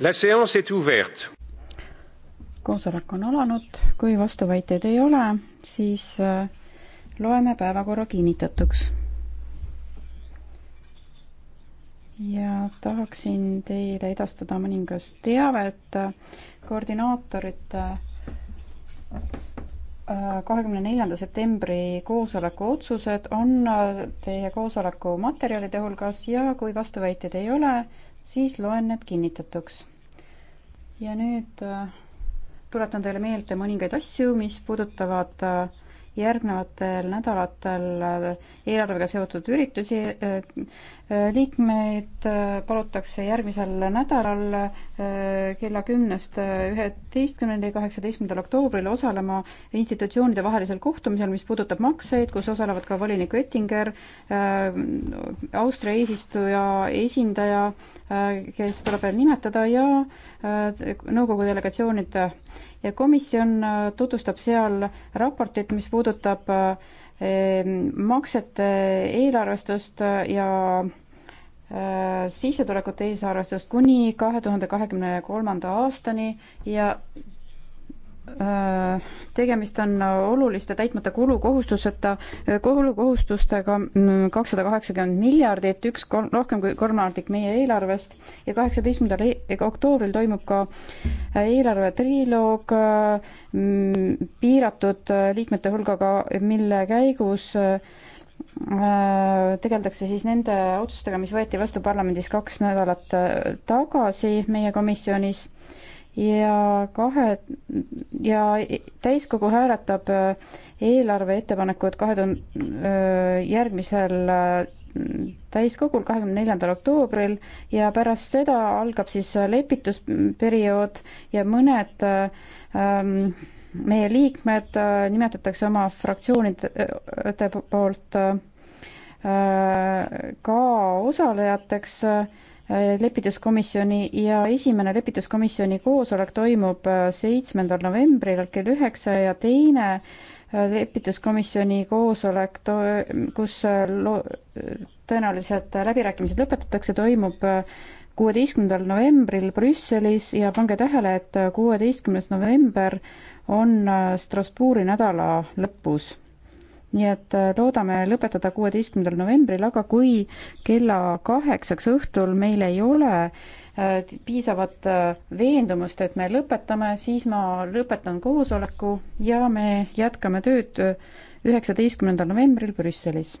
La séance est ouverte. koosolek on alanud, kui vastuväiteid ei ole, siis äh, loeme päevakorra kinnitatuks. ja tahaksin teile edastada mõningast teavet koordinaatorite äh, kahekümne neljanda septembri koosoleku otsused on äh, teie koosoleku materjalide hulgas ja kui vastuväiteid ei ole, siis loen need kinnitatuks ja nüüd äh, tuletan teile meelde mõningaid asju, mis puudutavad äh, järgnevatel nädalatel eelarvega seotud üritusi. Äh, äh, liikmeid äh, palutakse järgmisel nädalal kella kümnest üheteistkümneni, kaheksateistkümnendal oktoobril osalema institutsioonide vahelisel kohtumisel, mis puudutab makseid, kus osalevad ka volinik Oettinger, Austria eesistuja esindaja, kes tuleb veel nimetada, ja nõukogu delegatsioonide ja komisjon äh, tutvustab seal raportit, mis puudutab äh, maksete eelarvestust äh, ja sissetulekute eesarvestust kuni kahe tuhande kahekümne kolmanda aastani ja Äh, tegemist on oluliste täitmata kulukohustuseta, äh, kulukohustustega mm, kakssada kaheksakümmend miljardit, üks kolm, rohkem kui kolmandik meie eelarvest ja kaheksateistkümnendal e-, e-, oktoobril toimub ka äh, eelarve triloog mm, piiratud liikmete hulgaga, mille käigus tegeldakse siis nende otsustega, mis võeti vastu parlamendis kaks nädalat tagasi meie komisjonis ja kahe ja täiskogu hääletab äh, eelarve ettepanekut kahe tuhande äh, järgmisel äh, täiskogul, kahekümne neljandal oktoobril ja pärast seda algab siis lepitusperiood ja mõned ähm, meie liikmed äh, nimetatakse oma fraktsioonide poolt äh, ka osalejateks äh, Äh, lepituskomisjoni ja esimene lepituskomisjoni koosolek toimub äh, seitsmendal novembril kell üheksa ja teine äh, lepituskomisjoni koosolek, kus tõenäoliselt läbirääkimised lõpetatakse, toimub kuueteistkümnendal novembril Brüsselis ja pange tähele, et kuueteistkümnes november on Strasbourgi nädala lõpus nii et äh, loodame lõpetada kuueteistkümnendal novembril, aga kui kella kaheksaks õhtul meil ei ole äh, piisavat äh, veendumust, et me lõpetame, siis ma lõpetan koosoleku ja me jätkame tööd üheksateistkümnendal novembril Brüsselis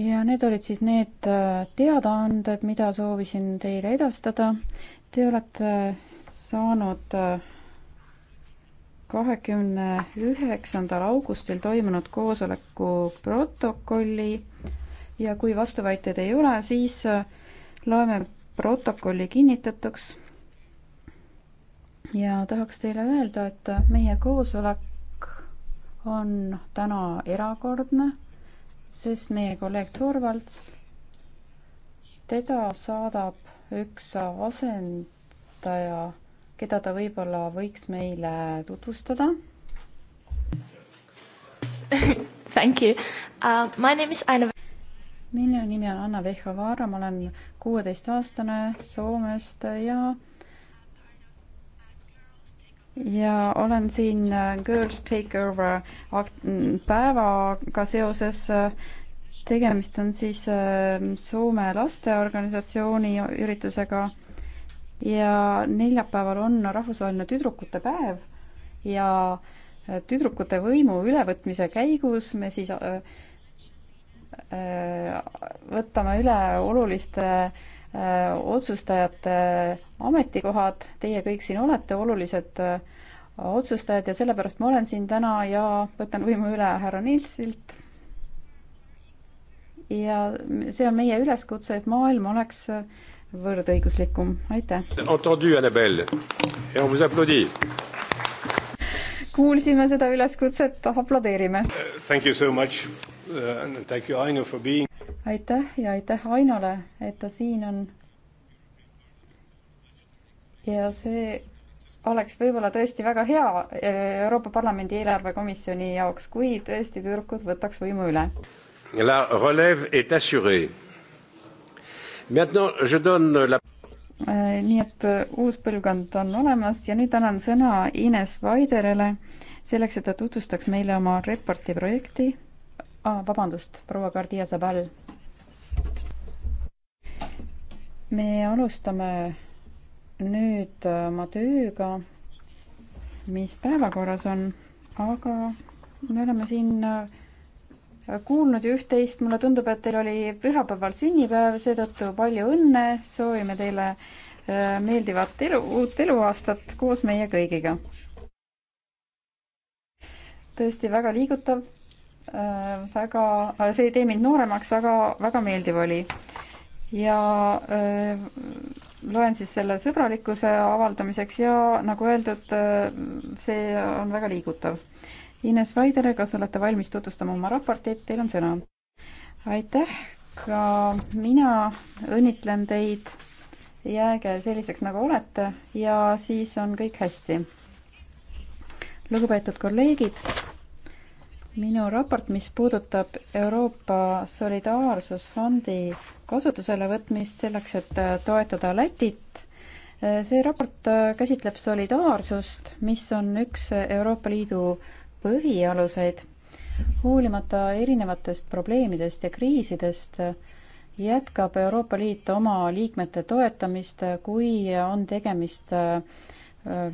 ja need olid siis need äh, teadaanded, mida soovisin teile edastada. Te olete äh, saanud äh, kahekümne üheksandal augustil toimunud koosoleku protokolli ja kui vastuväiteid ei ole, siis loeme protokolli kinnitatuks. ja tahaks teile öelda, et meie koosolek on täna erakordne sest meie kolleeg Torvalds, teda saadab üks asendaja, keda ta võib-olla võiks meile tutvustada. Thank you uh,. My name is Aine. minu nimi on Anna Vehhovara, ma olen kuueteistaastane Soomest ja ja olen siin äh, Girls Take Over päevaga seoses. tegemist on siis äh, Soome lasteorganisatsiooni üritusega ja neljapäeval on rahvusvaheline tüdrukute päev ja äh, tüdrukute võimu ülevõtmise käigus me siis võtame üle oluliste Äh, otsustajate äh, ametikohad, teie kõik siin olete olulised äh, otsustajad ja sellepärast ma olen siin täna ja võtan võimu üle härra Nilsilt. ja see on meie üleskutse, et maailm oleks võrdõiguslikum, aitäh. kuulsime seda üleskutset, aplodeerime. Thank you so much uh, and thank you Aino for being aitäh ja aitäh Ainole, et ta siin on. ja see oleks võib-olla tõesti väga hea eh, Euroopa Parlamendi eelarvekomisjoni jaoks, kui tõesti tüdrukud võtaks võimu üle. La relève est assurée. Maintenant je donne la eh, nii et eh, uus põlvkond on olemas ja nüüd annan sõna Ines Vaiderele selleks, et ta tutvustaks meile oma raporti projekti ah,. vabandust, proua Gardia Zabal me alustame nüüd äh, oma tööga, mis päevakorras on, aga me oleme siin äh, kuulnud ju üht-teist, mulle tundub, et teil oli pühapäeval sünnipäev, seetõttu palju õnne, soovime teile äh, meeldivat elu, uut eluaastat koos meie kõigiga. tõesti väga liigutav, väga, see ei tee mind nooremaks, aga väga meeldiv oli ja äh, loen siis selle sõbralikkuse avaldamiseks ja nagu öeldud, äh, see on väga liigutav. Ines Vaidere, kas olete valmis tutvustama oma raportit, teil on sõna. aitäh, ka mina õnnitlen teid, jääge selliseks, nagu olete ja siis on kõik hästi. lugupeetud kolleegid, minu raport, mis puudutab Euroopa Solidaarsusfondi kasutusele võtmist selleks, et äh, toetada Lätit. Äh, see raport äh, käsitleb solidaarsust, mis on üks Euroopa Liidu põhialuseid. hoolimata erinevatest probleemidest ja kriisidest jätkab Euroopa Liit oma liikmete toetamist, kui on tegemist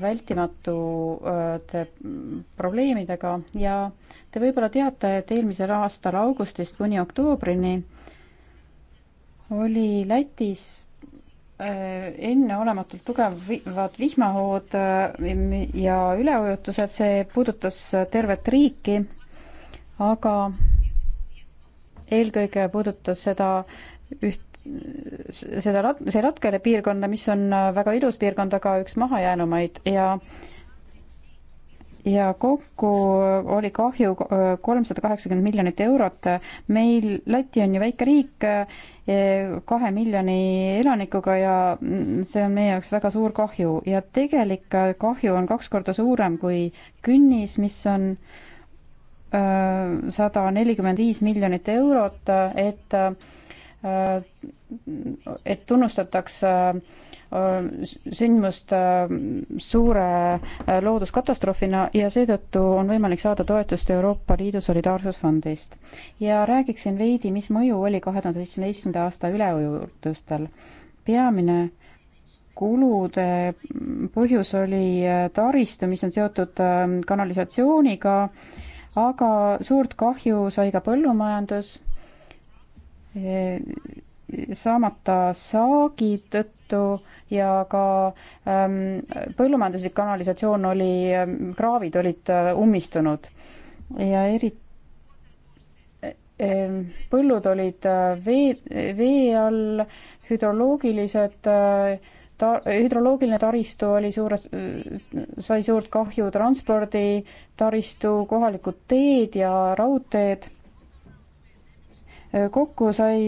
vältimatute probleemidega ja te võib-olla teate, et eelmisel aastal augustist kuni oktoobrini oli Lätis äh, enneolematult tugevad vihmahood äh, ja üleujutused, see puudutas äh, tervet riiki, aga eelkõige puudutas seda üht, seda, see Latkele piirkonda, mis on väga ilus piirkond, aga üks mahajäänumaid ja äh, ja kokku oli kahju äh, kolmsada kaheksakümmend miljonit eurot. meil, Läti on ju väike riik äh, kahe miljoni elanikuga ja mm, see on meie jaoks väga suur kahju ja tegelik äh, kahju on kaks korda suurem kui künnis, mis on sada nelikümmend viis miljonit eurot, et et tunnustatakse äh, sündmust suure looduskatastroofina ja seetõttu on võimalik saada toetust Euroopa Liidu solidaarsusfondist. ja räägiksin veidi, mis mõju oli kahe tuhande seitsmeteistkümnenda aasta üleujutustel. peamine kulude põhjus oli taristu, mis on seotud kanalisatsiooniga, aga suurt kahju sai ka põllumajandus, e, saamata saagid, tõttu ja ka ähm, põllumajanduslik kanalisatsioon oli ähm,, kraavid olid äh, ummistunud ja eriti ähm, põllud olid äh, vee, vee all, hüdroloogilised äh, ta-, hüdroloogiline taristu oli suures, äh, sai suurt kahju, transporditaristu, kohalikud teed ja raudteed kokku sai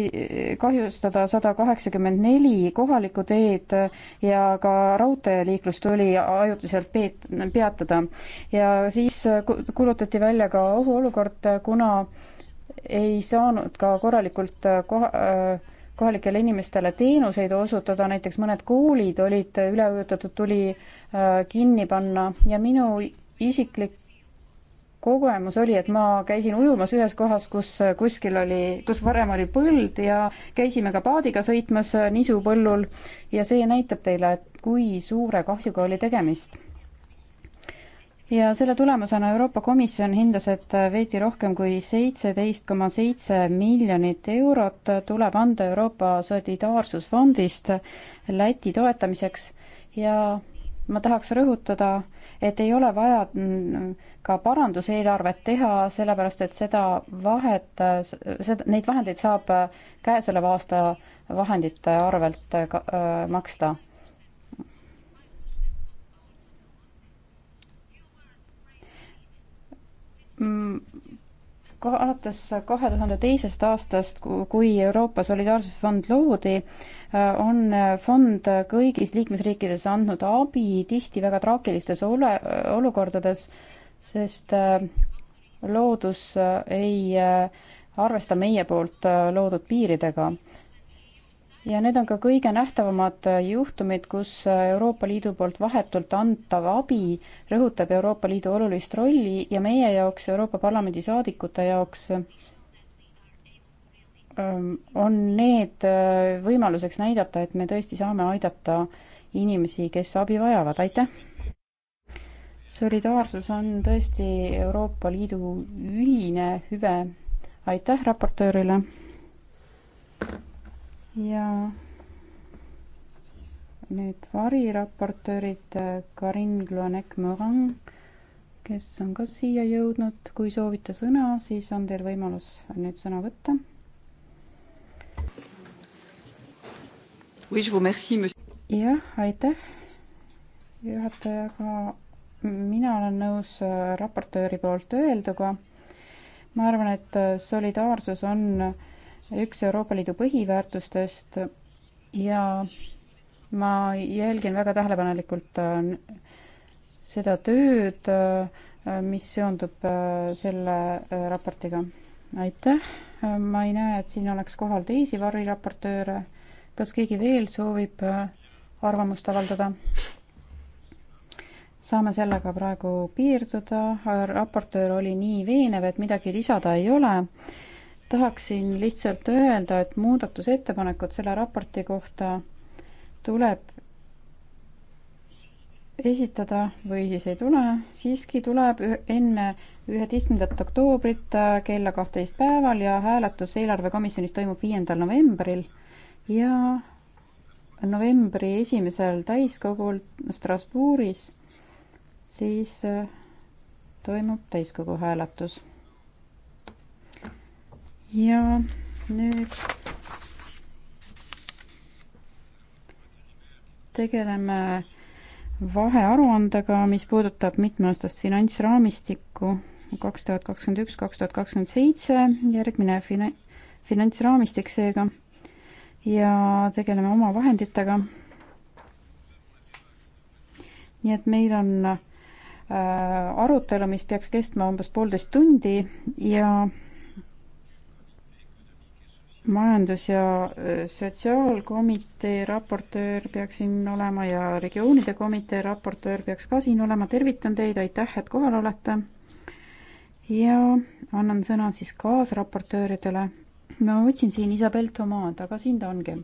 kahjustada sada kaheksakümmend neli kohalikku teed ja ka raudteeliiklus tuli ajutiselt peet-, peatada. ja siis kuulutati välja ka ohuolukord, kuna ei saanud ka korralikult koha, kohalikele inimestele teenuseid osutada, näiteks mõned koolid olid üle ujutatud, tuli äh, kinni panna ja minu isiklik kogemus oli, et ma käisin ujumas ühes kohas, kus kuskil oli, kus varem oli põld ja käisime ka paadiga sõitmas äh, nisupõllul ja see näitab teile, et kui suure kahjuga oli tegemist. ja selle tulemusena Euroopa Komisjon hindas, et äh, veidi rohkem kui seitseteist koma seitse miljonit eurot tuleb anda Euroopa Solidaarsusfondist Läti toetamiseks ja ma tahaks rõhutada, et ei ole vaja mm, ka paranduseelarvet teha, sellepärast et seda vahet, seda, neid vahendeid saab käesoleva aasta vahendite arvelt ka, äh, maksta. mm ka alates kahe tuhande teisest aastast, kui Euroopa Solidaarsusfond loodi, äh, on äh, fond kõigis liikmesriikides andnud abi tihti väga traagilistes ole-, olukordades, sest äh, loodus ei arvesta meie poolt loodud piiridega ja need on ka kõige nähtavamad äh, juhtumid, kus äh, Euroopa Liidu poolt vahetult antav abi rõhutab Euroopa Liidu olulist rolli ja meie jaoks, Euroopa Parlamendi saadikute jaoks ähm, on need äh, võimaluseks näidata, et me tõesti saame aidata inimesi, kes abi vajavad, aitäh! solidaarsus on tõesti Euroopa Liidu ühine hüve, aitäh raportöörile! ja nüüd variraportöörid äh, Karin Gloanek-Morin, kes on ka siia jõudnud. kui soovite sõna, siis on teil võimalus nüüd sõna võtta. jah, aitäh, juhataja, aga mina olen nõus äh, raportööri poolt öelduga. ma arvan, et äh, solidaarsus on äh, üks Euroopa Liidu põhiväärtustest ja ma jälgin väga tähelepanelikult äh, seda tööd, äh, mis seondub äh, selle raportiga. aitäh, ma ei näe, et siin oleks kohal teisi variraportööre. kas keegi veel soovib arvamust avaldada? saame sellega praegu piirduda, raportöör oli nii veenev, et midagi lisada ei ole tahaksin lihtsalt öelda, et muudatusettepanekud selle raporti kohta tuleb esitada või siis ei tule, siiski tuleb enne üheteistkümnendat oktoobrit äh, kella kahteteist päeval ja hääletus eelarvekomisjonis toimub viiendal novembril ja novembri esimesel täiskogul Strasbourgis siis äh, toimub täiskogu hääletus ja nüüd tegeleme vahearuandega, mis puudutab mitmeaastast finantsraamistikku kaks tuhat kakskümmend üks, kaks tuhat kakskümmend seitse, järgmine fina-, finantsraamistik seega, ja tegeleme oma vahenditega. nii et meil on äh, arutelu, mis peaks kestma umbes poolteist tundi ja majandus- ja äh, sotsiaalkomitee raportöör peaks siin olema ja regioonide komitee raportöör peaks ka siin olema. tervitan teid, aitäh, et kohal olete. ja annan sõna siis kaasraportööridele. ma võtsin siin Isabel Tomaad, aga siin ta ongi.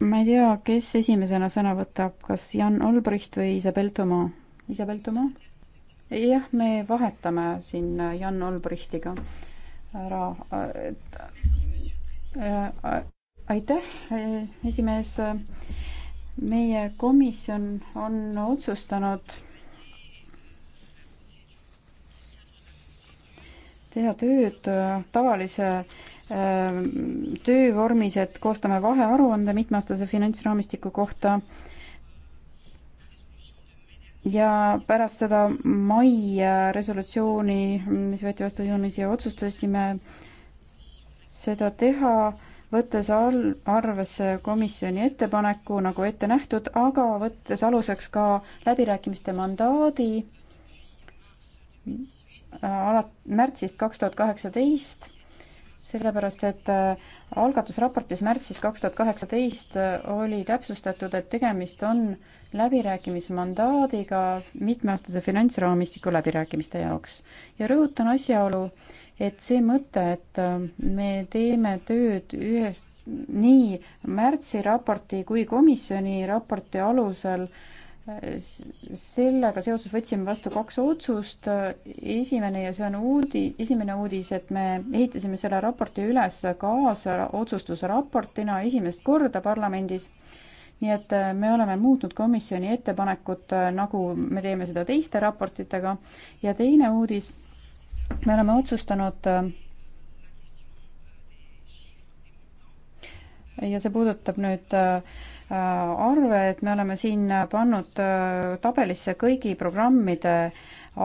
ma ei tea, kes esimesena sõna võtab, kas Jan Olbricht või Isabel Tomaa? Isabel Tomaa? jah, me vahetame siin Jan Olbrichtiga ära, et äh, aitäh, äh, esimees. meie komisjon on otsustanud teha tööd äh, tavalise töövormis, et koostame vahearuande mitmeaastase finantsraamistiku kohta ja pärast seda mai äh, resolutsiooni, mis võeti vastu juunis ja otsustasime seda teha, võttes al-, arvesse komisjoni ettepaneku nagu ette nähtud, aga võttes aluseks ka läbirääkimiste mandaadi äh, ala-, märtsist kaks tuhat kaheksateist sellepärast, et äh, algatusraportis märtsis kaks tuhat kaheksateist äh, oli täpsustatud, et tegemist on läbirääkimismandaadiga mitmeaastase finantsraamistiku läbirääkimiste jaoks. ja rõhutan asjaolu, et see mõte, et äh, me teeme tööd ühest nii märtsi raporti kui komisjoni raporti alusel äh, sellega seoses võtsime vastu kaks otsust. esimene ja see on uudi-, esimene uudis, et me ehitasime selle raporti üles kaasa otsustusraportina esimest korda parlamendis. nii et äh, me oleme muutnud komisjoni ettepanekut, äh, nagu me teeme seda teiste raportitega. ja teine uudis, me oleme otsustanud äh, ja see puudutab nüüd äh, Äh, arve, et me oleme siin pannud äh, tabelisse kõigi programmide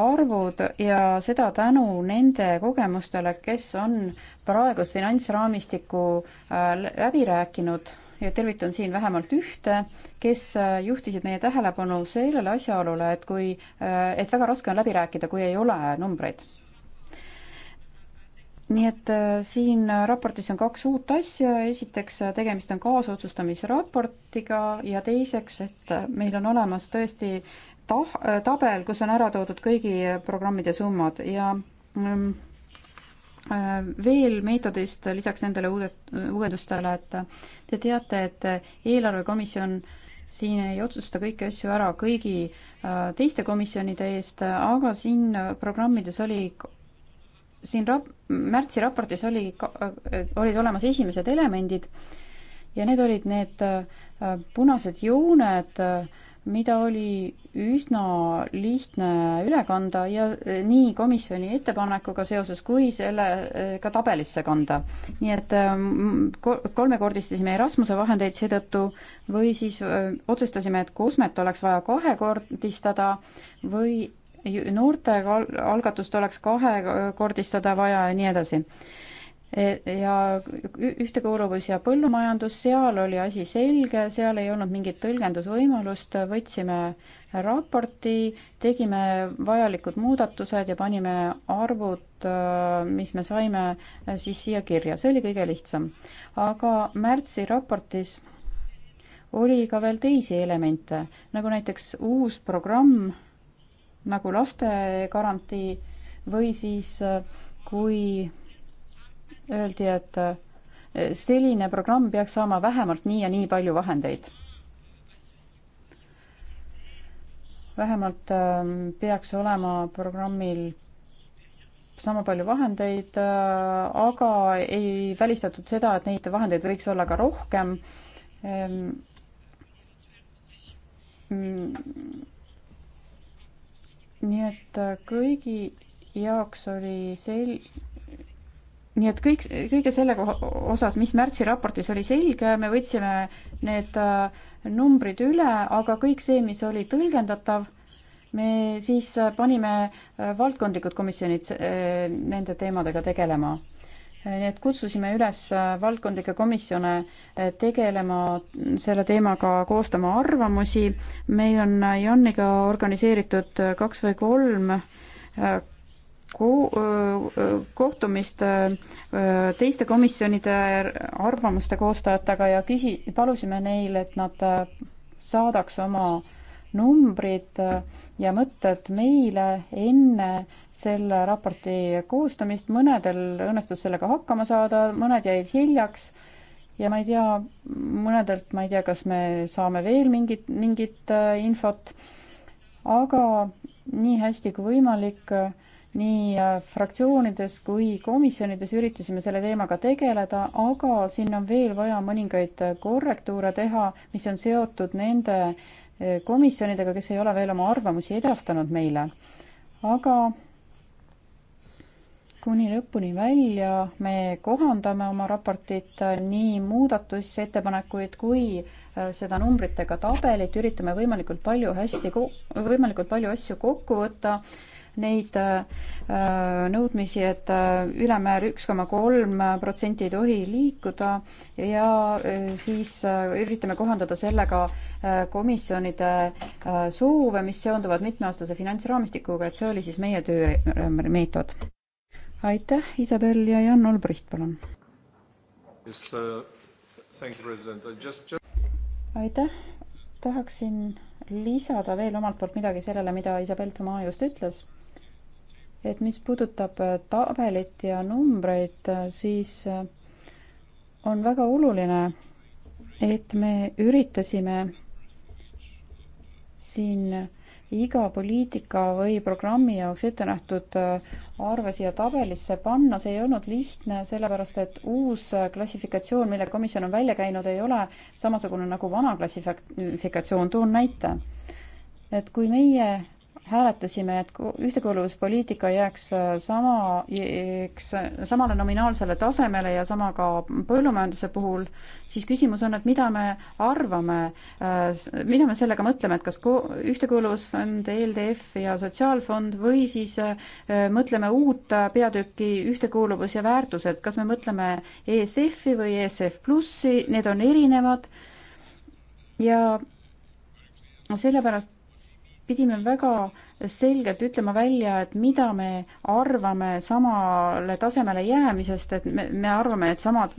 arvud ja seda tänu nende kogemustele, kes on praegust finantsraamistikku äh, läbi rääkinud ja tervitan siin vähemalt ühte, kes juhtisid meie tähelepanu sellele asjaolule, et kui, et väga raske on läbi rääkida, kui ei ole numbreid nii et äh, siin raportis on kaks uut asja, esiteks äh, tegemist on kaasotsustamisraportiga ja teiseks, et äh, meil on olemas tõesti tah-, tabel, kus on ära toodud kõigi programmide summad ja ähm, veel meetodist lisaks nendele uude, uuendustele, et te teate, et eelarvekomisjon siin ei otsusta kõiki asju ära kõigi teiste komisjonide eest, aga siin programmides oli siin rap-, märtsi raportis oli, äh, olid olemas esimesed elemendid ja need olid need äh, punased jooned, äh, mida oli üsna lihtne üle kanda ja nii komisjoni ettepanekuga seoses kui selle ka tabelisse kanda. nii et kolmekordistasime Erasmuse vahendeid seetõttu või siis öö, otsustasime, et Kosmet oleks vaja kahekordistada või noorte algatust oleks kahekordistada vaja ja nii edasi e, ja ühtekuuluvus ja põllumajandus, seal oli asi selge, seal ei olnud mingit tõlgendusvõimalust, võtsime raporti, tegime vajalikud muudatused ja panime arvud, mis me saime, siis siia kirja, see oli kõige lihtsam. aga märtsi raportis oli ka veel teisi elemente, nagu näiteks uus programm nagu lastegarantii või siis äh, kui öeldi, et äh, selline programm peaks saama vähemalt nii ja nii palju vahendeid. vähemalt ähm, peaks olema programmil sama palju vahendeid, äh, aga ei välistatud seda, et neid vahendeid võiks olla ka rohkem ähm, mm, nii et äh, kõigi jaoks oli sel-, nii et kõik, kõige selle osas, mis märtsi raportis oli selge, me võtsime need äh, numbrid üle, aga kõik see, mis oli tõlgendatav, me siis äh, panime valdkondlikud komisjonid nende teemadega tegelema nii et kutsusime üles äh, valdkondlikke komisjone äh, tegelema selle teemaga, koostama arvamusi. meil on äh, Janniga organiseeritud kaks või kolm ko-, kohtumist teiste komisjonide arvamuste koostajatega ja küsi-, palusime neil, et nad saadaks oma numbrid äh, ja mõtted meile enne selle raporti koostamist, mõnedel õnnestus sellega hakkama saada, mõned jäid hiljaks ja ma ei tea, mõnedelt ma ei tea, kas me saame veel mingit, mingit äh, infot, aga nii hästi kui võimalik, nii äh, fraktsioonides kui komisjonides üritasime selle teemaga tegeleda, aga siin on veel vaja mõningaid äh, korrektuure teha, mis on seotud nende äh, komisjonidega, kes ei ole veel oma arvamusi edastanud meile. aga kuni lõpuni välja me kohandame oma raportit nii muudatusettepanekuid kui äh, seda numbritega tabelit, üritame võimalikult palju hästi, võimalikult palju asju kokku võtta neid äh, nõudmisi, et äh, ülemäär üks koma kolm protsenti ei tohi liikuda ja äh, siis üritame kohandada sellega komisjonide soove, mis seonduvad mitmeaastase finantsraamistikuga, et see oli siis meie töömeetod. aitäh, Isabel ja Jan Olbricht, palun yes,. Uh, just... aitäh, tahaksin lisada veel omalt poolt midagi sellele, mida Isabel Toma just ütles et mis puudutab äh, tabelit ja numbreid, äh, siis äh, on väga oluline, et me üritasime siin iga poliitika või programmi jaoks ette nähtud arve siia tabelisse panna, see ei olnud lihtne, sellepärast et uus klassifikatsioon, mille komisjon on välja käinud, ei ole samasugune nagu vana klassifikatsioon, toon näite. et kui meie hääletasime, et ühtekuuluvuspoliitika jääks äh, sama, eks äh, samale nominaalsele tasemele ja sama ka põllumajanduse puhul, siis küsimus on, et mida me arvame, äh, mida me sellega mõtleme, et kas ühtekuuluvusfond, ELDF ja sotsiaalfond või siis mõtleme uut peatükki ühtekuuluvus ja väärtused, kas me mõtleme ESF-i või ESF plussi, need on erinevad ja sellepärast pidime väga selgelt ütlema välja, et mida me arvame samale tasemele jäämisest, et me, me arvame, et samad,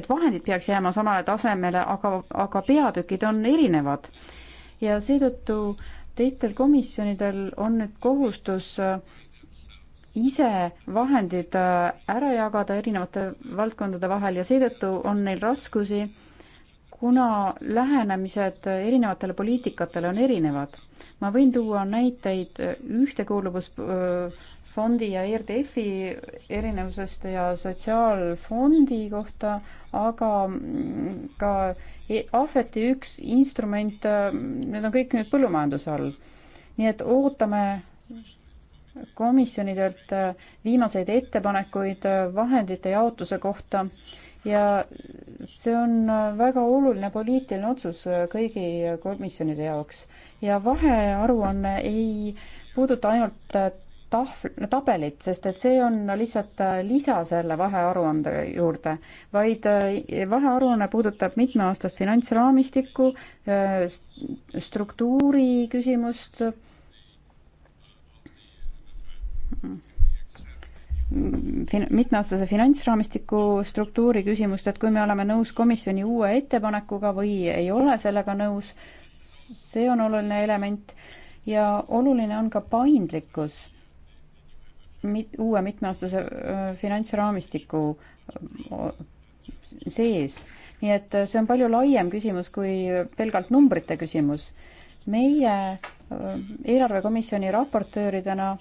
et vahendid peaks jääma samale tasemele, aga, aga peatükid on erinevad. ja seetõttu teistel komisjonidel on nüüd kohustus ise vahendid ära jagada erinevate valdkondade vahel ja seetõttu on neil raskusi, kuna lähenemised erinevatele poliitikatele on erinevad ma võin tuua näiteid ühtekuuluvusfondi ja ERDF-i erinevusest ja sotsiaalfondi kohta, aga ka ahveti üks instrument, need on kõik nüüd põllumajanduse all. nii et ootame komisjonidelt viimaseid ettepanekuid vahendite jaotuse kohta ja see on väga oluline poliitiline otsus kõigi komisjonide jaoks ja vahearuanne ei puuduta ainult äh, tahv-, tabelit, sest et see on lihtsalt äh, lisa selle vahearuande juurde, vaid äh, vahearuanne puudutab mitmeaastast finantsraamistikku, struktuuri küsimust, fin-, mitmeaastase finantsraamistiku struktuuri küsimust, et kui me oleme nõus komisjoni uue ettepanekuga või ei ole sellega nõus, see on oluline element ja oluline on ka paindlikkus mit-, uue mitmeaastase finantsraamistiku sees. nii et see on palju laiem küsimus kui pelgalt numbrite küsimus. meie eelarvekomisjoni raportööridena äh,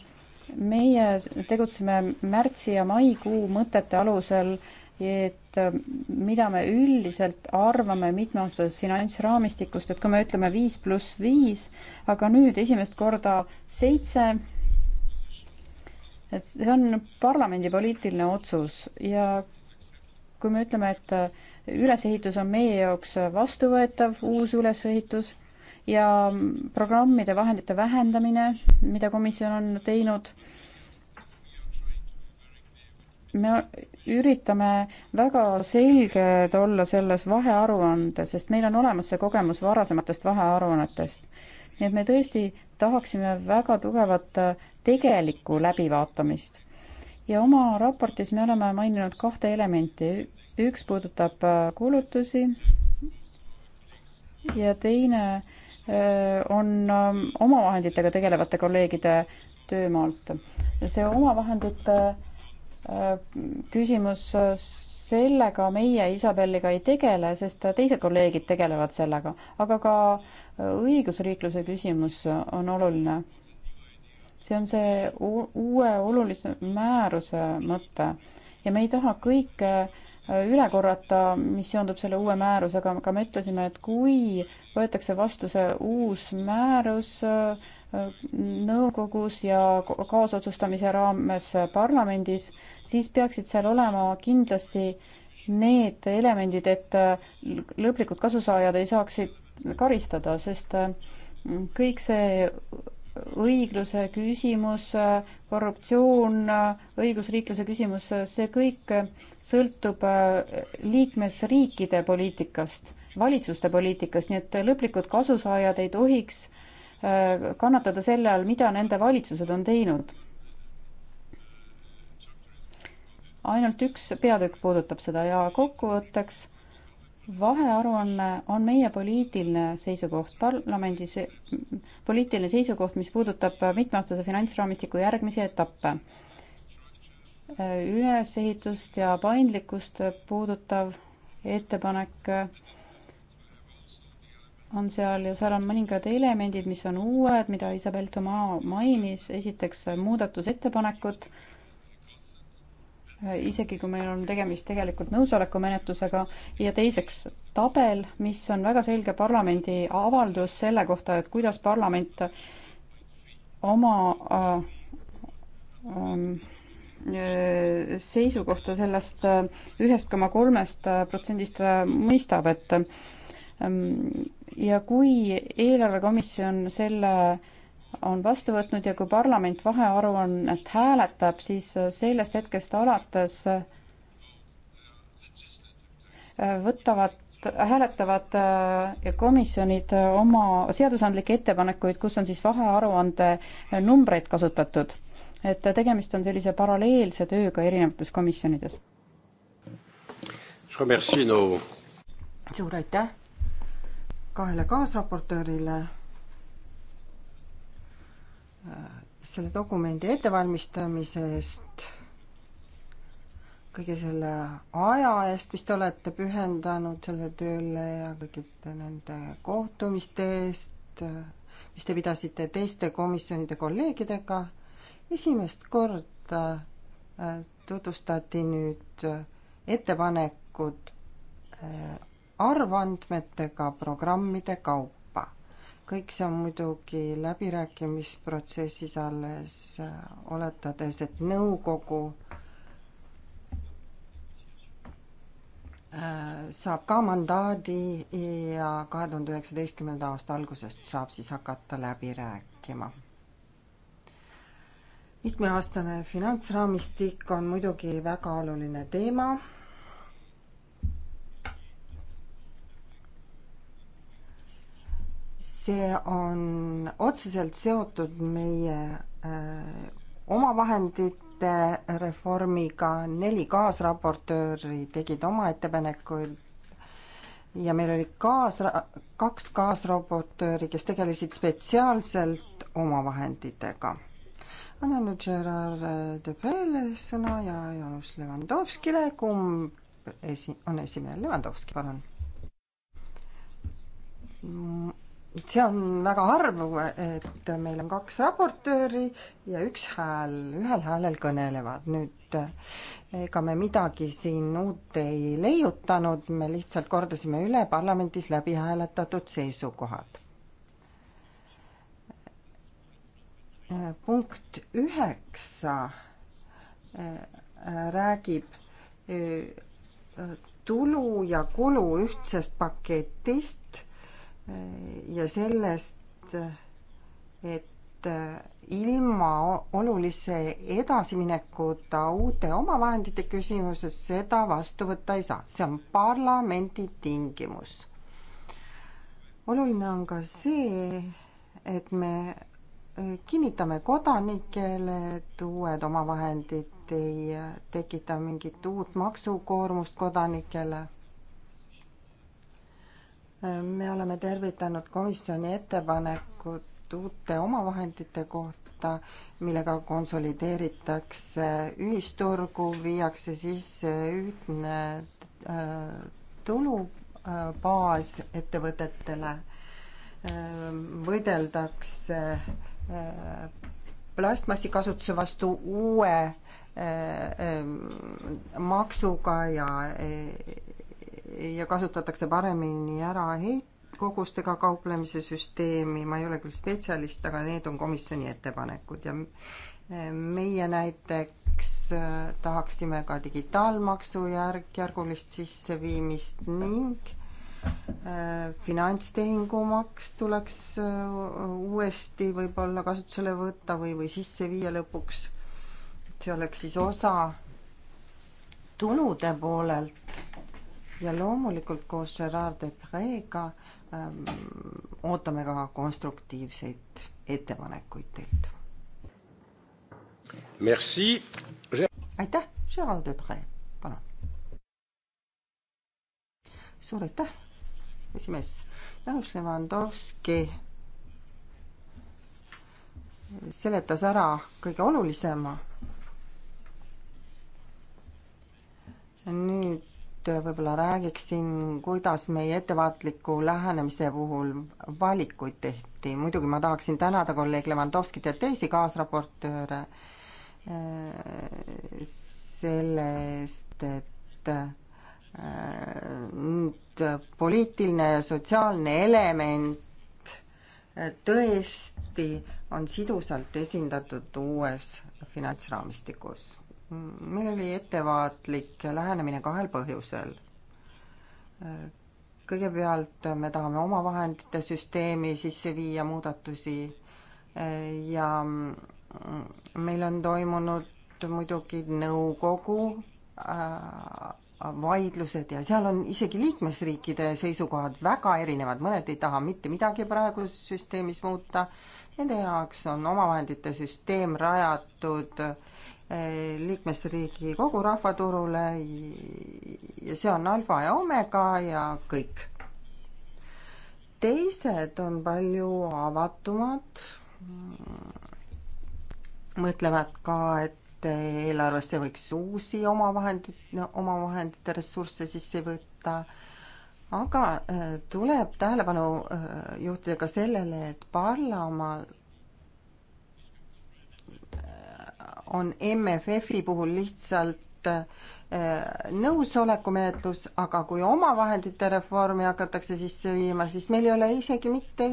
meie tegutseme märtsi ja maikuu mõtete alusel, et äh, mida me üldiselt arvame mitmeaastasest finantsraamistikust, et kui me ütleme viis pluss viis, aga nüüd esimest korda seitse, et see on parlamendi poliitiline otsus ja kui me ütleme, et äh, ülesehitus on meie jaoks vastuvõetav, uus ülesehitus ja programmide vahendite vähendamine, mida komisjon on teinud me üritame väga selged olla selles vahearuandes, sest meil on olemas see kogemus varasematest vahearuannetest. nii et me tõesti tahaksime väga tugevat tegelikku läbivaatamist. ja oma raportis me oleme maininud kahte elementi. üks puudutab kulutusi ja teine äh, Äh, on ähm, omavahenditega tegelevate kolleegide töömaalt. see omavahendite äh, küsimus, äh, sellega meie Isabelliga ei tegele, sest teised kolleegid tegelevad sellega, aga ka õigusriikluse küsimus on oluline. see on see uue olulise määruse mõte ja me ei taha kõike üle korrata, mis seondub selle uue määrusega, aga me ütlesime, et kui võetakse vastu see uus määrus äh, nõukogus ja kaasotsustamise raames parlamendis, siis peaksid seal olema kindlasti need elemendid, et äh, lõplikud kasusaajad ei saaksid karistada, sest äh, kõik see õigluse küsimus, korruptsioon, õigusriikluse küsimus, see kõik sõltub liikmesriikide poliitikast valitsuste poliitikast, nii et lõplikud kasusaajad ei tohiks äh, kannatada selle all, mida nende valitsused on teinud. ainult üks peatükk puudutab seda ja kokkuvõtteks vahearuanne on meie poliitiline seisukoht parlamendis, poliitiline seisukoht, mis puudutab mitmeaastase finantsraamistiku järgmisi etappe. Äh, ülesehitust ja paindlikkust puudutav ettepanek äh, on seal ja seal on mõningad elemendid, mis on uued, mida Isabel Toma mainis, esiteks äh, muudatusettepanekud, äh, isegi kui meil on tegemist tegelikult nõusolekumenetlusega, ja teiseks tabel, mis on väga selge parlamendi avaldus selle kohta, et kuidas parlament oma äh, ähm, äh, seisukohta sellest äh, ühest koma kolmest protsendist mõistab, et Ehm, ja kui eelarvekomisjon selle on vastu võtnud ja kui parlament vahearuannet hääletab, siis äh, sellest hetkest alates äh, võtavad, hääletavad äh, komisjonid oma seadusandlikke ettepanekuid, kus on siis vahearuande numbreid kasutatud. et tegemist on sellise paralleelse tööga erinevates komisjonides. suur aitäh kahele kaasraportöörile äh, selle dokumendi ettevalmistamise eest, kõige selle aja eest, mis te olete pühendanud sellele tööle ja kõikide nende kohtumiste eest, äh, mis te pidasite teiste komisjonide kolleegidega. esimest korda äh, tutvustati nüüd ettepanekut arvandmetega programmide kaupa. kõik see on muidugi läbirääkimisprotsessis alles, äh, oletades, et nõukogu äh, saab ka mandaadi ja kahe tuhande üheksateistkümnenda aasta algusest saab siis hakata läbi rääkima mitmeaastane finantsraamistik on muidugi väga oluline teema see on otseselt seotud meie äh, omavahendite reformiga, neli kaasraportööri tegid oma ettepanekuid ja meil oli kaas, kaks kaasraportööri, kes tegelesid spetsiaalselt omavahenditega. annan nüüd Gerard äh, Debrele sõna ja Jaanus Levandovskile, kumb esi-, on esimene, Levandovski, palun see on väga harv, et meil on kaks raportööri ja üks hääl, ühel häälel kõnelevad. nüüd ega me midagi siin uut ei leiutanud, me lihtsalt kordasime üle parlamendis läbi hääletatud seisukohad. punkt üheksa äh, räägib äh, tulu ja kulu ühtsest paketist ja sellest, et ilma olulise edasiminekuta uute omavahendite küsimuses seda vastu võtta ei saa, see on parlamendi tingimus. oluline on ka see, et me kinnitame kodanikele, et uued omavahendid ei tekita mingit uut maksukoormust kodanikele me oleme tervitanud komisjoni ettepanekut uute omavahendite kohta, millega konsolideeritakse ühisturgu, viiakse sisse ühtne äh, tulubaas ettevõtetele, äh, võideldakse äh, plastmassi kasutuse vastu uue maksuga ja ja kasutatakse paremini ära heitkogustega kauplemise süsteemi, ma ei ole küll spetsialist, aga need on komisjoni ettepanekud ja meie näiteks äh, tahaksime ka digitaalmaksu järk-järgulist sisseviimist ning äh, finantstehingumaks tuleks äh, uuesti võib-olla kasutusele võtta või, või sisse viia lõpuks. see oleks siis osa tulude poolelt ja loomulikult koos Gerard Depreega ähm, ootame ka konstruktiivseid ettepanekuid teilt. Merci. aitäh, Gerard Depre, palun. suur aitäh, esimees Jaanus Levandovski seletas ära kõige olulisema. nüüd võib-olla räägiksin, kuidas meie ettevaatliku lähenemise puhul valikuid tehti. muidugi ma tahaksin tänada kolleeg Levandovskit ja teisi kaasraportööre äh, selle eest, et äh, nüüd poliitiline ja sotsiaalne element äh, tõesti on sidusalt esindatud uues finantsraamistikus meil oli ettevaatlik lähenemine kahel põhjusel. kõigepealt me tahame omavahendite süsteemi sisse viia muudatusi ja meil on toimunud muidugi nõukogu äh, vaidlused ja seal on isegi liikmesriikide seisukohad väga erinevad, mõned ei taha mitte midagi praeguses süsteemis muuta, nende jaoks on omavahendite süsteem rajatud äh, liikmesriigi kogu rahvaturule ja see on alfa ja omega ja kõik. teised on palju avatumad, mõtlevad ka, et eelarvesse võiks uusi omavahendid, omavahendite ressursse sisse võtta, aga eh, tuleb tähelepanu eh, juhtida ka sellele, et parlama-, on MFF-i puhul lihtsalt äh, nõusolekumenetlus, aga kui omavahendite reformi hakatakse sisse viima, siis meil ei ole isegi mitte,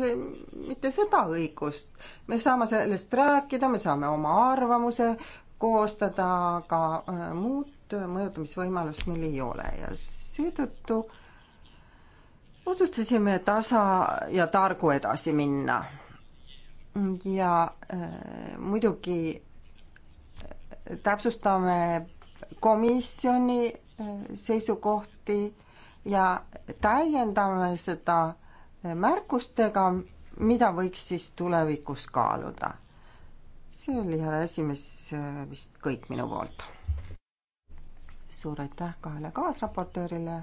mitte seda õigust. me saame sellest rääkida, me saame oma arvamuse koostada, aga äh, muud mõjutamisvõimalust meil ei ole ja seetõttu otsustasime tasa ja targu edasi minna ja äh, muidugi täpsustame komisjoni eh, seisukohti ja täiendame seda eh, märkustega, mida võiks siis tulevikus kaaluda. see oli, härra esimees, eh, vist kõik minu poolt. suur aitäh kahele kaasraportöörile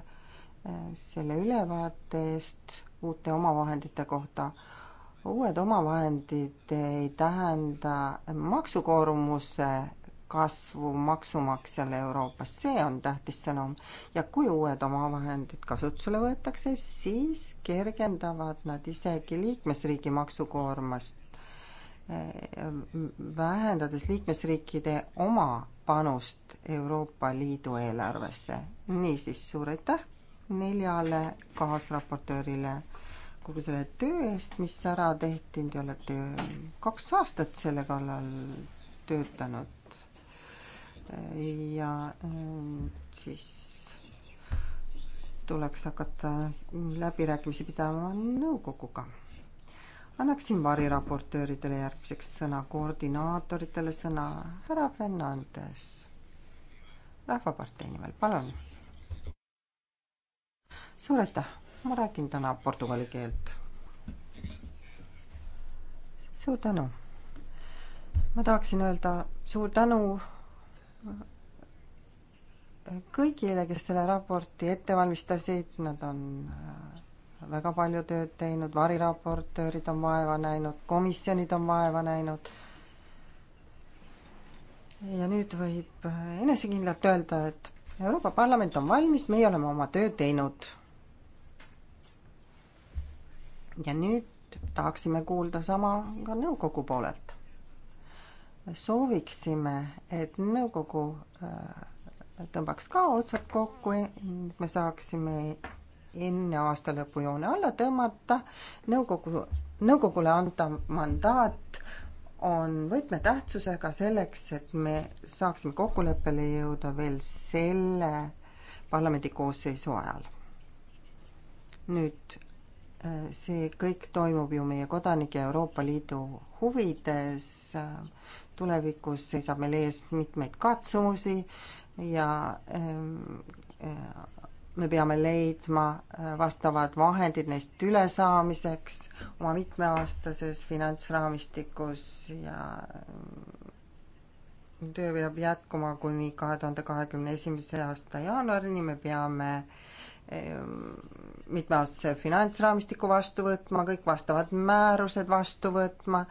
selle ülevaate eest uute omavahendite kohta. uued omavahendid ei tähenda maksukoormuse kasvu maksumaksjale Euroopas, see on tähtis sõnum. ja kui uued omavahendid kasutusele võetakse, siis kergendavad nad isegi liikmesriigi maksukoormust, eh, vähendades liikmesriikide oma panust Euroopa Liidu eelarvesse. niisiis, suur aitäh neljale kaasraportöörile kogu selle töö eest, mis ära tehti, te olete kaks aastat selle kallal töötanud ja äh, siis tuleks hakata läbirääkimisi pidama nõukoguga. annaksin variraportööridele järgmiseks sõna, koordinaatoritele sõna, härra Fernandes, Rahvapartei nimel, palun. suur aitäh, ma räägin täna portugali keelt. suur tänu. ma tahaksin öelda suur tänu kõigile, kes selle raporti ette valmistasid, nad on äh, väga palju tööd teinud, variraportöörid on vaeva näinud, komisjonid on vaeva näinud. ja nüüd võib äh, enesekindlalt öelda, et Euroopa Parlament on valmis, meie oleme oma töö teinud. ja nüüd tahaksime kuulda sama ka nõukogu poolelt sooviksime, et nõukogu äh, tõmbaks ka otsad kokku, et me saaksime enne aasta lõpu joone alla tõmmata. nõukogu, nõukogule antav mandaat on võtmetähtsusega selleks, et me saaksime kokkuleppele jõuda veel selle parlamendikoosseisu ajal. nüüd äh, see kõik toimub ju meie kodanike Euroopa Liidu huvides tulevikus seisab meil ees mitmeid katsumusi ja ähm, äh, me peame leidma äh, vastavad vahendid neist ülesaamiseks oma mitmeaastases finantsraamistikus ja äh, töö peab jätkuma kuni kahe tuhande kahekümne esimese aasta jaanuarini, me peame äh, mitmeaastase finantsraamistiku vastu võtma, kõik vastavad määrused vastu võtma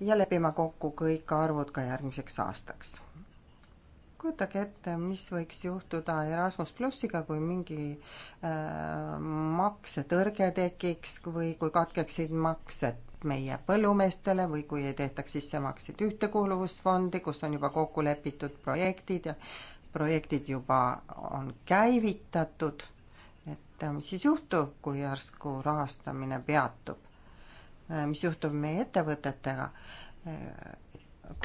ja leppima kokku kõik arvud ka järgmiseks aastaks. kujutage ette, mis võiks juhtuda Erasmus plussiga, kui mingi äh, maksetõrge tekiks või kui katkeksid maksed meie põllumeestele või kui ei tehtaks sissemakseid ühtekuuluvusfondi, kus on juba kokku lepitud projektid ja projektid juba on käivitatud et äh, mis siis juhtub, kui järsku rahastamine peatub? Äh, mis juhtub meie ettevõtetega? Äh,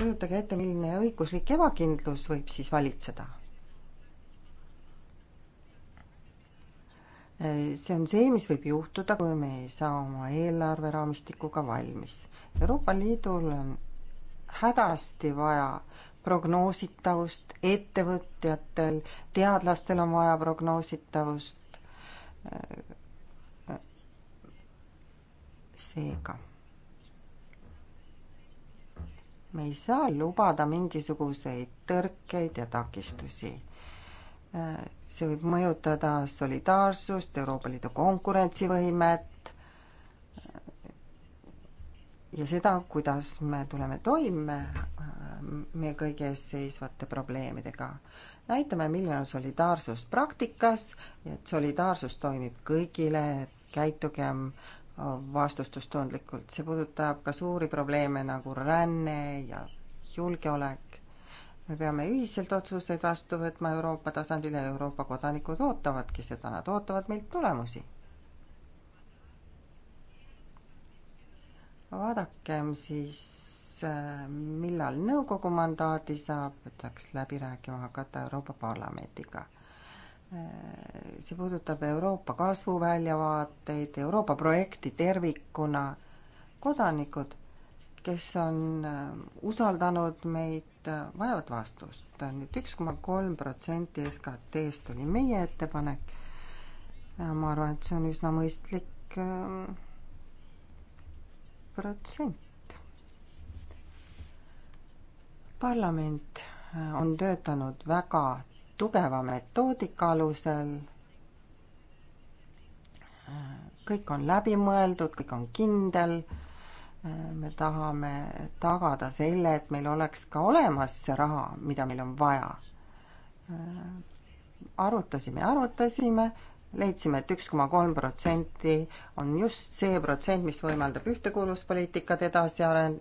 kujutage ette, milline õiguslik ebakindlus võib siis valitseda. see on see, mis võib juhtuda, kui me ei saa oma eelarveraamistikuga valmis. Euroopa Liidul on hädasti vaja prognoositavust, ettevõtjatel, teadlastel on vaja prognoositavust, seega me ei saa lubada mingisuguseid tõrkeid ja takistusi. see võib mõjutada solidaarsust, Euroopa Liidu konkurentsivõimet ja seda, kuidas me tuleme toime äh, meie kõige ees seisvate probleemidega näitame, milline on solidaarsus praktikas, et solidaarsus toimib kõigile, käitugem vastutustundlikult, see puudutab ka suuri probleeme nagu ränne ja julgeolek. me peame ühiselt otsuseid vastu võtma Euroopa tasandil ja Euroopa kodanikud ootavadki seda, nad ootavad meilt tulemusi. vaadakem siis Äh, millal nõukogu mandaadi saab, et saaks läbi rääkima hakata Euroopa Parlamendiga. Äh, see puudutab Euroopa kasvuväljavaateid, Euroopa projekti tervikuna. kodanikud, kes on äh, usaldanud meid, vajavad vastust. nüüd üks koma kolm protsenti SKT-st oli meie ettepanek. ma arvan, et see on üsna mõistlik protsent parlament äh, on töötanud väga tugeva metoodika alusel. Äh, kõik on läbimõeldud, kõik on kindel. Äh, me tahame tagada selle, et meil oleks ka olemas see raha, mida meil on vaja. arutasime, arutasime, leidsime, et üks koma kolm protsenti on just see protsent, mis võimaldab ühtekuuluvuspoliitikat edasi aren-,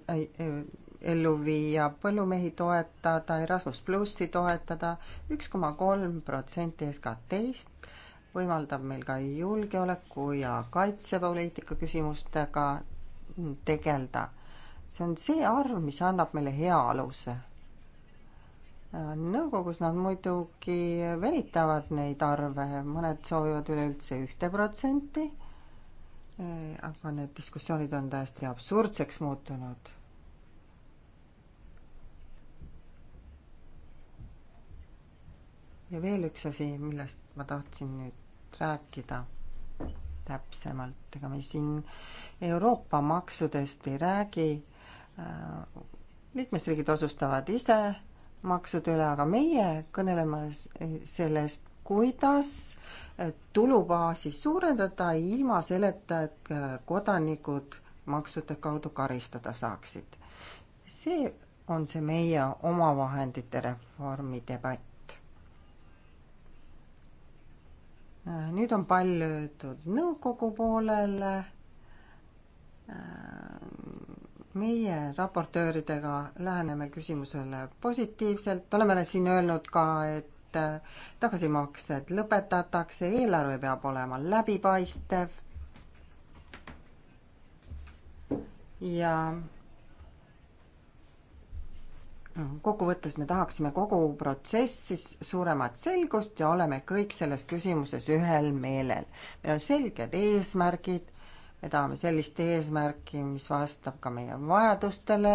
ellu viia, põllumehi toetada, Erasmus plussi toetada, üks koma kolm protsenti SKT-st võimaldab meil ka julgeoleku ja kaitsepoliitika küsimustega tegeleda. see on see arv, mis annab meile hea aluse. nõukogus nad muidugi venitavad neid arve, mõned soovivad üleüldse ühte protsenti, aga need diskussioonid on täiesti absurdseks muutunud ja veel üks asi, millest ma tahtsin nüüd rääkida täpsemalt, ega me siin Euroopa maksudest ei räägi. Äh, liikmesriigid otsustavad ise maksude üle, aga meie kõneleme sellest, kuidas äh, tulubaasi suurendada ilma selleta, et äh, kodanikud maksude kaudu karistada saaksid. see on see meie omavahendite reformi debatt Äh, nüüd on pall löödud nõukogu poolele. Äh, meie raportööridega läheneme küsimusele positiivselt, oleme siin öelnud ka, et äh, tagasimaksed lõpetatakse, eelarve peab olema läbipaistev. ja kokkuvõttes me tahaksime kogu protsessis suuremat selgust ja oleme kõik selles küsimuses ühel meelel. meil on selged eesmärgid, me tahame sellist eesmärki, mis vastab ka meie vajadustele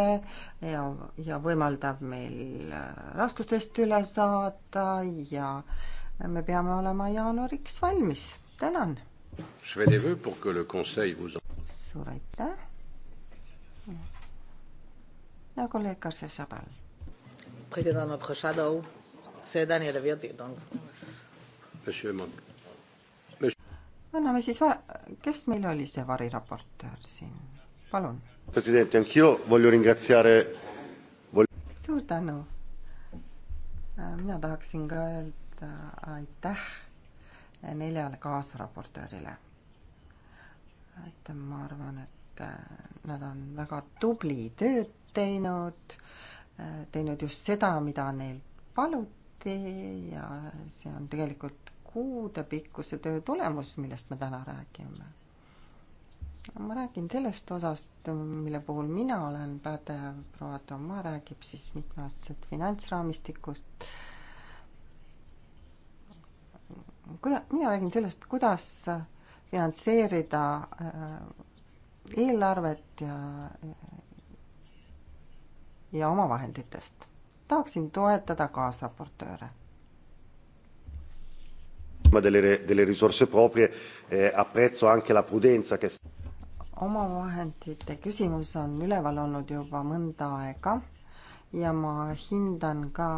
ja, ja võimaldab meil äh, raskustest üle saada ja me peame olema jaanuariks valmis. tänan! suur aitäh! nagu Lekar see sõber Président, notre shadow, c'est Daniel Viotti, donc. Monsieur Mann. Monsieur... anname siis, kes meil oli see variraportöör siin, palun? president, anch'io voglio ringraziare voglio.... suur tänu. Äh, mina tahaksin ka öelda aitäh neljale kaasraportöörile. et ma arvan, et äh, nad on väga tubli tööd teinud teinud just seda, mida neilt paluti ja see on tegelikult kuudepikkuse töö tulemus, millest me täna räägime. ma räägin sellest osast, mille puhul mina olen pädev, proua Toma räägib siis mitmeaastasest finantsraamistikust. kuida-, mina räägin sellest, kuidas finantseerida äh, eelarvet ja ja omavahenditest. tahaksin toetada kaasraportööre. Eh, omavahendite küsimus on üleval olnud juba mõnda aega ja ma hindan ka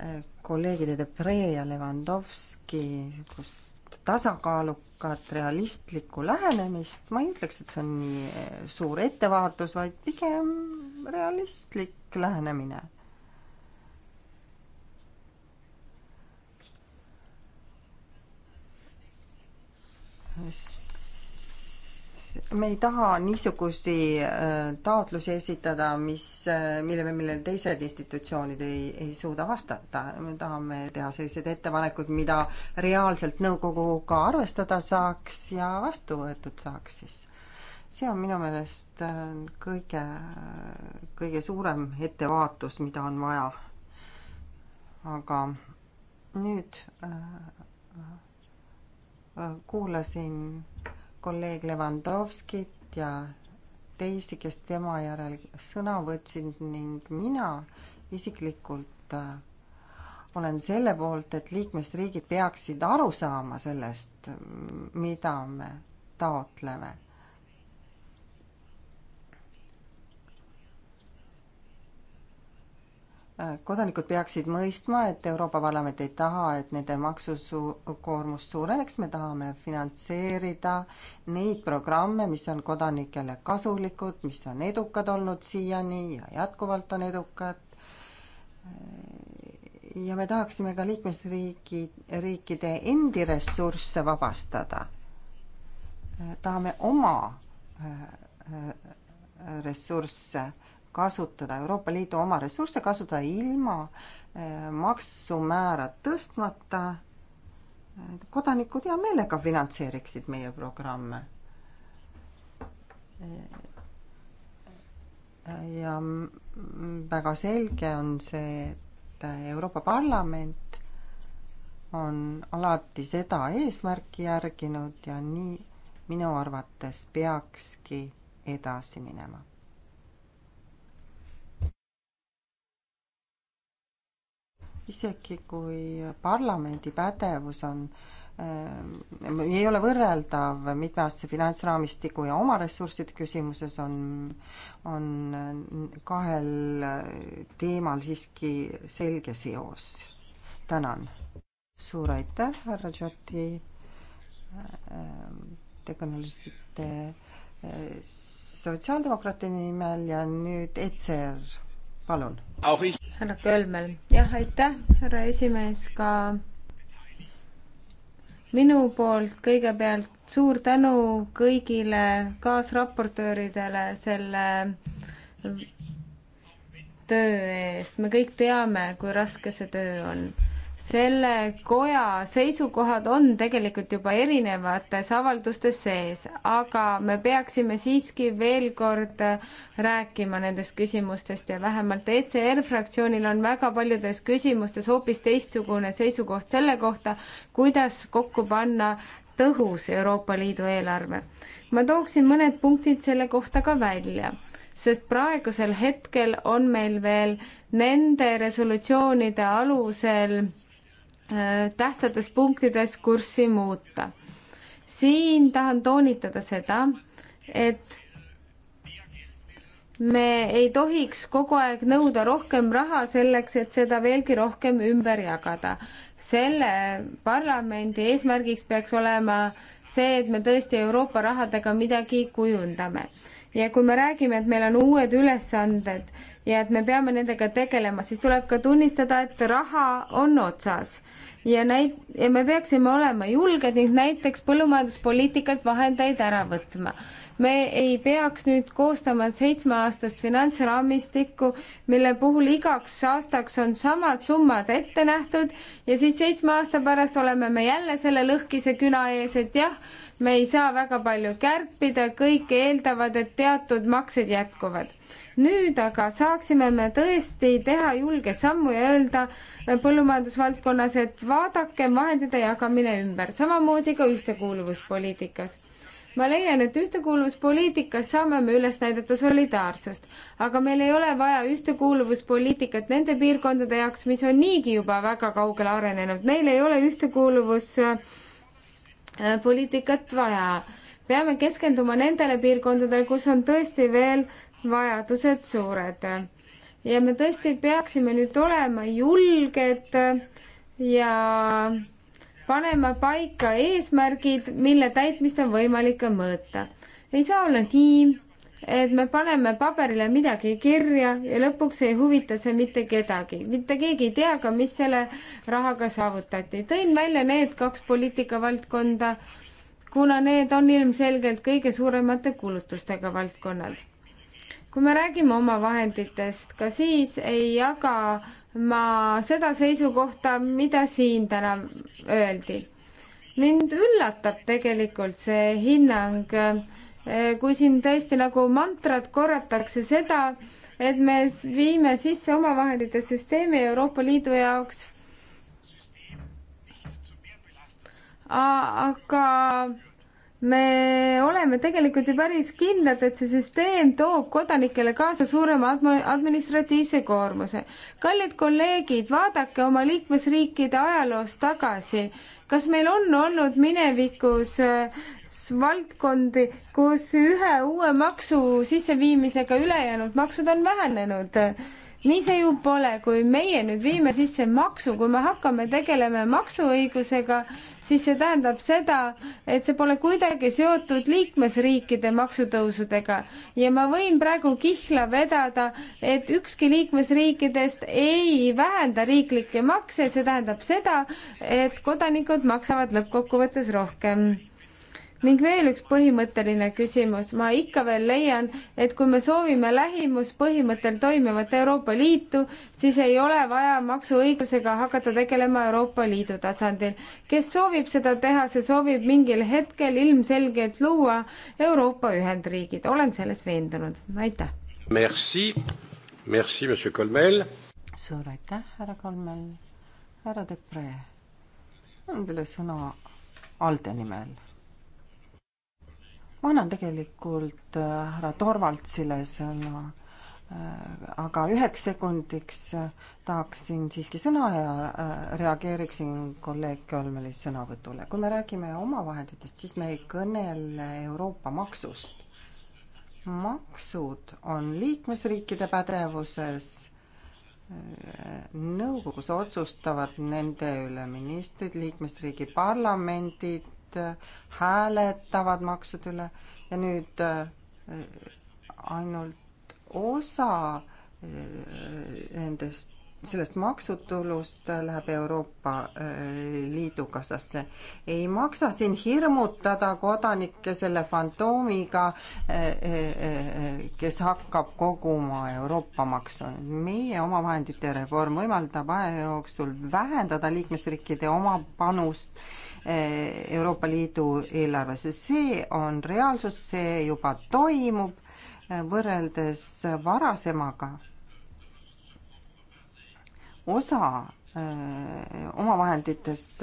eh, kolleegide Depree ja Levandovski tasakaalukat realistlikku lähenemist, ma ei ütleks, et see on nii eh, suur ettevaatus, vaid pigem realistlik mõistlik lähenemine. me ei taha niisugusi äh, taotlusi esitada, mis, äh, mille, millele teised institutsioonid ei, ei suuda vastata. me tahame teha sellised ettepanekud, mida reaalselt nõukogu ka arvestada saaks ja vastu võetud saaks siis see on minu meelest äh, kõige, kõige suurem ettevaatus, mida on vaja. aga nüüd äh, äh, kuulasin kolleeg Levandovskit ja teisi, kes tema järel sõna võtsid ning mina isiklikult olen selle poolt, et liikmesriigid peaksid aru saama sellest, mida me taotleme kodanikud peaksid mõistma, et Euroopa Parlament ei taha, et nende maksukoormus suureneks, me tahame finantseerida neid programme, mis on kodanikele kasulikud, mis on edukad olnud siiani ja jätkuvalt on edukad. ja me tahaksime ka liikmesriigi, riikide endi ressursse vabastada. tahame oma äh, äh, ressursse kasutada Euroopa Liidu oma ressursse, kasutada ilma eh, maksumäära tõstmata. kodanikud hea meelega finantseeriksid meie programme. Eh, ja väga selge on see, et Euroopa Parlament on alati seda eesmärki järginud ja nii minu arvates peakski edasi minema isegi kui parlamendi pädevus on ähm, ei ole võrreldav mitmeaastase finantsraamistiku ja oma ressursside küsimuses on, on äh, kahel äh, teemal siiski selge seos. tänan. suur aitäh, härra Joti. Äh, te kõnelesite sotsiaaldemokraatide nimel ja nüüd ECR palun. härra Kölmel, jah, aitäh, härra esimees, ka minu poolt kõigepealt suur tänu kõigile kaasraportööridele selle töö eest, me kõik teame, kui raske see töö on selle koja seisukohad on tegelikult juba erinevates avaldustes sees, aga me peaksime siiski veel kord rääkima nendest küsimustest ja vähemalt ECR fraktsioonil on väga paljudes küsimustes hoopis teistsugune seisukoht selle kohta, kuidas kokku panna tõhus Euroopa Liidu eelarve. ma tooksin mõned punktid selle kohta ka välja sest praegusel hetkel on meil veel nende resolutsioonide alusel Äh, tähtsates punktides kurssi muuta. siin tahan toonitada seda, et me ei tohiks kogu aeg nõuda rohkem raha selleks, et seda veelgi rohkem ümber jagada. selle parlamendi eesmärgiks peaks olema see, et me tõesti Euroopa rahadega midagi kujundame ja kui me räägime, et meil on uued ülesanded ja et me peame nendega tegelema, siis tuleb ka tunnistada, et raha on otsas ja näit-, ja me peaksime olema julged ning näiteks põllumajanduspoliitikalt vahendeid ära võtma. me ei peaks nüüd koostama seitsmeaastast finantsraamistikku, mille puhul igaks aastaks on samad summad ette nähtud ja siis seitsme aasta pärast oleme me jälle selle lõhkise küna ees, et jah, me ei saa väga palju kärpida, kõik eeldavad, et teatud maksed jätkuvad. nüüd aga saaksime me tõesti teha julge sammu ja öelda põllumajandusvaldkonnas, et vaadake vahendite jagamine ümber, samamoodi ka ühtekuuluvuspoliitikas ma leian, et ühtekuuluvuspoliitikas saame me üles näidata solidaarsust, aga meil ei ole vaja ühtekuuluvuspoliitikat nende piirkondade jaoks, mis on niigi juba väga kaugele arenenud, neil ei ole ühtekuuluvus äh, Äh, poliitikat vaja. peame keskenduma nendele piirkondadele, kus on tõesti veel vajadused suured. ja me tõesti peaksime nüüd olema julged ja panema paika eesmärgid, mille täitmist on võimalik ka mõõta. ei saa olla nii, et me paneme paberile midagi kirja ja lõpuks ei huvita see mitte kedagi. mitte keegi ei tea ka, mis selle rahaga saavutati. tõin välja need kaks poliitikavaldkonda, kuna need on ilmselgelt kõige suuremate kulutustega valdkonnad. kui me räägime omavahenditest, ka siis ei jaga ma seda seisukohta, mida siin täna öeldi. mind üllatab tegelikult see hinnang äh, Eh, kui siin tõesti nagu mantrat korratakse seda, et me viime sisse omavahelite süsteemi Euroopa Liidu jaoks. aga me oleme tegelikult ju päris kindlad, et see süsteem toob kodanikele kaasa suurema administratiivse koormuse. kallid kolleegid, vaadake oma liikmesriikide ajaloos tagasi kas meil on olnud minevikus äh, valdkondi, kus ühe uue maksu sisseviimisega ülejäänud maksud on vähenenud? nii see ju pole, kui meie nüüd viime sisse maksu, kui me hakkame tegelema maksuõigusega, siis see tähendab seda, et see pole kuidagi seotud liikmesriikide maksutõusudega ja ma võin praegu kihla vedada, et ükski liikmesriikidest ei vähenda riiklikke makse, see tähendab seda, et kodanikud maksavad lõppkokkuvõttes rohkem ning veel üks põhimõtteline küsimus. ma ikka veel leian, et kui me soovime lähimuspõhimõttel toimivat Euroopa Liitu, siis ei ole vaja maksuõigusega hakata tegelema Euroopa Liidu tasandil. kes soovib seda teha, see soovib mingil hetkel ilmselgelt luua Euroopa Ühendriigid. olen selles veendunud. aitäh. Merci, merci, monsieur Colmel. suur aitäh, härra Colmel. härra Depre, annan teile sõna ALDE nimel ma annan tegelikult äh, härra Torvaldsile sõna, äh, aga üheks sekundiks äh, tahaksin siiski sõna ja reageeriksin kolleeg Kölmeli sõnavõtule. kui me räägime omavahenditest, siis me ei kõnele Euroopa maksust. maksud on liikmesriikide pädevuses nõukogus otsustavad nende üle ministrid, liikmesriigi parlamendid, Äh, hääletavad maksude üle ja nüüd äh, ainult osa äh, nendest, sellest maksutulust läheb Euroopa Liidu kassasse. ei maksa siin hirmutada kodanikke selle fantoomiga, kes hakkab koguma Euroopa maksu. meie omavahendite reform võimaldab aja jooksul vähendada liikmesriikide oma panust Eh, Euroopa Liidu eelarvesse. see on reaalsus, see juba toimub eh, võrreldes varasemaga. osa eh, omavahenditest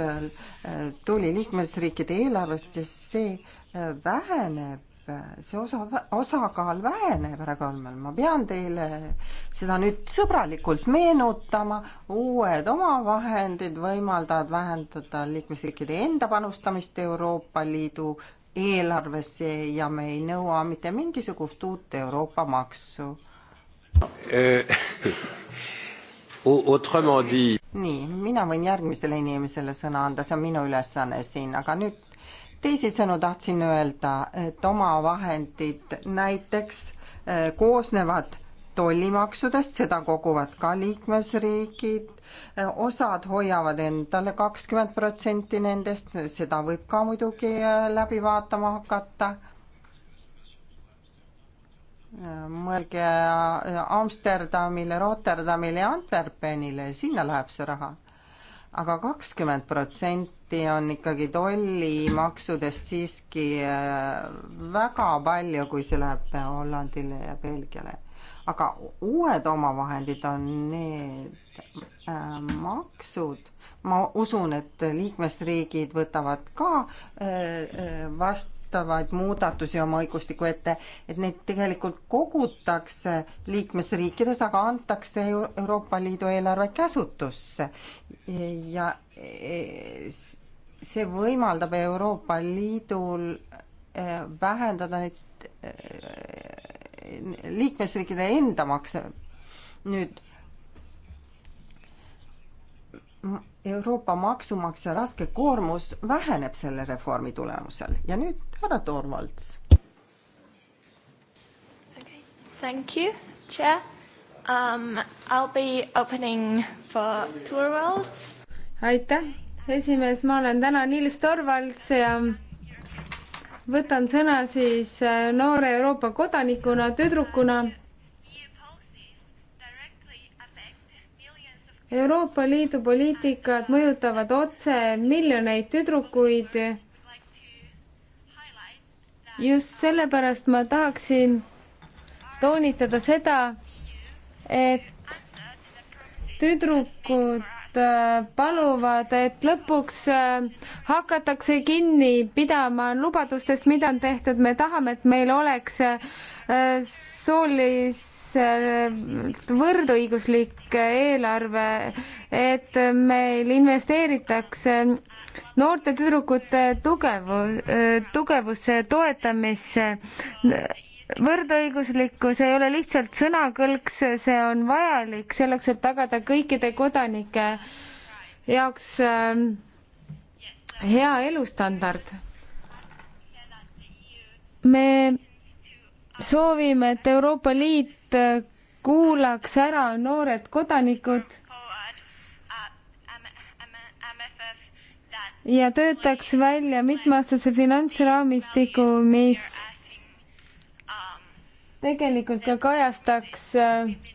tuli liikmesriikide eelarvest ja see väheneb see osa, osakaal väheneb, härra Kalmel, ma pean teile seda nüüd sõbralikult meenutama, uued omavahendid võimaldavad vähendada liikmesriikide enda panustamist Euroopa Liidu eelarvesse ja me ei nõua mitte mingisugust uut Euroopa maksu. Eh, nii, mina võin järgmisele inimesele sõna anda, see on minu ülesanne siin, aga nüüd teisisõnu tahtsin öelda, et omavahendid näiteks äh, koosnevad tollimaksudest, seda koguvad ka liikmesriigid, äh, osad hoiavad endale kakskümmend protsenti nendest, seda võib ka muidugi äh, läbi vaatama hakata. mõelge Amsterdamile, Rotterdamile ja Antwerpenile, sinna läheb see raha aga kakskümmend protsenti on ikkagi tollimaksudest siiski äh, väga palju, kui see läheb Hollandile ja Belgiale. aga uued omavahendid on need äh, maksud, ma usun, et liikmesriigid võtavad ka äh, äh vast-, tehtavaid muudatusi oma õigustiku ette, et neid tegelikult kogutakse liikmesriikides, aga antakse Euroopa Liidu eelarve käsutusse. ja e, see võimaldab Euroopa Liidul e, vähendada neid e, liikmesriikide enda makse. nüüd Euroopa maksumaksja raske koormus väheneb selle reformi tulemusel ja nüüd härra Torvalds. Thank you, chair um,. I will be opening for Torvalds. aitäh, esimees, ma olen täna Nils Torvalds ja võtan sõna siis äh, noore Euroopa kodanikuna, tüdrukuna. Euroopa Liidu poliitikad mõjutavad otse miljoneid tüdrukuid just sellepärast ma tahaksin toonitada seda, et tüdrukud äh, paluvad, et lõpuks äh, hakatakse kinni pidama lubadustest, mida on tehtud, me tahame, et meil oleks äh, soolis Äh, võrdõiguslik äh, eelarve, et meil investeeritakse noorte tüdrukute tugevu-, äh, tugevusse ja toetamisse. võrdõiguslikkus ei ole lihtsalt sõnakõlks, see on vajalik selleks, et tagada kõikide kodanike jaoks hea elustandard. me soovime, et Euroopa Liit äh, kuulaks ära noored kodanikud ja töötaks välja mitmeaastase finantsraamistiku, mis tegelikult ka kajastaks äh,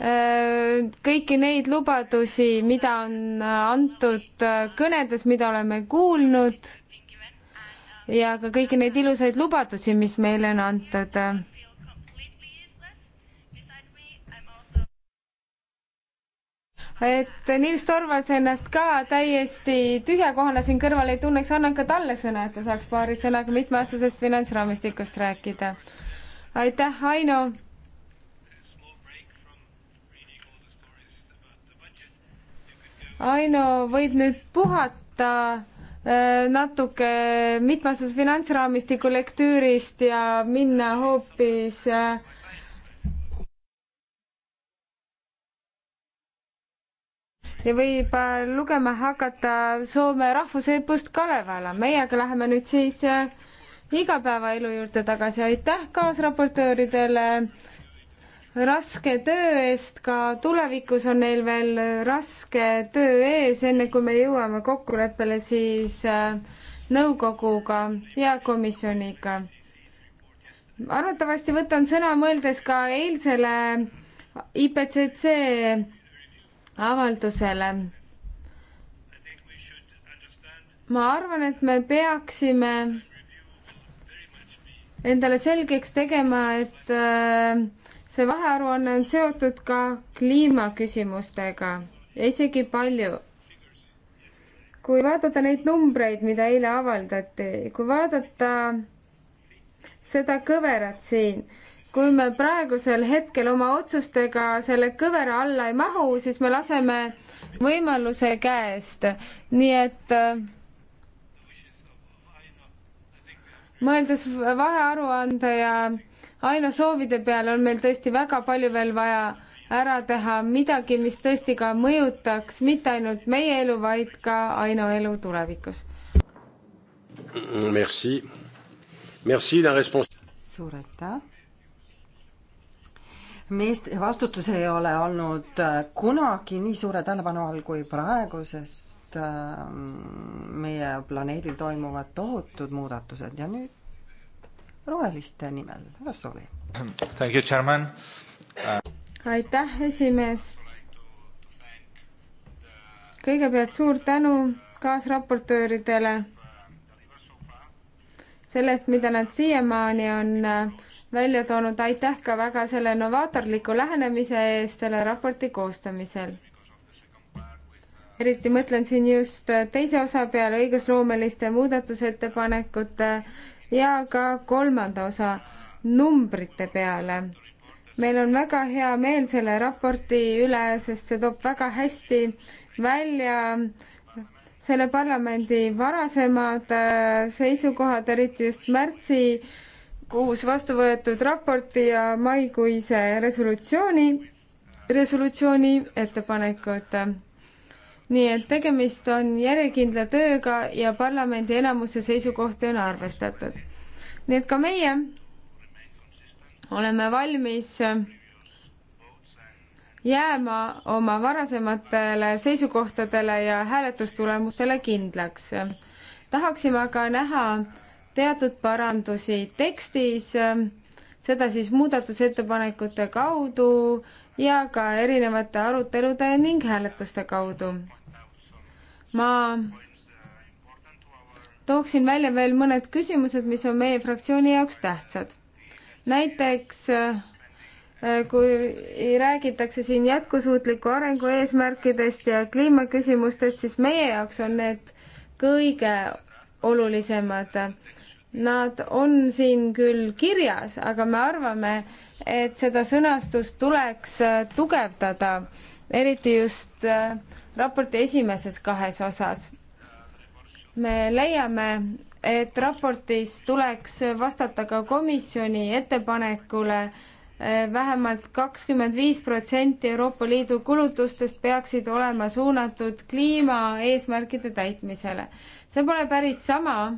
äh, kõiki neid lubadusi, mida on antud kõnedes, mida oleme kuulnud ja ka kõiki neid ilusaid lubadusi, mis meile on antud. et Nils Torvalds ennast ka täiesti tühjakohana siin kõrval ei tunneks, annan ka talle sõna, et ta saaks paari sõnaga mitmeaastasest finantsraamistikust rääkida. aitäh, Aino Aino võib nüüd puhata Äh, natuke mitmestes finantsraamistiku lektüürist ja minna hoopis äh, ja võib äh, lugema hakata Soome rahvuseepust Kalevala. meiega läheme nüüd siis igapäevaelu juurde tagasi. aitäh kaasraportööridele raske töö eest, ka tulevikus on neil veel raske töö ees, enne kui me jõuame kokkuleppele siis äh, nõukoguga ja komisjoniga. arvatavasti võtan sõna mõeldes ka eilsele IPCC avaldusele. ma arvan, et me peaksime endale selgeks tegema, et äh, see vahearuanne on seotud ka kliimaküsimustega ja isegi palju. kui vaadata neid numbreid, mida eile avaldati, kui vaadata seda kõverat siin, kui me praegusel hetkel oma otsustega selle kõvera alla ei mahu, siis me laseme võimaluse käest. nii et äh, mõeldes vahearuande ja ainusoovide peale on meil tõesti väga palju veel vaja ära teha, midagi, mis tõesti ka mõjutaks mitte ainult meie elu, vaid ka Aino elu tulevikus. Merci, merci la respons-. suur aitäh. meest, vastutus ei ole olnud äh, kunagi nii suure tähelepanu all kui praegu, sest äh, meie planeedil toimuvad tohutud muudatused ja nüüd roheliste nimel, härra Sooli. aitäh, esimees. kõigepealt suur tänu kaasraportööridele sellest, mida nad siiamaani on äh, välja toonud, aitäh ka väga selle novaatorliku lähenemise eest selle raporti koostamisel. eriti mõtlen siin just äh, teise osa peale õigusloomeliste muudatusettepanekute ja ka kolmanda osa numbrite peale. meil on väga hea meel selle raporti üle, sest see toob väga hästi välja selle parlamendi varasemad äh, seisukohad, eriti just märtsikuus vastu võetud raporti ja maikuise resolutsiooni, resolutsiooni ettepanekud nii et tegemist on järjekindla tööga ja parlamendi enamuse seisukohti on arvestatud. nii et ka meie oleme valmis jääma oma varasematele seisukohtadele ja hääletustulemustele kindlaks. tahaksime aga näha teatud parandusi tekstis, seda siis muudatusettepanekute kaudu ja ka erinevate arutelude ning hääletuste kaudu. ma tooksin välja veel mõned küsimused, mis on meie fraktsiooni jaoks tähtsad. näiteks äh, kui räägitakse siin jätkusuutliku arengu eesmärkidest ja kliimaküsimustest, siis meie jaoks on need kõige olulisemad. Nad on siin küll kirjas, aga me arvame, et seda sõnastust tuleks äh, tugevdada, eriti just äh, raporti esimeses kahes osas. me leiame, et raportis tuleks vastata ka komisjoni ettepanekule äh, vähemalt kakskümmend viis protsenti Euroopa Liidu kulutustest peaksid olema suunatud kliimaeesmärkide täitmisele. see pole päris sama,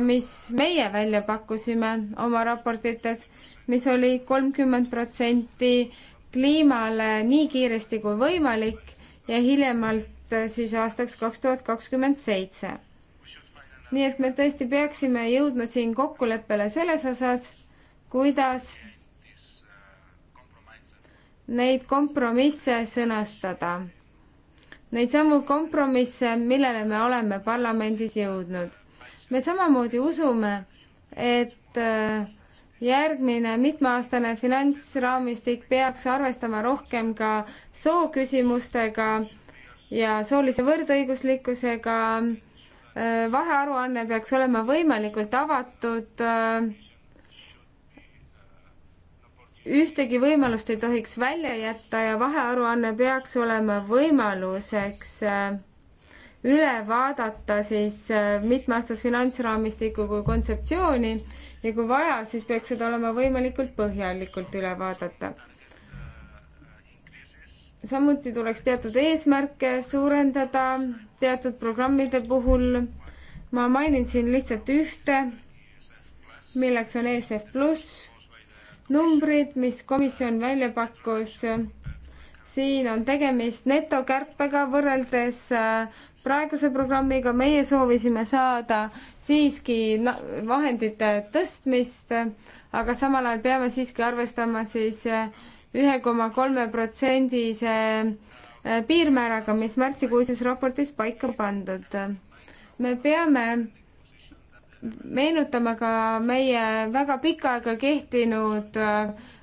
mis meie välja pakkusime oma raportites mis oli kolmkümmend protsenti kliimale nii kiiresti kui võimalik ja hiljemalt äh, siis aastaks kaks tuhat kakskümmend seitse. nii et me tõesti peaksime jõudma siin kokkuleppele selles osas, kuidas neid kompromisse sõnastada. Neid samu kompromisse, millele me oleme parlamendis jõudnud. me samamoodi usume, et äh, järgmine mitmeaastane finantsraamistik peaks arvestama rohkem ka sooküsimustega ja soolise võrdõiguslikkusega. Äh, vahearuanne peaks olema võimalikult avatud. Äh, ühtegi võimalust ei tohiks välja jätta ja vahearuanne peaks olema võimaluseks äh, üle vaadata siis mitmeaastast finantsraamistikku kui kontseptsiooni ja kui vaja, siis peaks seda olema võimalikult põhjalikult üle vaadata. samuti tuleks teatud eesmärke suurendada teatud programmide puhul. ma mainin siin lihtsalt ühte, milleks on ESF pluss, numbrid, mis komisjon välja pakkus siin on tegemist netokärpega võrreldes äh, praeguse programmiga, meie soovisime saada siiski vahendite tõstmist, aga samal ajal peame siiski arvestama siis äh, ühe koma kolme protsendise äh, piirmääraga, mis märtsikuises raportis paika pandud. me peame meenutama ka meie väga pikka aega kehtinud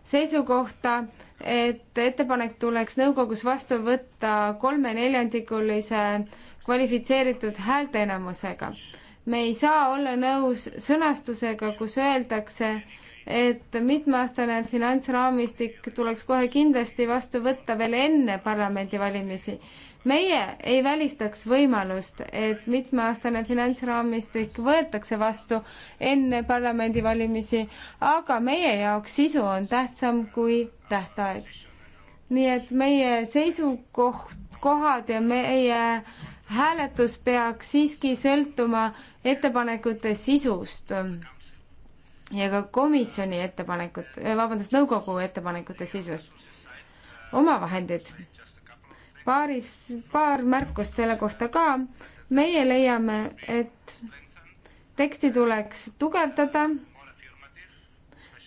seisukohta, et ettepanek tuleks nõukogus vastu võtta kolmeneljandikulise kvalifitseeritud häälteenamusega. me ei saa olla nõus sõnastusega, kus öeldakse, et mitmeaastane finantsraamistik tuleks kohe kindlasti vastu võtta veel enne parlamendivalimisi meie ei välistaks võimalust, et mitmeaastane finantsraamistik võetakse vastu enne parlamendivalimisi, aga meie jaoks sisu on tähtsam kui tähtaeg. nii et meie seisukoht, kohad ja meie hääletus peaks siiski sõltuma ettepanekute sisust ja ka komisjoni ettepanekut, vabandust, nõukogu ettepanekute sisust. omavahendid paaris, paar märkust selle kohta ka. meie leiame, et teksti tuleks tugevdada.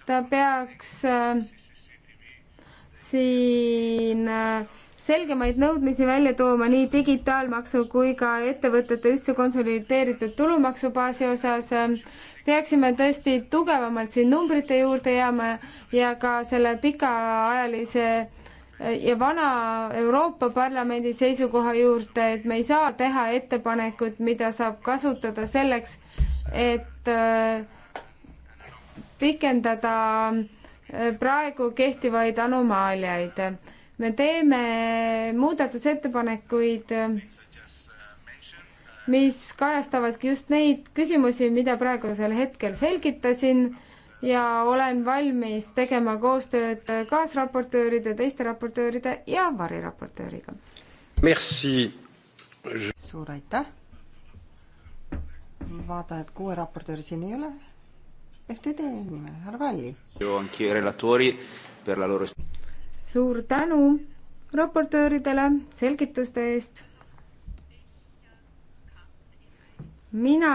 ta peaks äh, siin äh, selgemaid nõudmisi välja tooma nii digitaalmaksu kui ka ettevõtete ühtse konsolideeritud tulumaksubaasi osas. peaksime tõesti tugevamalt siin numbrite juurde jääma ja ka selle pikaajalise ja vana Euroopa Parlamendi seisukoha juurde, et me ei saa teha ettepanekut, mida saab kasutada selleks, et äh, pikendada äh, praegu kehtivaid anomaaliaid. me teeme muudatusettepanekuid, mis kajastavadki just neid küsimusi, mida praegusel hetkel selgitasin ja olen valmis tegema koostööd kaasraportööride, teiste raportööride ja variraportööriga. suur aitäh. vaatan, et kuue raportööri siin ei ole. FTD nimel, härra Valli. suur tänu raportööridele selgituste eest. mina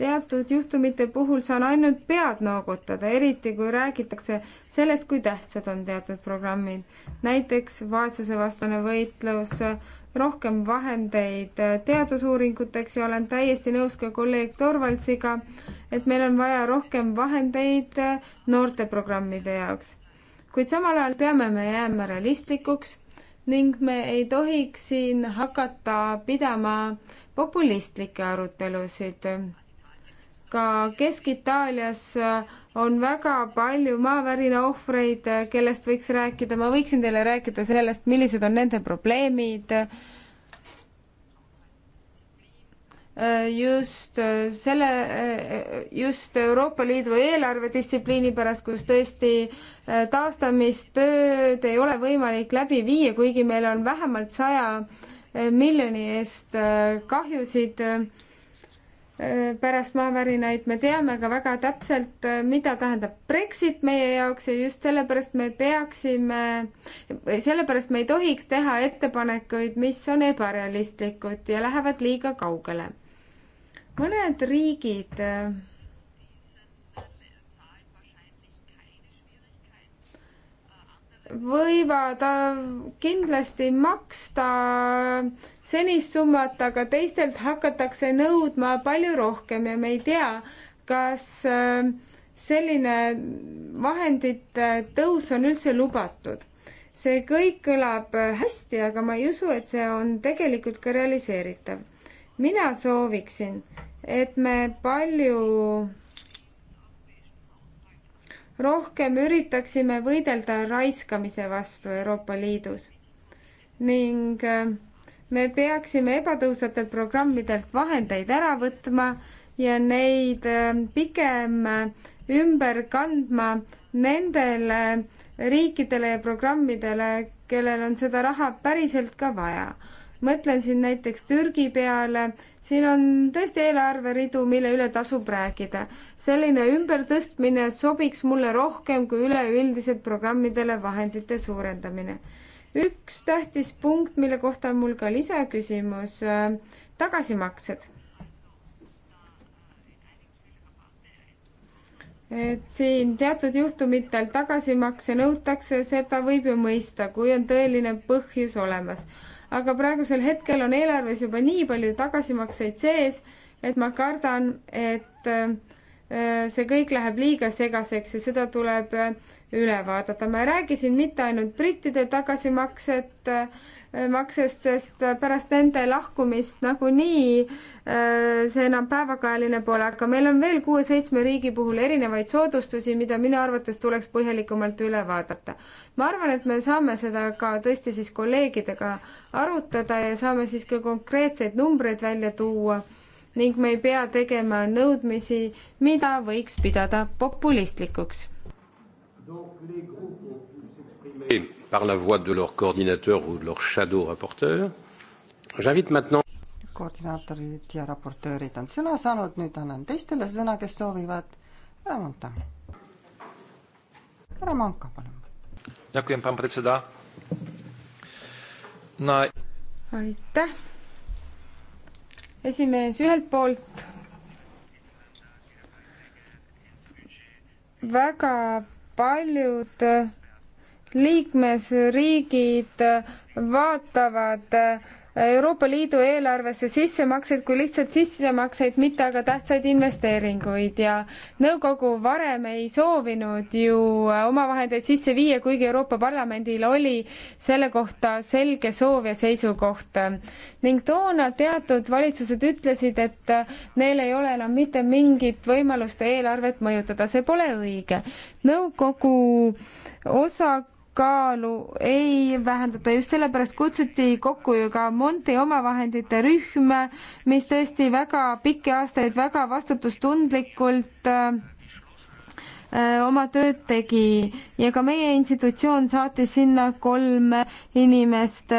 teatud juhtumite puhul saan ainult pead noogutada, eriti kui räägitakse sellest, kui tähtsad on teatud programmid. näiteks vaesusevastane võitlus, rohkem vahendeid teadusuuringuteks ja olen täiesti nõus ka kolleeg Torvaldsiga, et meil on vaja rohkem vahendeid noorteprogrammide jaoks. kuid samal ajal peame me jääma realistlikuks ning me ei tohiks siin hakata pidama populistlikke arutelusid ka Kesk-Itaalias äh, on väga palju maavärina ohvreid, äh, kellest võiks rääkida, ma võiksin teile rääkida sellest, millised on nende probleemid. Äh, just selle, just Euroopa Liidu eelarvedistsipliini pärast, kus tõesti taastamistööd ei ole võimalik läbi viia, kuigi meil on vähemalt saja miljoni eest kahjusid Äh, pärast maavärinaid, me teame ka väga täpselt, äh, mida tähendab Brexit meie jaoks ja just sellepärast me peaksime, sellepärast me ei tohiks teha ettepanekuid, mis on ebarealistlikud ja lähevad liiga kaugele. mõned riigid äh, võivad äh, kindlasti maksta senist summat, aga teistelt hakatakse nõudma palju rohkem ja me ei tea, kas äh, selline vahendite tõus on üldse lubatud. see kõik kõlab äh, hästi, aga ma ei usu, et see on tegelikult ka realiseeritav. mina sooviksin, et me palju rohkem üritaksime võidelda raiskamise vastu Euroopa Liidus ning äh, me peaksime ebatõusatelt programmidelt vahendeid ära võtma ja neid äh, pigem äh, ümber kandma nendele riikidele ja programmidele, kellel on seda raha päriselt ka vaja mõtlen siin näiteks Türgi peale, siin on tõesti eelarveridu, mille üle tasub rääkida. selline ümbertõstmine sobiks mulle rohkem kui üleüldiselt programmidele vahendite suurendamine. üks tähtis punkt, mille kohta on mul ka lisaküsimus, tagasimaksed. et siin teatud juhtumitel tagasimakse nõutakse, seda võib ju mõista, kui on tõeline põhjus olemas aga praegusel hetkel on eelarves juba nii palju tagasimakseid sees, et ma kardan, et äh, see kõik läheb liiga segaseks ja seda tuleb äh, üle vaadata. ma ei räägi siin mitte ainult brittide tagasimakset äh, Äh, maksest, sest äh, pärast nende lahkumist nagunii äh, see enam päevakajaline pole, aga meil on veel kuue-seitsme riigi puhul erinevaid soodustusi, mida minu arvates tuleks põhjalikumalt üle vaadata. ma arvan, et me saame seda ka tõesti siis kolleegidega arutada ja saame siis ka konkreetseid numbreid välja tuua ning me ei pea tegema nõudmisi, mida võiks pidada populistlikuks par la voix de leur coordinateur ou de leur shadow rapporteur. J'invite maintenant koordinaatorid ja raportöörid on sõna saanud, nüüd annan teistele sõna, kes soovivad. härra Monta. härra Manka, palun. aitäh. esimees ühelt poolt väga paljud liikmesriigid vaatavad Euroopa Liidu eelarvesse sissemakseid kui lihtsalt sissemakseid, mitte aga tähtsaid investeeringuid ja nõukogu varem ei soovinud ju omavahendeid sisse viia, kuigi Euroopa Parlamendil oli selle kohta selge soov ja seisukoht. ning toona teatud valitsused ütlesid, et neil ei ole enam mitte mingit võimalust eelarvet mõjutada, see pole õige. nõukogu osa kaalu ei vähendata, just sellepärast kutsuti kokku ju ka Monti omavahendite rühm, mis tõesti väga pikki aastaid väga vastutustundlikult äh, oma tööd tegi ja ka meie institutsioon saatis sinna kolm inimest.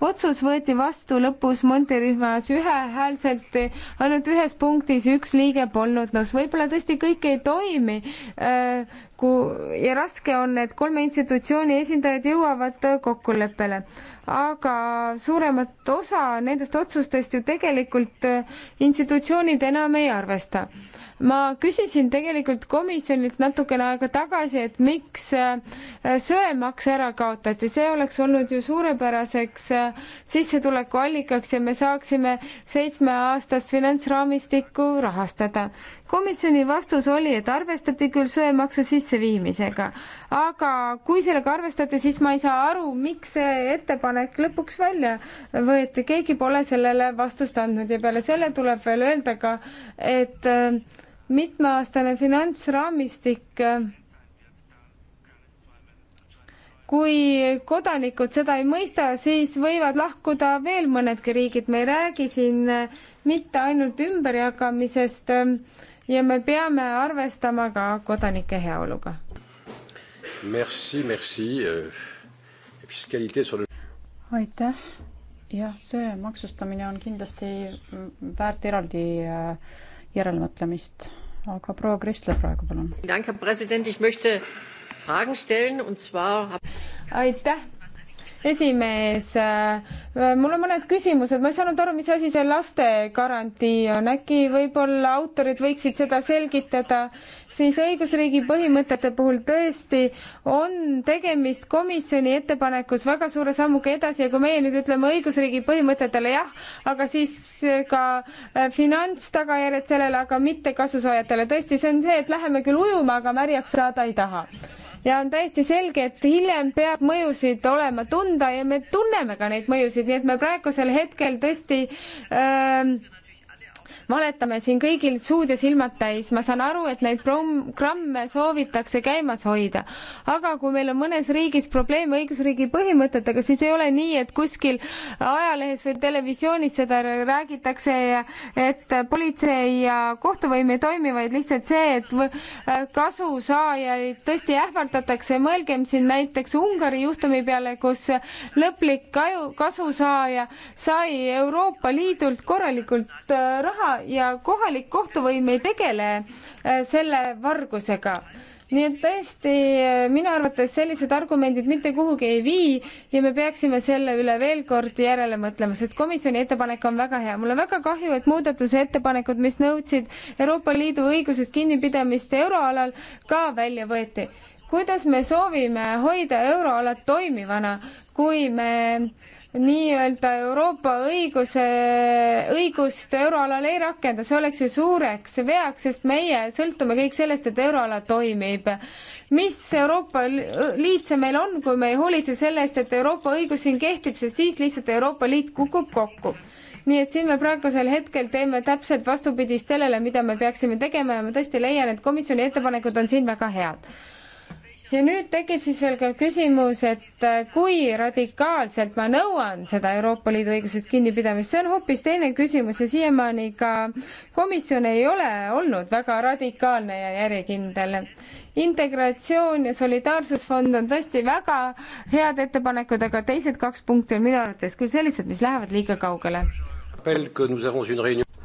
otsus võeti vastu lõpus Monti rühmas ühehäälselt, ainult ühes punktis üks liige polnud nõus, võib-olla tõesti kõik ei toimi äh, ku- ja raske on, et kolme institutsiooni esindajad jõuavad kokkuleppele. aga suuremat osa nendest otsustest ju tegelikult institutsioonid enam ei arvesta. ma küsisin tegelikult komisjonilt natukene aega tagasi, et miks söemaks ära kaotati, see oleks olnud ju suurepäraseks sissetulekuallikaks ja me saaksime seitsmeaastast finantsraamistikku rahastada komisjoni vastus oli, et arvestati küll söemaksu sisseviimisega, aga kui sellega arvestati, siis ma ei saa aru, miks see ettepanek lõpuks välja võeti, keegi pole sellele vastust andnud ja peale selle tuleb veel öelda ka, et äh, mitmeaastane finantsraamistik äh, kui kodanikud seda ei mõista, siis võivad lahkuda veel mõnedki riigid, me ei räägi siin äh, mitte ainult ümberjagamisest äh, ja me peame arvestama ka kodanike heaoluga. Merci, merci. Euh, aitäh. jah, see maksustamine on kindlasti väärt eraldi äh, järelmõtlemist, aga proua Kristla praegu, palun. aitäh esimees, äh, mul on mõned küsimused, ma ei saanud aru, mis asi see lastegarantii on, äkki võib-olla autorid võiksid seda selgitada, siis õigusriigi põhimõtete puhul tõesti on tegemist komisjoni ettepanekus väga suure sammuga edasi ja kui meie nüüd ütleme õigusriigi põhimõtetele jah, aga siis ka äh, finantstagajärjed sellele, aga mitte kasusaajatele, tõesti, see on see, et läheme küll ujuma, aga märjaks saada ei taha ja on täiesti selge, et hiljem peab mõjusid olema tunda ja me tunneme ka neid mõjusid, nii et me praegusel hetkel tõesti öö, ähm, valetame siin kõigil suud ja silmad täis, ma saan aru, et neid programme soovitakse käimas hoida. aga kui meil on mõnes riigis probleem õigusriigi põhimõtetega, siis ei ole nii, et kuskil ajalehes või televisioonis seda räägitakse, et politsei ja kohtuvõim ei toimi, vaid lihtsalt see, et kasusaajaid tõesti ähvardatakse, mõelgem siin näiteks Ungari juhtumi peale, kus lõplik kaju, kasusaaja sai Euroopa Liidult korralikult äh, raha ja kohalik kohtuvõim ei tegele äh, selle vargusega nii et tõesti äh, minu arvates sellised argumendid mitte kuhugi ei vii ja me peaksime selle üle veel kord järele mõtlema, sest komisjoni ettepanek on väga hea. mul on väga kahju, et muudatusettepanekud, mis nõudsid Euroopa Liidu õigusest kinnipidamist euroalal, ka välja võeti. kuidas me soovime hoida euroalat toimivana, kui me nii-öelda Euroopa õiguse, õigust euroalal ei rakenda, see oleks ju suureks veaks, sest meie sõltume kõik sellest, et euroala toimib. mis Euroopa Liit see meil on, kui me ei hoolitse selle eest, et Euroopa õigus siin kehtib, sest siis lihtsalt Euroopa Liit kukub kokku nii et siin me praegusel hetkel teeme täpselt vastupidist sellele, mida me peaksime tegema ja ma tõesti leian, et komisjoni ettepanekud on siin väga head ja nüüd tekib siis veel ka küsimus, et äh, kui radikaalselt ma nõuan seda Euroopa Liidu õigusest kinnipidamist, see on hoopis teine küsimus ja siiamaani ka komisjon ei ole olnud väga radikaalne ja järjekindel. integratsioon ja solidaarsusfond on tõesti väga head ettepanekud, aga teised kaks punkti on minu arvates küll sellised, mis lähevad liiga kaugele.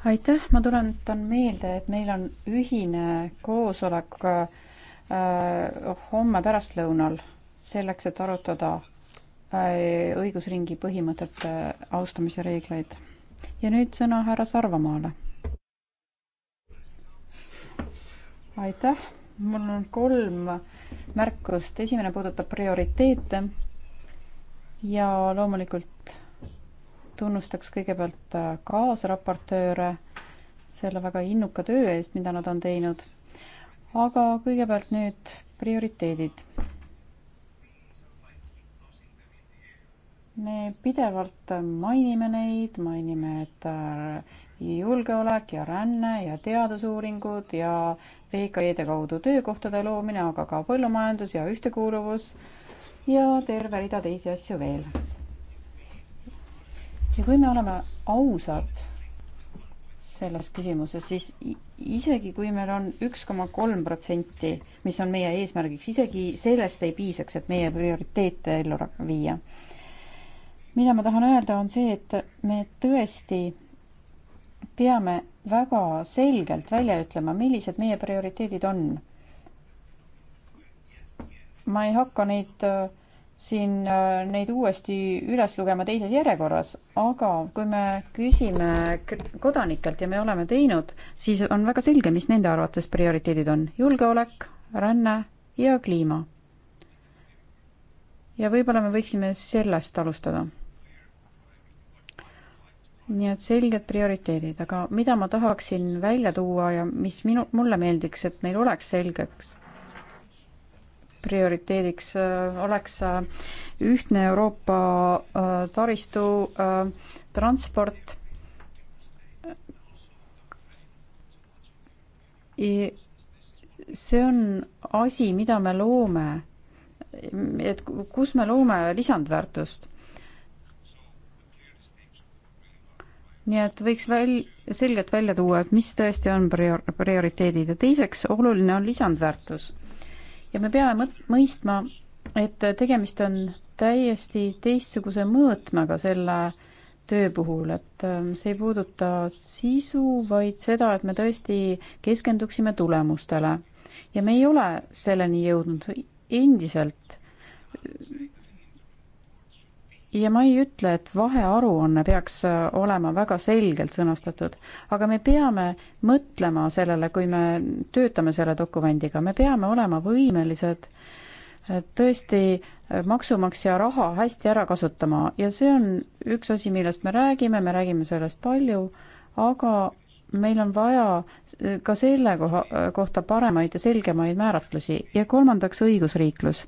aitäh, ma tuletan meelde, et meil on ühine koosolek äh, Äh, homme pärastlõunal selleks, et arutada äh, õigusringi põhimõtete äh, austamise reegleid. ja nüüd sõna härra Sarvamaale. aitäh, mul on kolm märkust, esimene puudutab prioriteete ja loomulikult tunnustaks kõigepealt kaasraportööre selle väga innuka töö eest, mida nad on teinud aga kõigepealt nüüd prioriteedid. me pidevalt mainime neid, mainime, et äh, julgeolek ja ränne ja teadusuuringud ja VKE-de kaudu töökohtade loomine, aga ka põllumajandus ja ühtekuuluvus ja terve rida teisi asju veel. ja kui me oleme ausad selles küsimuses, siis isegi kui meil on üks koma kolm protsenti, mis on meie eesmärgiks, isegi sellest ei piisaks, et meie prioriteete ellu viia. mida ma tahan öelda, on see, et me tõesti peame väga selgelt välja ütlema, millised meie prioriteedid on. ma ei hakka neid äh, siin äh, neid uuesti üles lugema teises järjekorras, aga kui me küsime kodanikelt ja me oleme teinud, siis on väga selge, mis nende arvates prioriteedid on. julgeolek, ränne ja kliima. ja võib-olla me võiksime sellest alustada. nii et selged prioriteedid, aga mida ma tahaksin välja tuua ja mis minu, mulle meeldiks, et meil oleks selgeks, prioriteediks äh, oleks äh, ühtne Euroopa äh, taristu, transport ja see on asi, mida me loome. et kus me loome lisandväärtust. nii et võiks väl-, selgelt välja tuua, et mis tõesti on prior-, prioriteedid ja teiseks oluline on lisandväärtus ja me peame mõistma, et tegemist on täiesti teistsuguse mõõtmega selle töö puhul, et ähm, see ei puuduta sisu, vaid seda, et me tõesti keskenduksime tulemustele. ja me ei ole selleni jõudnud endiselt ja ma ei ütle, et vahearuanne peaks äh, olema väga selgelt sõnastatud, aga me peame mõtlema sellele, kui me töötame selle dokumendiga, me peame olema võimelised äh, tõesti äh, maksumaksja raha hästi ära kasutama ja see on üks asi, millest me räägime, me räägime sellest palju, aga meil on vaja ka selle koha, kohta paremaid ja selgemaid määratlusi ja kolmandaks õigusriiklus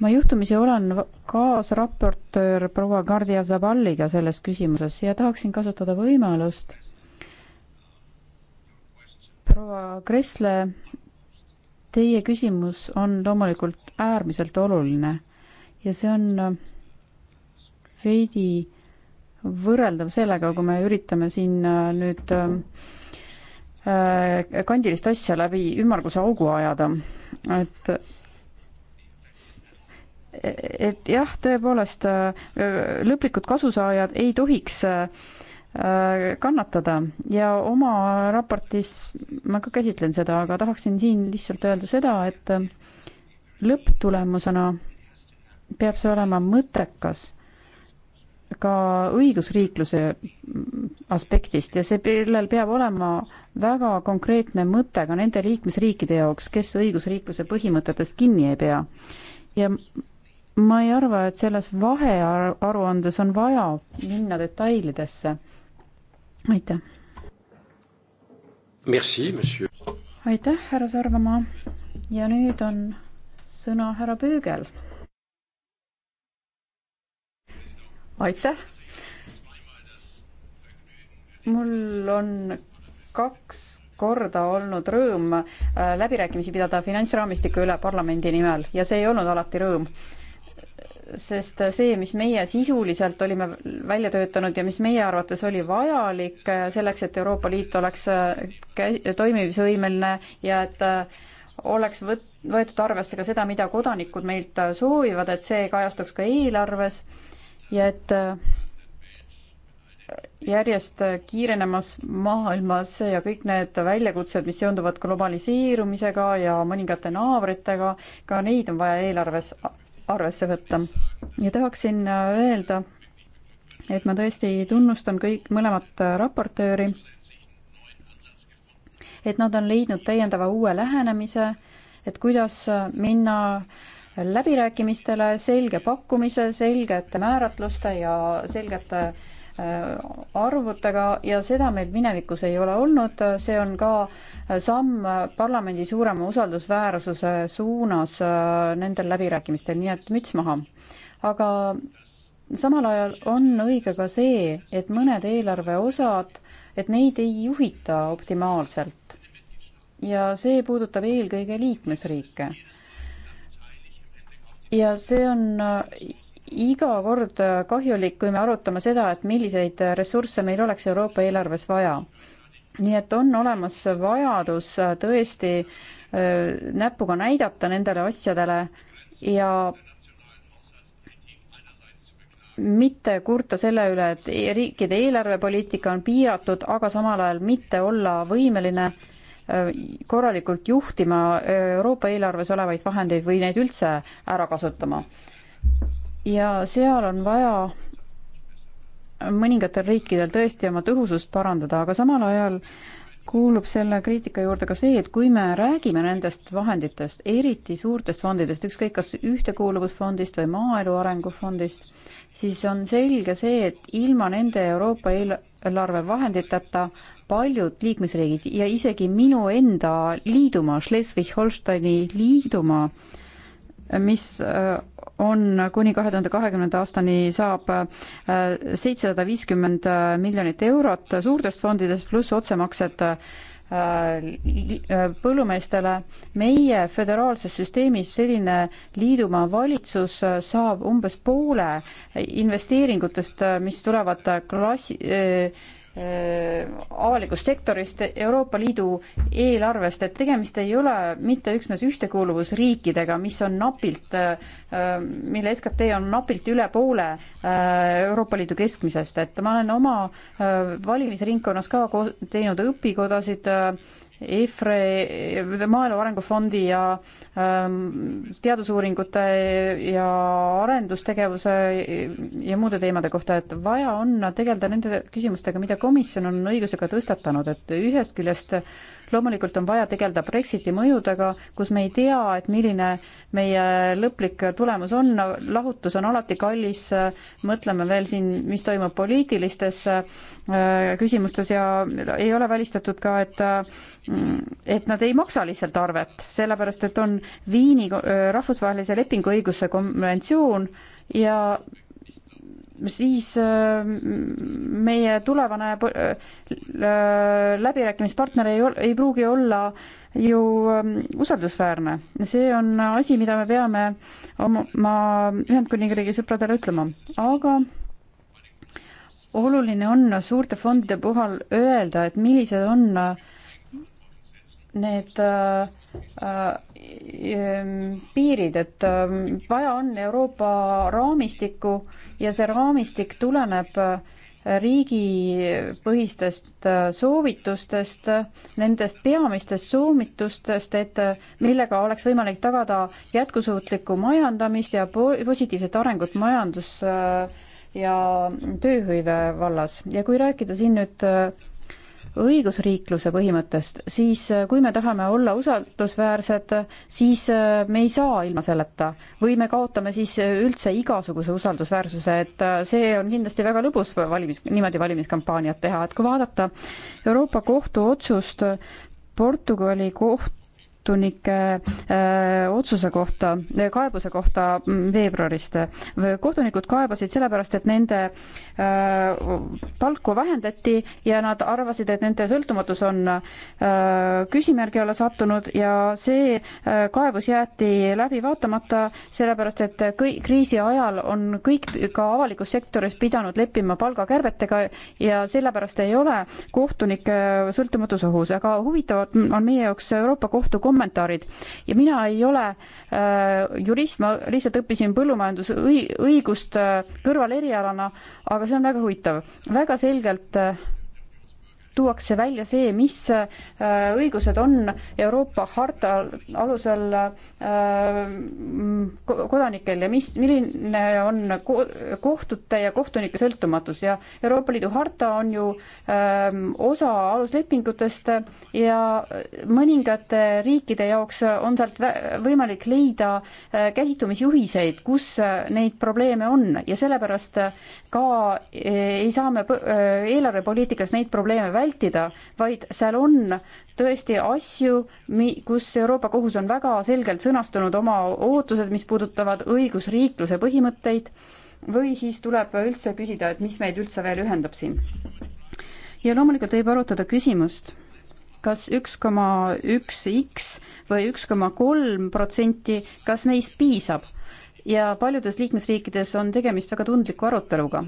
ma juhtumisi olen kaasraportöör proua Gardia Zaballiga selles küsimuses ja tahaksin kasutada võimalust proua Kressle, teie küsimus on loomulikult äärmiselt oluline ja see on äh, veidi võrreldav sellega, kui me üritame siin äh, nüüd äh, kandilist asja läbi ümmarguse augu ajada, et et jah, tõepoolest äh, lõplikud kasusaajad ei tohiks äh, äh, kannatada ja oma raportis ma ka käsitlen seda, aga tahaksin siin lihtsalt öelda seda, et lõpptulemusena peab see olema mõttekas ka õigusriikluse aspektist ja see, sellel peab olema väga konkreetne mõte ka nende liikmesriikide jaoks, kes õigusriikluse põhimõtetest kinni ei pea. ja ma ei arva, et selles vahearuandes on vaja minna detailidesse. aitäh. aitäh, härra Sarvamaa. ja nüüd on sõna härra Pöögel. aitäh. mul on kaks korda olnud rõõm äh, läbirääkimisi pidada finantsraamistiku üle parlamendi nimel ja see ei olnud alati rõõm sest see, mis meie sisuliselt olime välja töötanud ja mis meie arvates oli vajalik äh, selleks, et Euroopa Liit oleks äh, toimimisvõimeline ja et äh, oleks võt-, võetud arvesse ka seda, mida kodanikud meilt soovivad, et see kajastuks ka eelarves ja et järjest kiirenemas maailmas ja kõik need väljakutsed, mis seonduvad globaliseerumisega ja mõningate naabritega, ka neid on vaja eelarves arvesse võtta. ja tahaksin äh, öelda, et ma tõesti tunnustan kõik, mõlemat äh, raportööri, et nad on leidnud täiendava uue lähenemise, et kuidas äh, minna läbirääkimistele selge pakkumise, selgete määratluste ja selgete äh, Äh, arvutega ja seda meil minevikus ei ole olnud, see on ka äh, samm parlamendi suurema usaldusväärsuse suunas äh, nendel läbirääkimistel, nii et müts maha. aga samal ajal on õige ka see, et mõned eelarve osad, et neid ei juhita optimaalselt. ja see puudutab eelkõige liikmesriike. ja see on iga kord äh, kahjulik, kui me arutame seda, et milliseid äh, ressursse meil oleks Euroopa eelarves vaja. nii et on olemas vajadus äh, tõesti näpuga näidata nendele asjadele ja mitte kurta selle üle, et e-, riikide eelarvepoliitika on piiratud, aga samal ajal mitte olla võimeline korralikult juhtima Euroopa eelarves olevaid vahendeid või neid üldse ära kasutama ja seal on vaja mõningatel riikidel tõesti oma tõhusust parandada, aga samal ajal kuulub selle kriitika juurde ka see, et kui me räägime nendest vahenditest, eriti suurtest fondidest, ükskõik kas Ühtekuuluvusfondist või Maaelu Arengufondist, siis on selge see, et ilma nende Euroopa eelarve vahenditeta paljud liikmesriigid ja isegi minu enda liidumaa, Schleswig-Holsteini liidumaa, mis äh, on kuni kahe tuhande kahekümnenda aastani saab äh, seitsesada viiskümmend äh, miljonit eurot suurtest fondidest pluss otsemaksed põllumeestele. meie föderaalses süsteemis selline liidumaa valitsus saab umbes poole investeeringutest, mis tulevad klassi, Äh, avalikust sektorist, Euroopa Liidu eelarvest, et tegemist ei ole mitte üksnes ühtekuuluvusriikidega, mis on napilt, äh, mille SKT on napilt üle poole äh, Euroopa Liidu keskmisest, et ma olen oma valimisringkonnas ka teinud õpikodasid EFRE, Maaelu Arengufondi ja ähm, teadusuuringute ja arendustegevuse ja muude teemade kohta, et vaja on tegeleda nende küsimustega, mida komisjon on õigusega tõstatanud, et ühest küljest loomulikult on vaja tegeleda Brexiti mõjudega, kus me ei tea, et milline meie lõplik tulemus on, lahutus on alati kallis, mõtleme veel siin, mis toimub poliitilistes äh, küsimustes ja ei ole välistatud ka, et äh, et nad ei maksa lihtsalt arvet, sellepärast et on Viini äh, rahvusvahelise lepinguõiguse konventsioon ja siis äh, meie tulevane äh, läbirääkimispartner ei, ei pruugi olla ju ähm, usaldusväärne. see on asi, mida me peame oma Ühendkuningriigi sõpradele ütlema, aga oluline on suurte fondide puhul öelda, et millised on äh, need piirid, et vaja on Euroopa raamistikku ja see raamistik tuleneb äh, riigipõhistest äh, soovitustest, nendest peamistest soovitustest, et äh, millega oleks võimalik tagada jätkusuutlikku majandamist ja positiivset arengut majandus- ja tööhõive vallas. ja kui rääkida siin nüüd õigusriikluse põhimõttest, siis äh, kui me tahame olla usaldusväärsed, siis äh, me ei saa ilma selleta. või me kaotame siis äh, üldse igasuguse usaldusväärsuse, et see on kindlasti väga lõbus valimis, niimoodi valimiskampaaniat teha, et kui vaadata Euroopa Kohtu otsust Portugali koht, kohtunike äh, otsuse kohta, äh, kaebuse kohta mm, veebruarist. kohtunikud kaebasid sellepärast, et nende äh, palku vähendati ja nad arvasid, et nende sõltumatus on küsimärgi alla sattunud ja see kaebus jäeti läbi vaatamata, sellepärast et kõi-, kriisi ajal on kõik ka avalikus sektoris pidanud leppima palgakärbetega ja sellepärast ei ole kohtunike sõltumatus ohus, aga huvitav on meie jaoks Euroopa Kohtu kom-, kommentaarid. ja mina ei ole äh, jurist, ma lihtsalt õppisin põllumajandusõigust äh, kõrvalerialana, aga see on väga huvitav. väga selgelt äh, tuuakse välja see, mis äh, õigused on Euroopa harta alusel äh, mm, kodanikel ja mis, milline on kohtute ja kohtunike sõltumatus ja Euroopa Liidu harta on ju ähm, osa aluslepingutest ja mõningate riikide jaoks on sealt võimalik leida äh, käsitumisjuhiseid, kus neid probleeme on ja sellepärast ka ei saa me eelarvepoliitikas neid probleeme välja vältida, vaid seal on tõesti asju, mi-, kus Euroopa Kohus on väga selgelt sõnastanud oma ootused, mis puudutavad õigusriikluse põhimõtteid, või siis tuleb üldse küsida, et mis meid üldse veel ühendab siin. ja loomulikult võib arutada küsimust, kas üks koma üks X või üks koma kolm protsenti, kas neist piisab? ja paljudes liikmesriikides on tegemist väga tundliku aruteluga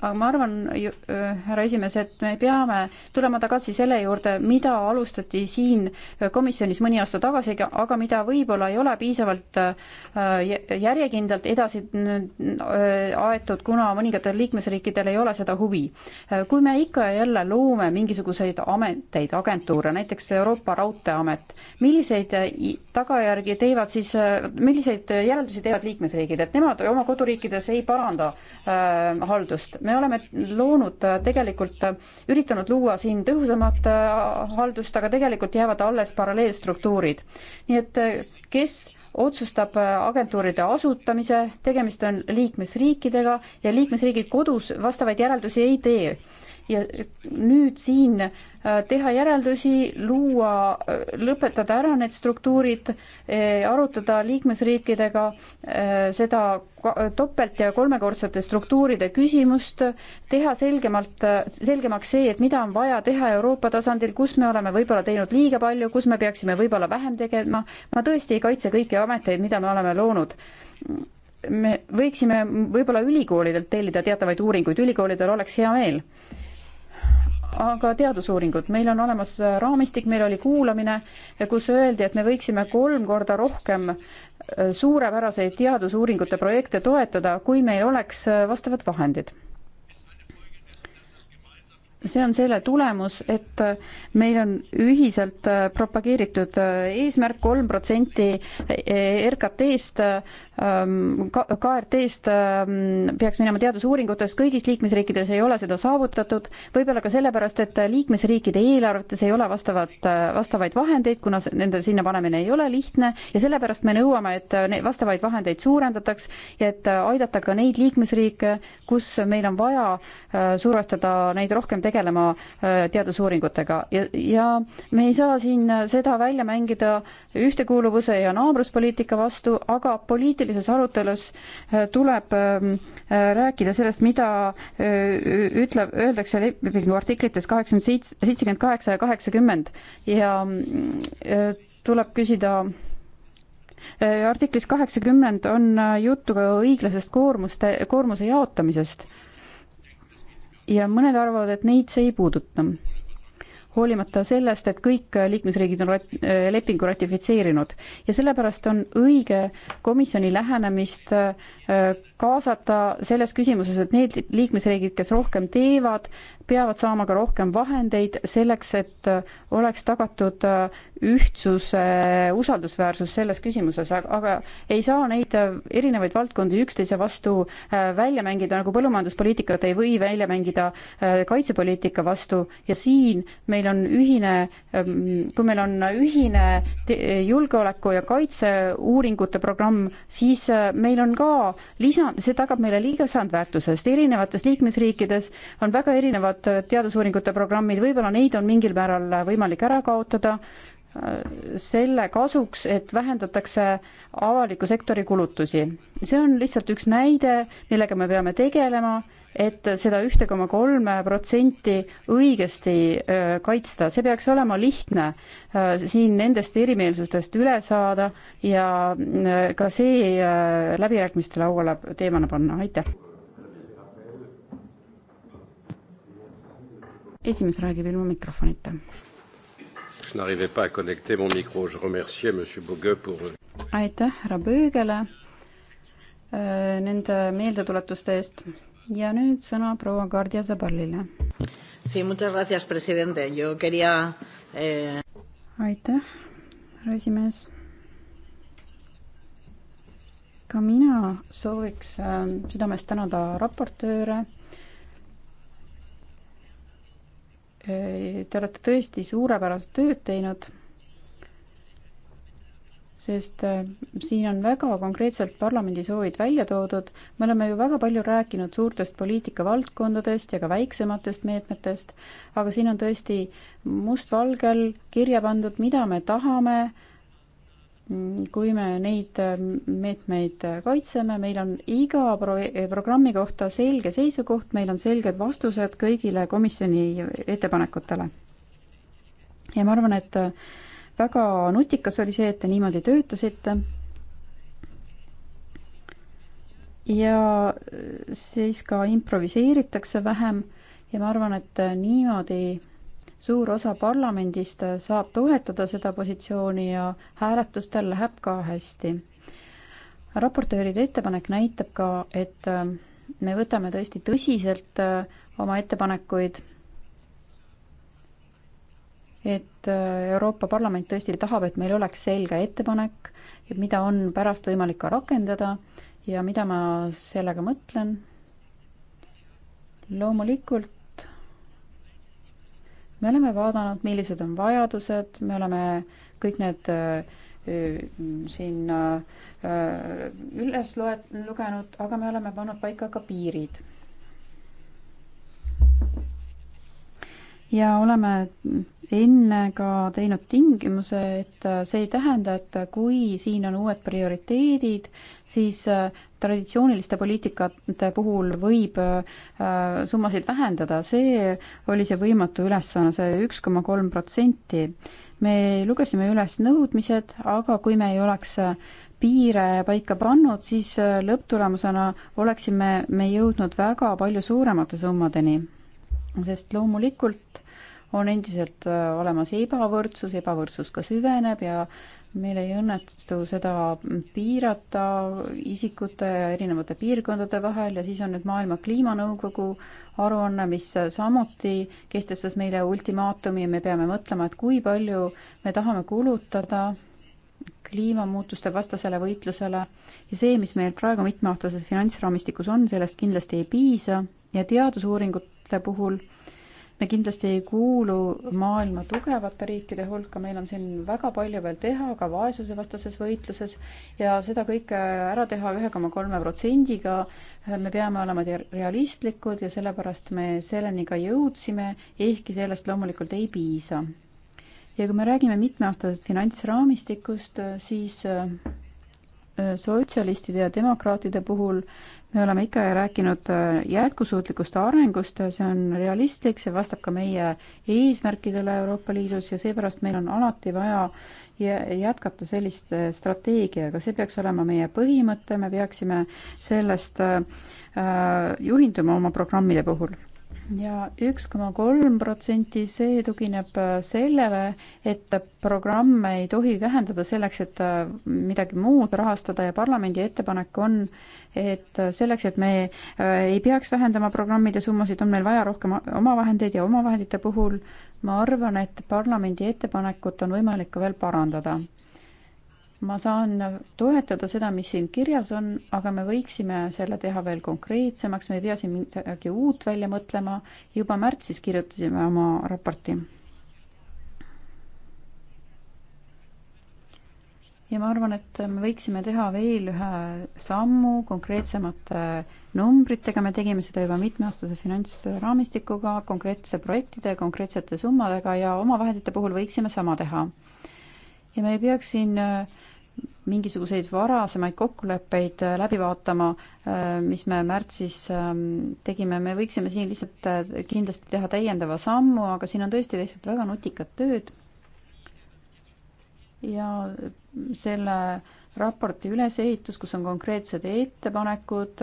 aga ma arvan, härra esimees, et me peame tulema tagasi selle juurde, mida alustati siin komisjonis mõni aasta tagasi, aga mida võib-olla ei ole piisavalt järjekindlalt edasi aetud, kuna mõningatel liikmesriikidel ei ole seda huvi. kui me ikka ja jälle loome mingisuguseid ameteid, agentuure, näiteks Euroopa Raudteeamet, milliseid äh, tagajärgi teevad siis, äh, milliseid äh, järeldusi teevad liikmesriigid, et nemad oma koduriikides ei paranda äh, haldust? me oleme loonud äh, tegelikult, äh, üritanud luua siin tõhusamat äh, haldust, aga tegelikult jäävad alles paralleelstruktuurid. nii et kes otsustab agentuuride asutamise, tegemist on liikmesriikidega ja liikmesriigid kodus vastavaid järeldusi ei tee ja nüüd siin äh, teha järeldusi, luua, äh, lõpetada ära need struktuurid, äh, arutada liikmesriikidega seda topelt- ja kolmekordsete struktuuride küsimust, teha selgemalt, selgemaks see, et mida on vaja teha Euroopa tasandil, kus me oleme võib-olla teinud liiga palju, kus me peaksime võib-olla vähem tegema, ma tõesti ei kaitse kõiki ameteid, mida me oleme loonud me võiksime võib-olla ülikoolidelt tellida teatavaid uuringuid, ülikoolidel oleks hea meel aga teadusuuringud, meil on olemas äh, raamistik, meil oli kuulamine, kus öeldi, et me võiksime kolm korda rohkem äh, suurepäraseid teadusuuringute projekte toetada, kui meil oleks äh, vastavad vahendid. see on selle tulemus, et meil on ühiselt propageeritud eesmärk kolm protsenti RKT-st Ehm, ka-, KRT-st ehm, peaks minema teadusuuringutest, kõigis liikmesriikides ei ole seda saavutatud, võib-olla ka sellepärast, et liikmesriikide eelarvetes ei ole vastavat, vastavaid vahendeid, kuna nende sinna panemine ei ole lihtne ja sellepärast me nõuame, et vastavaid vahendeid suurendataks ja et aidata ka neid liikmesriike, kus meil on vaja äh, survestada neid rohkem tegelema äh, teadusuuringutega ja, ja me ei saa siin seda välja mängida ühtekuuluvuse ja naabruspoliitika vastu, aga poliitiline strateegilises arutelus äh, tuleb ähm, äh, rääkida sellest, mida äh, ütleb, öeldakse lepingu artiklites kaheksakümmend seitse, seitsekümmend kaheksa ja kaheksakümmend ja tuleb küsida artiklis kaheksakümmend on juttu ka õiglasest koormuste, koormuse jaotamisest. ja mõned arvavad, et neid see ei puuduta hoolimata sellest, et kõik liikmesriigid on rat-, äh, lepingu ratifitseerinud. ja sellepärast on õige komisjoni lähenemist äh, kaasata selles küsimuses, et need liikmesriigid, kes rohkem teevad, peavad saama ka rohkem vahendeid selleks, et äh, oleks tagatud ühtsuse usaldusväärsus selles küsimuses, aga ei saa neid äh, erinevaid valdkondi üksteise vastu äh, välja mängida, nagu põllumajanduspoliitikat ei või välja mängida äh, kaitsepoliitika vastu ja siin meil on ühine, ähm, kui meil on ühine julgeoleku ja kaitseuuringute programm, siis meil on ka lisa, see tagab meile lisandväärtuse, sest erinevates liikmesriikides on väga erinevad teadusuuringute programmid, võib-olla neid on mingil määral võimalik ära kaotada, selle kasuks, et vähendatakse avaliku sektori kulutusi. see on lihtsalt üks näide, millega me peame tegelema, et seda ühte koma kolme protsenti õigesti kaitsta, see peaks olema lihtne siin nendest erimeelsustest üle saada ja ka see läbirääkimiste lauale teemana panna, aitäh. esimees räägib ilma mikrofonita Euh, aitäh härra Böögele euh, nende meeldetuletuste eest ja nüüd sõna proua Gardia Zabalile. Eh, aitäh, härra esimees. ka mina sooviks äh, südamest tänada raportööre Te olete tõesti suurepärast tööd teinud, sest äh, siin on väga konkreetselt parlamendi soovid välja toodud. me oleme ju väga palju rääkinud suurtest poliitikavaldkondadest ja ka väiksematest meetmetest, aga siin on tõesti mustvalgel kirja pandud, mida me tahame kui me neid meetmeid kaitseme, meil on iga pro-, programmi kohta selge seisukoht, meil on selged vastused kõigile komisjoni ettepanekutele. ja ma arvan, et väga nutikas oli see, et te niimoodi töötasite. ja siis ka improviseeritakse vähem ja ma arvan, et niimoodi suur osa parlamendist saab toetada seda positsiooni ja hääletustel läheb ka hästi. raportööride ettepanek näitab ka, et äh, me võtame tõesti tõsiselt äh, oma ettepanekuid, et äh, Euroopa Parlament tõesti tahab, et meil oleks selge ettepanek, et mida on pärast võimalik ka rakendada ja mida ma sellega mõtlen. loomulikult me oleme vaadanud, millised on vajadused, me oleme kõik need äh, äh, siin äh, üles loet-, lugenud, aga me oleme pannud paika ka piirid. ja oleme enne ka teinud tingimuse, et äh, see ei tähenda, et äh, kui siin on uued prioriteedid, siis äh, traditsiooniliste poliitikate puhul võib summasid vähendada, see oli see võimatu ülesanne, see üks koma kolm protsenti. me lugesime üles nõudmised, aga kui me ei oleks piire paika pannud, siis lõpptulemusena oleksime me jõudnud väga palju suuremate summadeni. sest loomulikult on endiselt äh, olemas ebavõrdsus, ebavõrdsus ka süveneb ja meil ei õnnestu seda piirata isikute ja erinevate piirkondade vahel ja siis on nüüd Maailma Kliimanõukogu aruanne, mis samuti kehtestas meile ultimaatumi ja me peame mõtlema, et kui palju me tahame kulutada kliimamuutuste vastasele võitlusele ja see, mis meil praegu mitmeaastases finantsraamistikus on, sellest kindlasti ei piisa ja teadusuuringute puhul me kindlasti ei kuulu maailma tugevate riikide hulka, meil on siin väga palju veel teha ka vaesusevastases võitluses ja seda kõike ära teha ühe koma kolme protsendiga. me peame olema realistlikud ja sellepärast me selleni ka jõudsime, ehkki sellest loomulikult ei piisa. ja kui me räägime mitmeaastasest finantsraamistikust, siis äh, sotsialistide ja demokraatide puhul äh, me oleme ikka rääkinud äh, jätkusuutlikust arengust, see on realistlik, see vastab ka meie eesmärkidele Euroopa Liidus ja seepärast meil on alati vaja jätkata sellist äh, strateegiaga, see peaks olema meie põhimõte, me peaksime sellest äh, juhinduma oma programmide puhul ja üks koma kolm protsenti, see tugineb äh, sellele, et programme ei tohi vähendada selleks, et äh, midagi muud rahastada ja parlamendi ettepanek on, et äh, selleks, et me ei peaks vähendama programmide summasid, on meil vaja rohkem omavahendeid ja omavahendite puhul ma arvan, et parlamendi ettepanekut on võimalik ka veel parandada ma saan toetada seda, mis siin kirjas on, aga me võiksime selle teha veel konkreetsemaks, me ei pea siin midagi uut välja mõtlema. juba märtsis kirjutasime oma raporti. ja ma arvan, et me võiksime teha veel ühe sammu konkreetsemate numbritega, me tegime seda juba mitmeaastase finantsraamistikuga, konkreetse projektide, konkreetsete summadega ja omavahendite puhul võiksime sama teha ja me ei peaks siin äh, mingisuguseid varasemaid kokkuleppeid äh, läbi vaatama, äh, mis me märtsis ähm, tegime, me võiksime siin lihtsalt kindlasti teha täiendava sammu, aga siin on tõesti tehtud väga nutikat tööd. ja selle raporti ülesehitus, kus on konkreetsed ettepanekud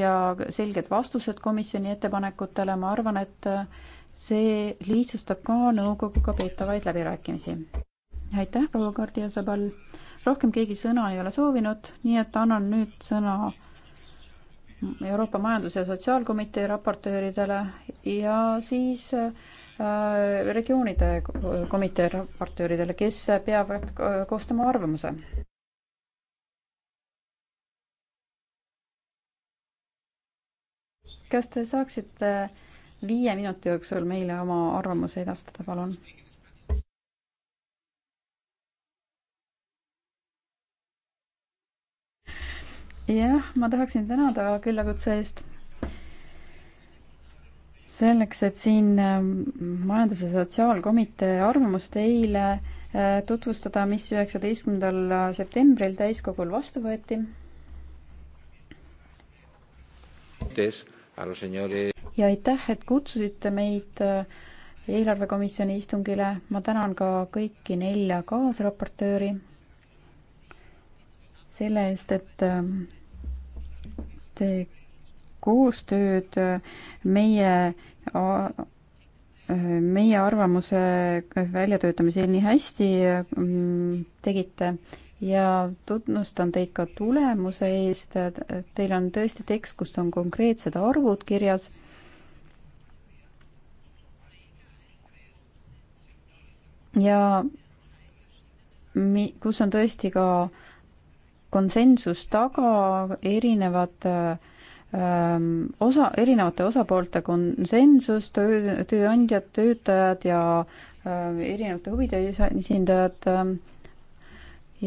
ja selged vastused komisjoni ettepanekutele, ma arvan, et see lihtsustab ka nõukoguga peetavaid läbirääkimisi aitäh, proua Kardia Sabal. rohkem keegi sõna ei ole soovinud, nii et annan nüüd sõna Euroopa Majandus- ja Sotsiaalkomitee raportööridele ja siis äh, regioonide komitee raportööridele, kes peavad koostama arvamuse. kas te saaksite viie minuti jooksul meile oma arvamuse edastada, palun? jah, ma tahaksin tänada küllakutse eest selleks, et siin ähm, Majandus- ja Sotsiaalkomitee arvamust eile äh, tutvustada, mis üheksateistkümnendal äh, septembril täiskogul vastu võeti. ja aitäh, et kutsusite meid äh, eelarvekomisjoni istungile, ma tänan ka kõiki nelja kaasraportööri selle eest, et ähm, tee koostööd meie meie arvamuse väljatöötamisel nii hästi mm, tegite ja tunnustan teid ka tulemuse eest. Teil on tõesti tekst, kus on konkreetsed arvud kirjas. ja mi-, kus on tõesti ka äh, konsensus taga, erinevad ähm, osa, erinevate osapoolte konsensus, töö, tööandjad, töötajad ja äh, erinevate huvide esindajad äh,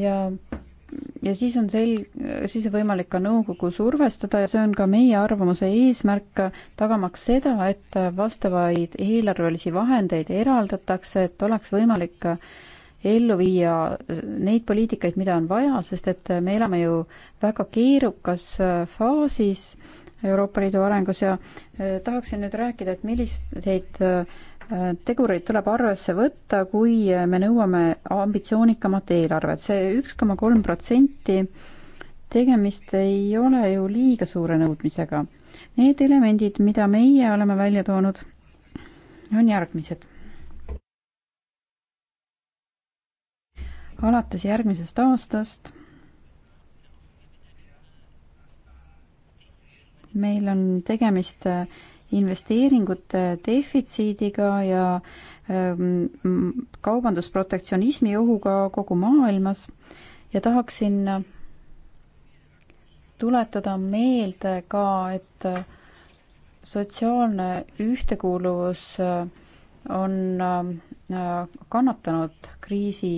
ja ja siis on sel-, siis on võimalik ka nõukogu survestada ja see on ka meie arvamuse eesmärk, tagamaks seda, et vastavaid eelarvelisi vahendeid eraldatakse, et oleks võimalik äh, ellu viia äh, neid poliitikaid, mida on vaja, sest et äh, me elame ju väga keerukas äh, faasis Euroopa Liidu arengus ja tahaksin nüüd rääkida, et milliseid tegureid tuleb arvesse võtta, kui me nõuame ambitsioonikamat eelarvet. see üks koma kolm protsenti tegemist ei ole ju liiga suure nõudmisega. Need elemendid, mida meie oleme välja toonud, on järgmised. alates järgmisest aastast meil on tegemist äh, investeeringute defitsiidiga ja ähm, kaubandusprotektsionismi ohuga kogu maailmas ja tahaksin äh, tuletada meelde ka, et äh, sotsiaalne ühtekuuluvus on ähm, Äh, kannatanud kriisi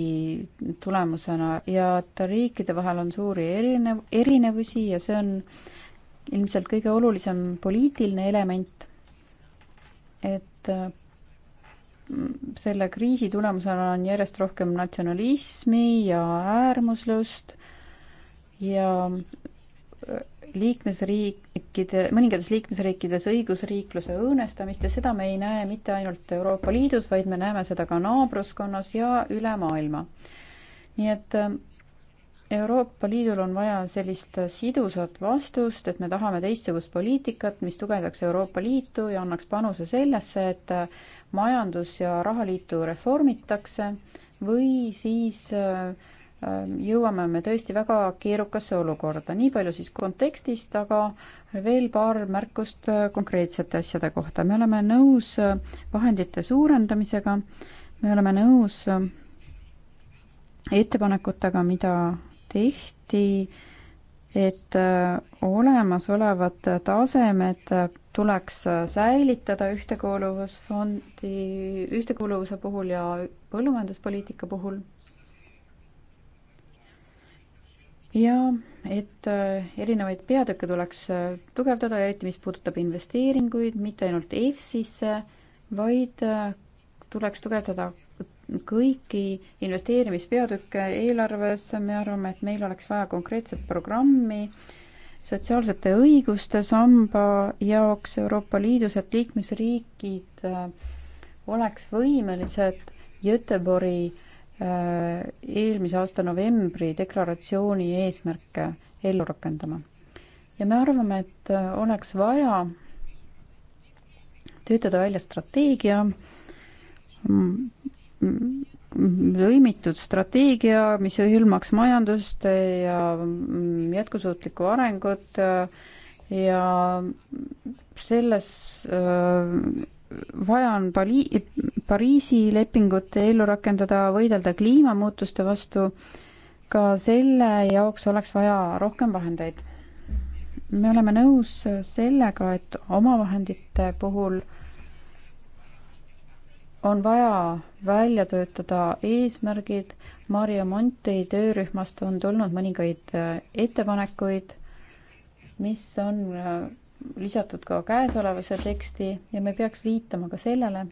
tulemusena ja et riikide vahel on suuri erinev, erinevusi ja see on ilmselt kõige olulisem poliitiline element, et äh, selle kriisi tulemusena on järjest rohkem natsionalismi ja äärmuslust ja liikmesriikide, mõningates liikmesriikides õigusriikluse õõnestamist ja seda me ei näe mitte ainult Euroopa Liidus, vaid me näeme seda ka naabruskonnas ja üle maailma. nii et ähm, Euroopa Liidul on vaja sellist sidusat vastust, et me tahame teistsugust poliitikat, mis tugevdaks Euroopa Liitu ja annaks panuse sellesse, et äh, majandus- ja rahaliitu reformitakse või siis äh, Ehm, jõuame me tõesti väga keerukasse olukorda. nii palju siis kontekstist, aga veel paar märkust äh, konkreetsete asjade kohta. me oleme nõus äh, vahendite suurendamisega, me oleme nõus äh, ettepanekutega, mida tehti, et olemasolevad tasemed tuleks säilitada ühtekuuluvusfondi, ühtekuuluvuse puhul ja põllumajanduspoliitika puhul ja et äh, erinevaid peatükke tuleks äh, tugevdada, eriti mis puudutab investeeringuid, mitte ainult EFSisse, vaid äh, tuleks tugevdada kõiki investeerimispeatükke eelarves, me arvame, et meil oleks vaja konkreetset programmi sotsiaalsete õiguste samba jaoks Euroopa Liidus, et liikmesriigid oleks võimelised Göteborgi Äh, eelmise aasta novembri deklaratsiooni eesmärke ellu rakendama. ja me arvame, et äh, oleks vaja töötada välja strateegia, mm, mm, lõimitud strateegia, mis hõlmaks majandust ja mm, jätkusuutlikku arengut äh, ja selles vaja on Pali-, Pariisi lepingut ellu rakendada, võidelda kliimamuutuste vastu, ka selle jaoks oleks vaja rohkem vahendeid. me oleme nõus sellega, et omavahendite puhul on vaja välja töötada eesmärgid, Mario Monti töörühmast on tulnud mõningaid ettepanekuid, mis on lisatud ka käesolevasse teksti ja me peaks viitama ka sellele,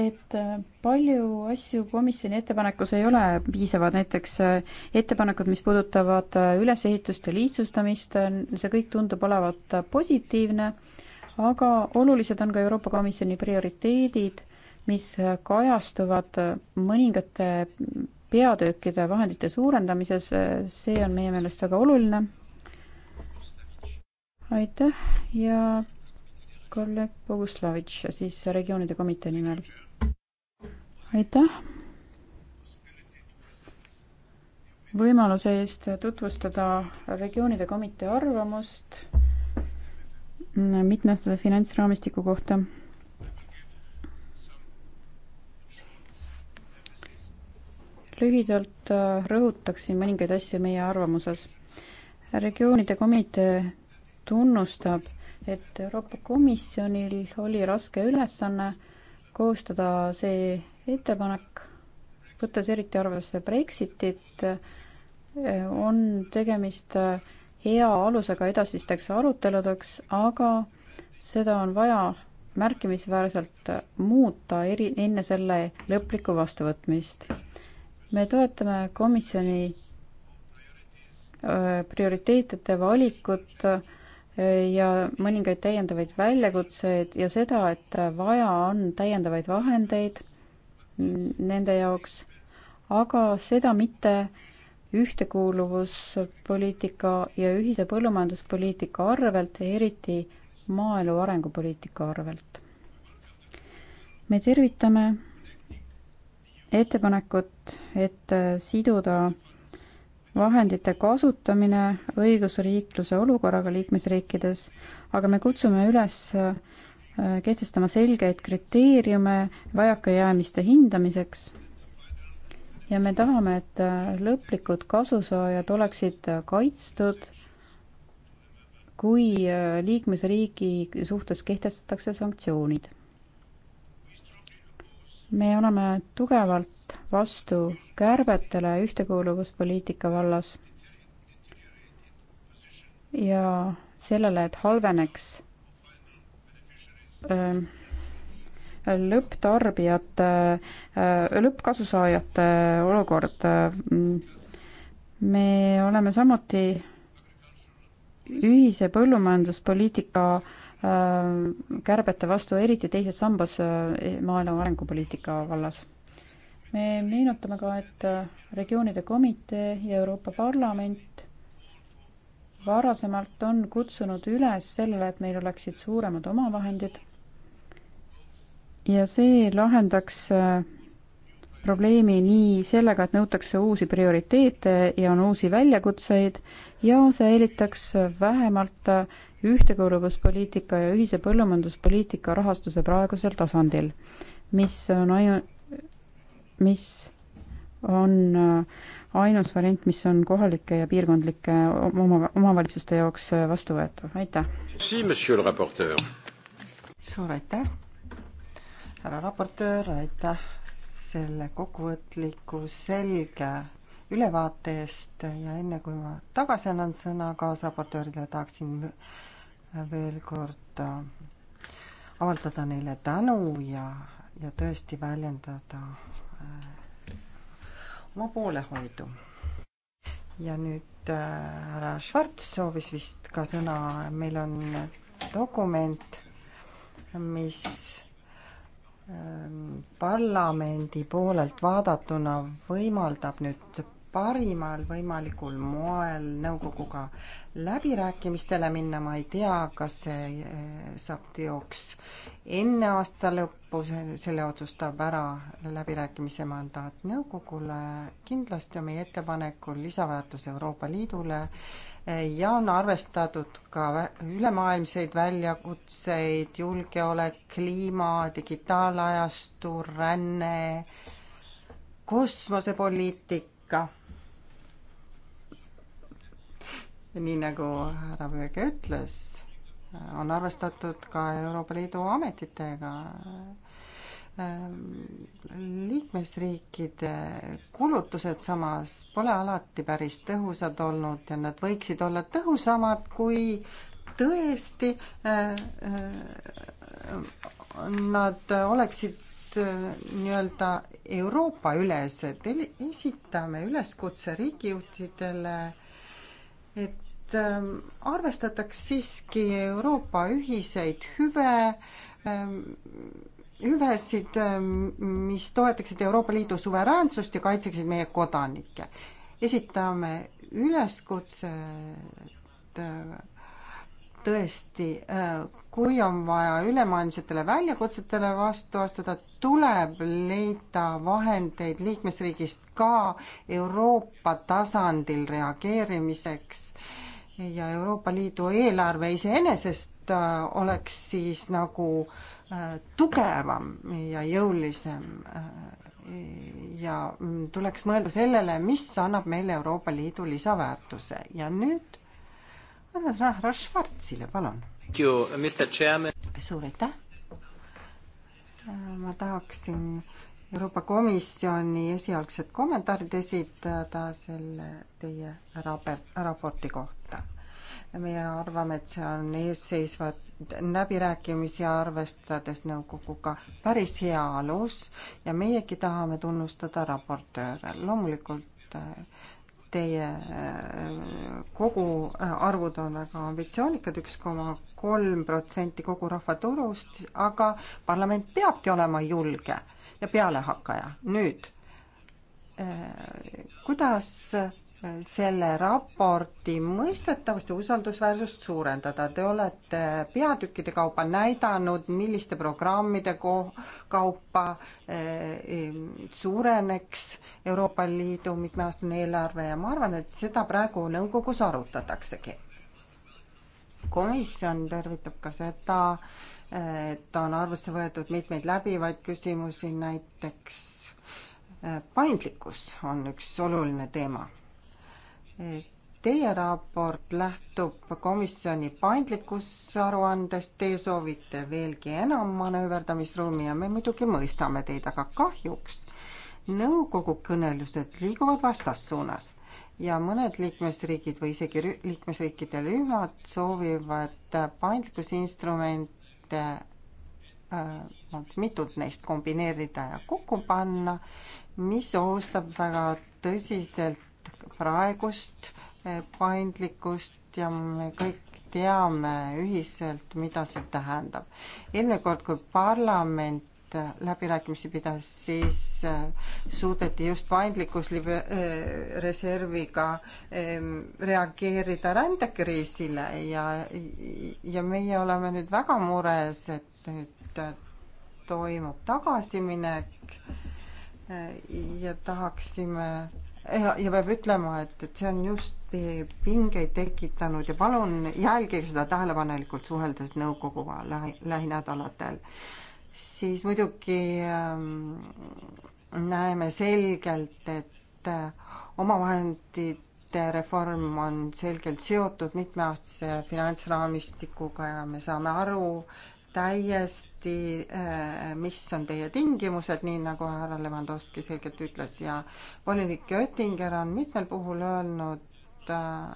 et äh, palju asju komisjoni ettepanekus ei ole piisavad, näiteks äh, ettepanekud, mis puudutavad äh, ülesehitust ja lihtsustamist, see kõik tundub olevat positiivne, aga olulised on ka Euroopa Komisjoni prioriteedid mis kajastuvad mõningate peatükkide vahendite suurendamises, see on meie meelest väga oluline. aitäh ja kolleeg Boguslavitš siis regioonide komitee nimel. aitäh võimaluse eest tutvustada regioonide komitee arvamust mitmestada finantsraamistiku kohta lühidalt äh, rõhutaksin mõningaid asju meie arvamuses. regioonide komitee tunnustab, et Euroopa Komisjonil oli raske ülesanne koostada see ettepanek, võttes eriti arvesse Brexitit, äh, on tegemist äh, hea alusega edasisteks aruteludeks, aga seda on vaja märkimisväärselt muuta eri, enne selle lõplikku vastuvõtmist me toetame komisjoni äh, prioriteetide valikut äh, ja mõningaid täiendavaid väljakutseid ja seda, et vaja on täiendavaid vahendeid nende jaoks, aga seda mitte ühtekuuluvuspoliitika ja ühise põllumajanduspoliitika arvelt ja eriti maaelu arengupoliitika arvelt. me tervitame ettepanekut, et äh, siduda vahendite kasutamine õigusriikluse olukorraga liikmesriikides, aga me kutsume üles äh, kehtestama selgeid kriteeriume vajakajäämiste hindamiseks ja me tahame, et äh, lõplikud kasusaajad oleksid kaitstud, kui liikmesriigi suhtes kehtestatakse sanktsioonid me oleme tugevalt vastu kärbetele ühtekuuluvuspoliitika vallas ja sellele, et halveneks lõpptarbijate, lõppkasusaajate olukord. me oleme samuti ühise põllumajanduspoliitika Äh, kärbete vastu, eriti teises sambas äh, maailma arengupoliitika vallas. me meenutame ka, et äh, regioonide komitee ja Euroopa Parlament varasemalt on kutsunud üles sellele, et meil oleksid suuremad omavahendid ja see lahendaks probleemi nii sellega, et nõutakse uusi prioriteete ja on uusi väljakutseid ja säilitaks vähemalt ühtekuuluvuspoliitika ja ühise põllumajanduspoliitika rahastuse praegusel tasandil, mis on ainu-, mis on äh, ainus variant, mis on kohalike ja piirkondlike oma, omavalitsuste jaoks äh, vastuvõetav, aitäh! suur aitäh, härra raportöör, aitäh selle kokkuvõtliku selge ülevaate eest ja enne, kui ma tagasi annan sõna kaasraportööridele, tahaksin veel kord äh, avaldada neile tänu ja, ja tõesti väljendada äh, oma poolehoidu. ja nüüd äh, härra Schwarz soovis vist ka sõna, meil on dokument, mis ähm, parlamendi poolelt vaadatuna võimaldab nüüd parimal võimalikul moel nõukoguga läbirääkimistele minna, ma ei tea, kas see eh, saab teoks enne aasta lõppu, selle otsustab ära läbirääkimise mandaat nõukogule, kindlasti on meie ettepanekul lisaväärtus Euroopa Liidule eh, ja on arvestatud ka ülemaailmseid väljakutseid, julgeolek, kliima, digitaalajastu, ränne, kosmosepoliitika nii nagu härra Pööge ütles, on arvestatud ka Euroopa Liidu ametitega, liikmesriikide kulutused samas pole alati päris tõhusad olnud ja nad võiksid olla tõhusamad, kui tõesti äh, äh, nad oleksid äh, nii-öelda Euroopa-ülesed, esitame üleskutse riigijuhtidele äh, et ähm, arvestataks siiski Euroopa ühiseid hüve, ähm, hüvesid, ähm, mis toetaksid Euroopa Liidu suveräänsust ja kaitseksid meie kodanikke. esitame üleskutse, et äh, tõesti, äh, kui on vaja ülemaailmsetele väljakutsetele vastu astuda, tuleb leida vahendeid liikmesriigist ka Euroopa tasandil reageerimiseks ja Euroopa Liidu eelarve iseenesest äh, oleks siis nagu äh, tugevam ja jõulisem. ja mm, tuleks mõelda sellele, mis annab meile Euroopa Liidu lisaväärtuse ja nüüd annan sõna härra Schwarzile, palun. suur aitäh. ma tahaksin Euroopa Komisjoni esialgsed kommentaarid esitada selle teie raport, raporti kohta. meie arvame, et see on eesseisvad läbirääkimisi arvestades nõukoguga päris hea alus ja meiegi tahame tunnustada raportööre. loomulikult Teie äh, koguarvud äh, on väga ambitsioonikad, üks koma kolm protsenti kogu rahvaturust, aga parlament peabki olema julge ja pealehakkaja. nüüd, äh, kuidas selle raporti mõistetavust ja usaldusväärsust suurendada. Te olete peatükkide kaupa näidanud, milliste programmide ko-, kaupa eh, eh, suureneks Euroopa Liidu mitmeaastane eelarve ja ma arvan, et seda praegu nõukogus arutataksegi. komisjon tervitab ka seda, et on arvesse võetud mitmeid läbivaid küsimusi, näiteks eh, paindlikkus on üks oluline teema Teie raport lähtub komisjoni paindlikkusaruandest, teie soovite veelgi enam manööverdamisruumi ja me muidugi mõistame teid, aga kahjuks nõukogu kõnelused liiguvad vastassuunas ja mõned liikmesriigid või isegi rüh liikmesriikide rühmad soovivad paindlikkusinstrumente äh,, mitut neist kombineerida ja kokku panna, mis ohustab väga tõsiselt praegust eh, paindlikkust ja me kõik teame ühiselt, mida see tähendab. eelmine kord, kui parlament eh, läbirääkimisi pidas, siis eh, suudeti just paindlikkuslibe-, reserviga reageerida rändekriisile ja, ja meie oleme nüüd väga mures, et nüüd toimub tagasiminek ja tahaksime ja, ja peab ütlema, et, et see on just pingeid tekitanud ja palun jälgige seda tähelepanelikult, suheldes nõukoguga lähi, lähinädalatel. siis muidugi ähm, näeme selgelt, et äh, omavahendite reform on selgelt seotud mitmeaastase finantsraamistikuga ja me saame aru, täiesti, äh, mis on teie tingimused, nii nagu härra Levandovski selgelt ütles ja volinik Göttinger on mitmel puhul öelnud, äh,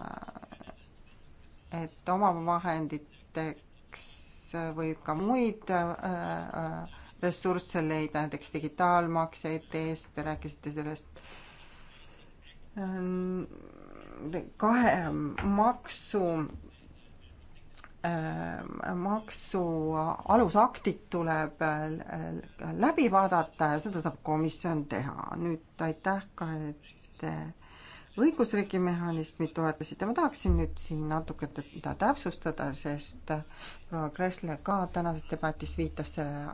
et omavahenditeks võib ka muid äh, ressursse leida, näiteks digitaalmakseid, teest, te rääkisite sellest kahe maksu maksu alusaktid tuleb äh, läbi vaadata ja seda saab komisjon teha. nüüd aitäh ka, et õigusriigi mehhanismi toetasite, ma tahaksin nüüd siin natuke teda täpsustada, sest proua Kressle ka tänases debatis viitas sellele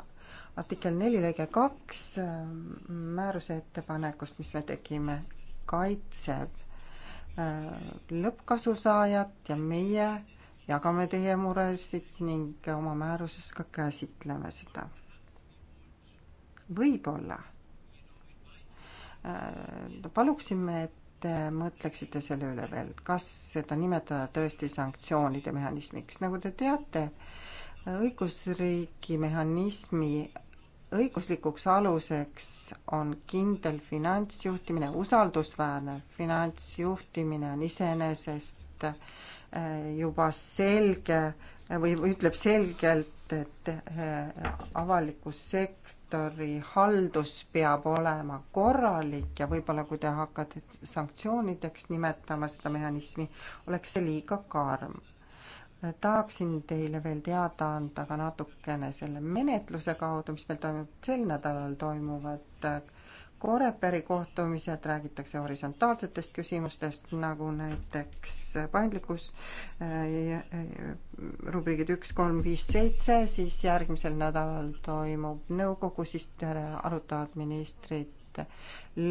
artikkel neli lõige kaks äh, määruse ettepanekust, mis me tegime, kaitseb äh, lõppkasusaajat ja meie jagame teie muresid ning oma määruses ka käsitleme seda. võib-olla äh, paluksime, et te mõtleksite selle üle veel, kas seda nimetada tõesti sanktsioonide mehhanismiks, nagu te teate, õigusriigi mehhanismi õiguslikuks aluseks on kindel finantsjuhtimine, usaldusväärne finantsjuhtimine on iseenesest juba selge või ütleb selgelt, et eh, avaliku sektori haldus peab olema korralik ja võib-olla kui te hakkate sanktsioonideks nimetama seda mehhanismi, oleks see liiga karm tahaksin teile veel teada anda ka natukene selle menetluse kaudu, mis meil toimub sel nädalal, toimuvad eh, Koreperi kohtumised räägitakse horisontaalsetest küsimustest, nagu näiteks paindlikkus eh, eh, rubriigid üks, kolm, viis, seitse, siis järgmisel nädalal toimub nõukogu, siis arutavad ministrid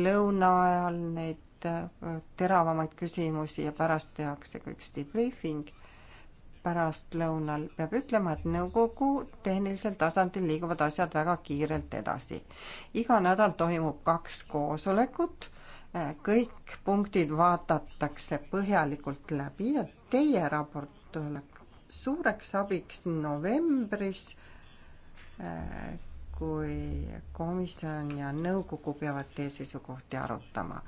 lõuna ajal neid eh, teravamaid küsimusi ja pärast tehakse ka üks debriefing pärastlõunal, peab ütlema, et nõukogu tehnilisel tasandil liiguvad asjad väga kiirelt edasi. iga nädal toimub kaks koosolekut, eh, kõik punktid vaadatakse põhjalikult läbi ja teie raport tuleb suureks abiks novembris, eh, kui komisjon ja nõukogu peavad teie seisukohti arutama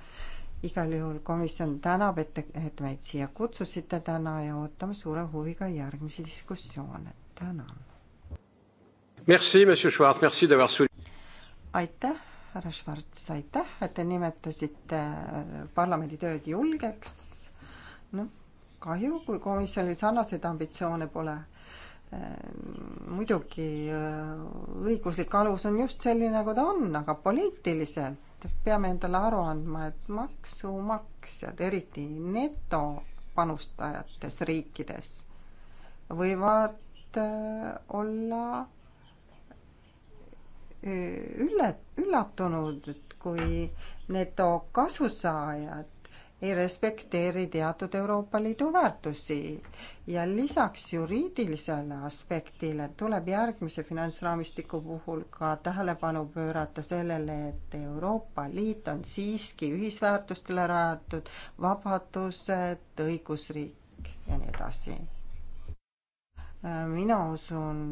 igal juhul komisjon tänab, et, et meid siia kutsusite täna ja ootame suure huviga järgmisi diskussioone. tänan. aitäh, härra Schwarz, aitäh, et te nimetasite äh, parlamendi tööd julgeks. noh, kahju, kui komisjonil sarnaseid ambitsioone pole äh, muidugi äh, õiguslik alus on just selline, nagu ta on, aga poliitiliselt et peame endale aru andma, et maksumaksjad, eriti netopanustajates riikides, võivad äh, olla äh, ülle, üllatunud, et kui netokasusaajad ei respekteeri teatud Euroopa Liidu väärtusi. ja lisaks juriidilisele aspektile tuleb järgmise finantsraamistiku puhul ka tähelepanu pöörata sellele, et Euroopa Liit on siiski ühisväärtustele rajatud, vabadused, õigusriik ja nii edasi mina usun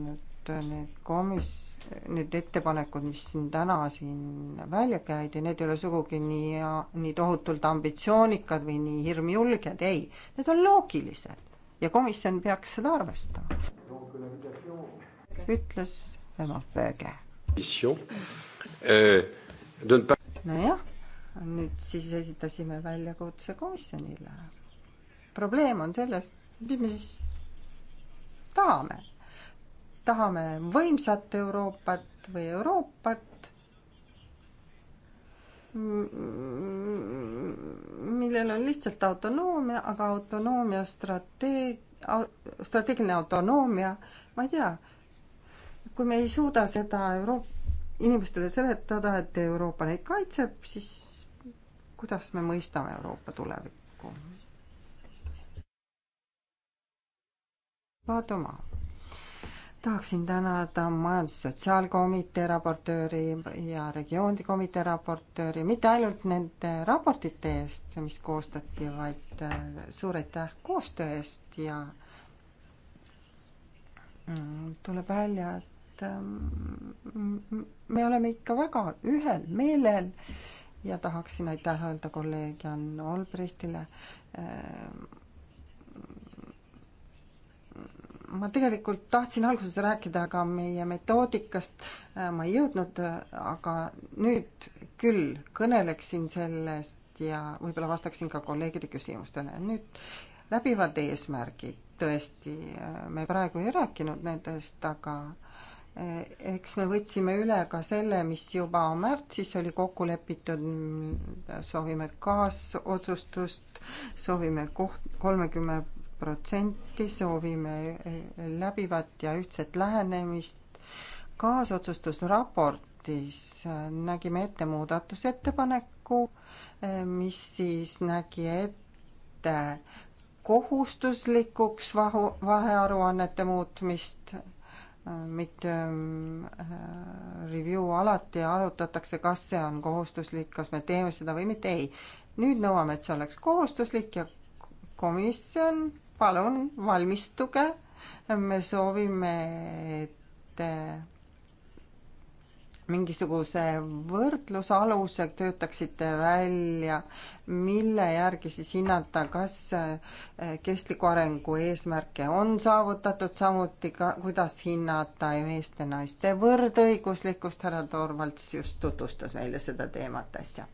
Äh, need komis-, need ettepanekud, mis siin täna siin välja käidi, need ei ole sugugi nii, nii tohutult ambitsioonikad või nii hirmjulged, ei. Need on loogilised ja komisjon peaks seda arvestama. ütles Elmar Pööge. Euh, nojah, nüüd siis esitasime väljakutse komisjonile. probleem on selles, mis me siis tahame tahame võimsat Euroopat või Euroopat, millel on lihtsalt autonoomia, aga autonoomia strateeg-, strateegiline autonoomia, ma ei tea, kui me ei suuda seda Euroopa, inimestele seletada, et Euroopa neid kaitseb, siis kuidas me mõistame Euroopa tulevikku? Vaatoma tahaksin tänada Majandus-Sotsiaalkomitee raportööri ja Regioonide Komitee raportööri, mitte ainult nende raportite eest, mis koostati, vaid äh, suur aitäh koostöö eest ja mm, tuleb välja, et ähm, me oleme ikka väga ühel meelel ja tahaksin aitäh öelda kolleeg Jan Olbrichtile äh, ma tegelikult tahtsin alguses rääkida ka meie metoodikast, äh, ma ei jõudnud, aga nüüd küll kõneleksin sellest ja võib-olla vastaksin ka kolleegide küsimustele. nüüd läbivad eesmärgid, tõesti, äh, me praegu ei rääkinud nendest, aga äh, eks me võtsime üle ka selle, mis juba märtsis oli kokku lepitud, mm, soovime kaasotsustust, soovime koht, kolmekümne protsenti, soovime eh, läbivat ja ühtset lähenemist. kaasotsustusraportis eh, nägime ette muudatusettepaneku, eh, mis siis nägi ette kohustuslikuks vahu, vahearuannete muutmist mitte review alati arutatakse, kas see on kohustuslik, kas me teeme seda või mitte, ei. nüüd nõuame, et see oleks kohustuslik ja komisjon palun valmistuge, me soovime, et eh, mingisuguse võrdlusaluse töötaksite välja, mille järgi siis hinnata, kas eh, kestliku arengu eesmärke on saavutatud, samuti ka, kuidas hinnata meeste-naiste võrdõiguslikkust, härra Torvalds just tutvustas meile seda teemat äsja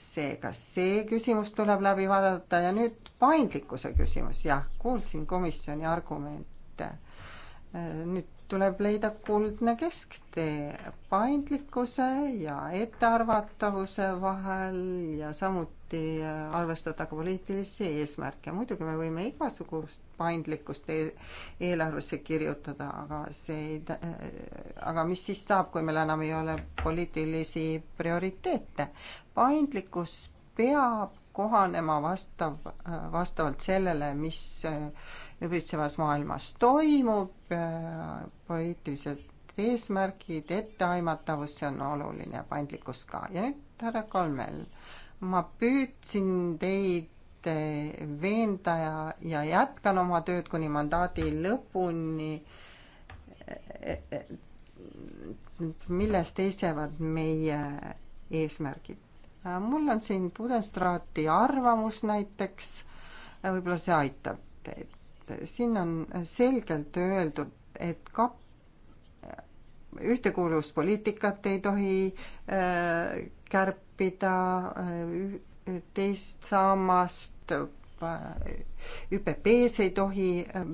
seega see küsimus tuleb läbi vaadata ja nüüd paindlikkuse küsimus, jah, kuulsin komisjoni argumente. nüüd tuleb leida kuldne kesktee paindlikkuse ja ettearvatavuse vahel ja samuti arvestada ka poliitilisi eesmärke. muidugi me võime igasugust paindlikkust e eelarvesse kirjutada, aga see ei, aga mis siis saab, kui meil enam ei ole poliitilisi prioriteete? paindlikkus peab kohanema vastav, vastavalt sellele, mis äh, ümbritsevas maailmas toimub, äh, poliitilised eesmärgid, etteaimatavus, see on oluline, paindlikkus ka. ja nüüd härra Kolmel, ma püüdsin teid äh, veenda ja, ja jätkan oma tööd kuni mandaadi lõpuni millest seisavad meie eesmärgid mul on siin Budenstraati arvamus näiteks, võib-olla see aitab teid. siin on selgelt öeldud, et kap-, ühtekuuluvuspoliitikat ei tohi äh, kärpida äh,, teist sammast äh, ÜPP-s ei tohi äh,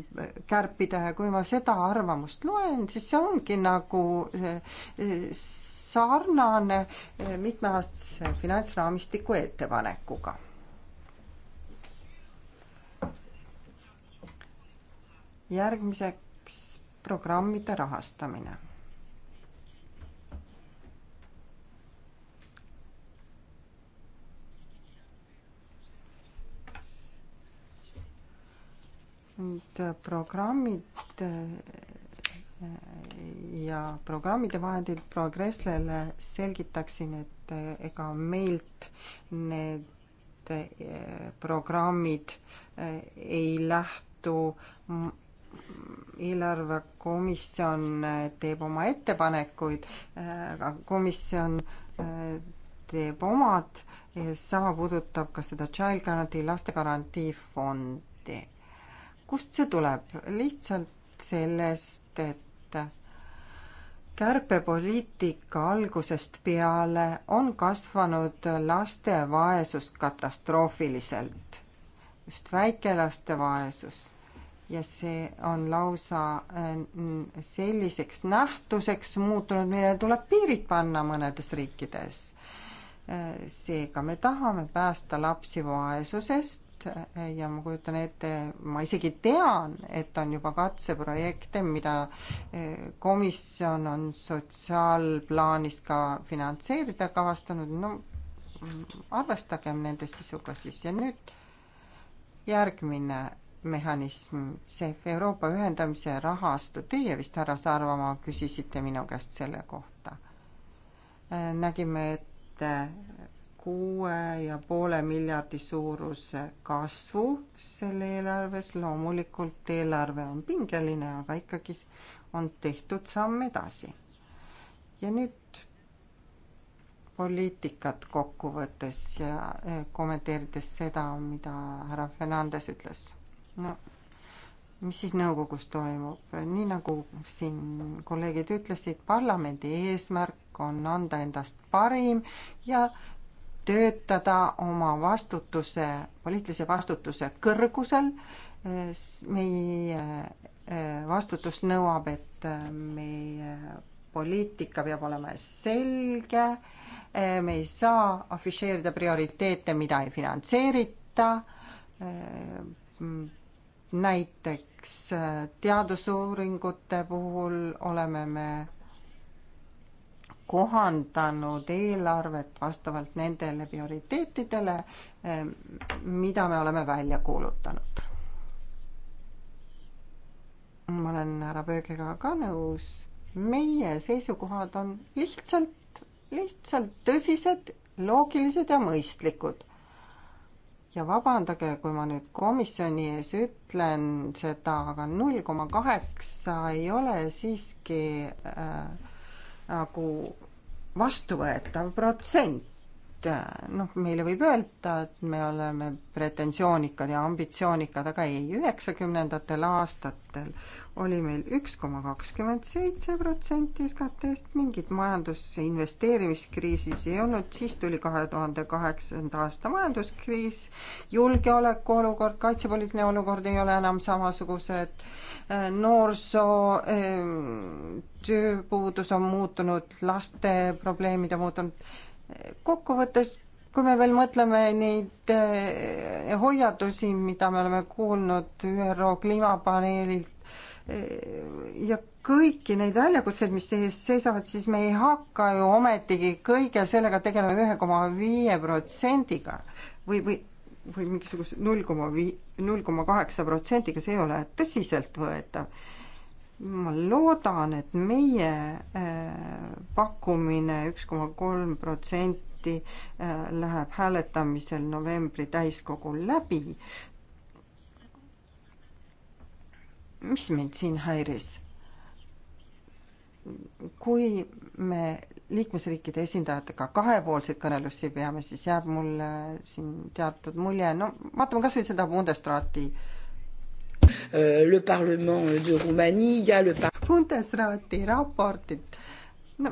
kärpida ja kui ma seda arvamust loen, siis see ongi nagu sarnane eh, mitmeaastase finantsraamistiku ettepanekuga. järgmiseks programmide rahastamine need eh, programmid eh, ja programmide vahendil proua Kresslele selgitaksin, et eh, ega meilt need eh, programmid eh, ei lähtu eelarvekomisjon teeb oma ettepanekuid, aga komisjon teeb omad, sama puudutab ka seda Child Guarantee, laste garantiifondi. kust see tuleb? lihtsalt sellest, et kätte. kärpepoliitika algusest peale on kasvanud laste vaesus katastroofiliselt, just väikelaste vaesus ja see on lausa äh, selliseks nähtuseks muutunud, millele tuleb piirid panna mõnedes riikides. Äh, seega me tahame päästa lapsi vaesusest, projekt ja ma kujutan ette, ma isegi tean, et on juba katseprojekte, mida eh, komisjon on sotsiaalplaanis ka finantseerida kavastanud, no arvestagem nende sisuga siis ja nüüd järgmine mehhanism, see Euroopa ühendamise rahastu, teie vist, härra Sarvamaa, küsisite minu käest selle kohta. Eh, nägime ette kuue ja poole miljardi suuruse kasvu selle eelarves, loomulikult eelarve on pingeline, aga ikkagi on tehtud samm edasi. ja nüüd poliitikat kokku võttes ja eh, kommenteerides seda, mida härra Fernandes ütles. no mis siis nõukogus toimub, nii nagu siin kolleegid ütlesid, parlamendi eesmärk on anda endast parim ja töötada oma vastutuse, poliitilise vastutuse kõrgusel. meie e, vastutus nõuab, et e, meie poliitika peab olema selge, e, me ei saa afišeerida prioriteete, mida ei finantseerita, näiteks teadusuuringute puhul oleme me kohandanud eelarvet vastavalt nendele prioriteetidele, eh, mida me oleme välja kuulutanud. ma olen härra Pöögiga ka nõus, meie seisukohad on lihtsalt, lihtsalt tõsised, loogilised ja mõistlikud ja vabandage, kui ma nüüd komisjoni ees ütlen seda, aga null koma kaheksa ei ole siiski äh, nagu vastuvõetav protsent. Eh, noh, meile võib öelda, et me oleme pretensioonikad ja ambitsioonikad, aga ei, üheksakümnendatel aastatel oli meil üks koma kakskümmend seitse protsenti SKT-st, mingit majandus- ja investeerimiskriisis ei olnud, siis tuli kahe tuhande kaheksanda aasta majanduskriis, julgeolekuolukord, kaitsepoliitiline olukord ei ole enam samasugused, eh, noorsoo eh, tööpuudus on muutunud, laste probleemid on muutunud kokkuvõttes, kui me veel mõtleme neid eh, hoiatusi, mida me oleme kuulnud ÜRO kliimapaneelilt eh, ja kõiki neid väljakutseid, mis ees seisavad, siis me ei hakka ju ometigi kõige sellega tegelema ühe koma viie protsendiga või, või, või mingisuguse null koma vii-, null koma kaheksa protsendiga, see ei ole tõsiseltvõetav ma loodan, et meie äh, pakkumine üks koma kolm protsenti äh, läheb hääletamisel novembri täiskogul läbi. mis mind siin häiris? kui me liikmesriikide esindajatega kahepoolseid kõnelusi peame, siis jääb mulle siin teatud mulje, no vaatame kas või seda Bundesrati äh, Euh, le Parlement de Roumanie ja le par-. Bundesrati raportit no,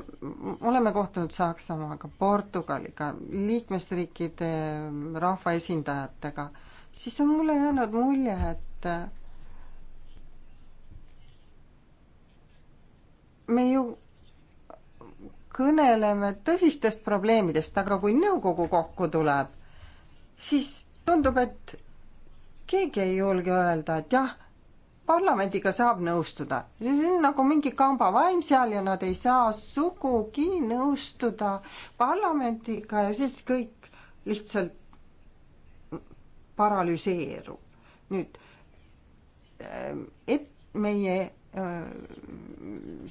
oleme kohtunud Saksamaaga, Portugaliga, liikmesriikide rahvaesindajatega, siis on mulle jäänud mulje, et äh, me ju kõneleme tõsistest probleemidest, aga kui nõukogu kokku tuleb, siis tundub, et keegi ei julge öelda, et jah, parlamendiga saab nõustuda, see on nagu mingi kambavaim seal ja nad ei saa sugugi nõustuda parlamendiga ja siis kõik lihtsalt paralüseerub. nüüd et meie äh,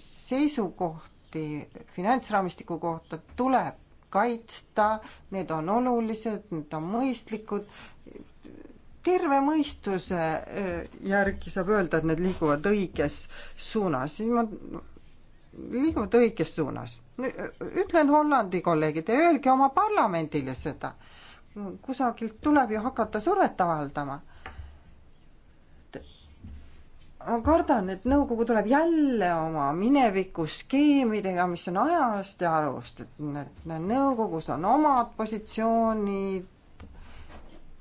seisukohti finantsraamistiku kohta tuleb kaitsta, need on olulised, need on mõistlikud, terve mõistuse eh, järgi saab öelda, et need liiguvad õiges suunas, siis ma, liiguvad õiges suunas. Eh, ütlen Hollandi kolleegidele, öelge oma parlamendile seda. kusagilt tuleb ju hakata survet avaldama. ma kardan, et nõukogu tuleb jälle oma mineviku skeemidega, mis on ajast ja arust, et nõukogus on omad positsioonid,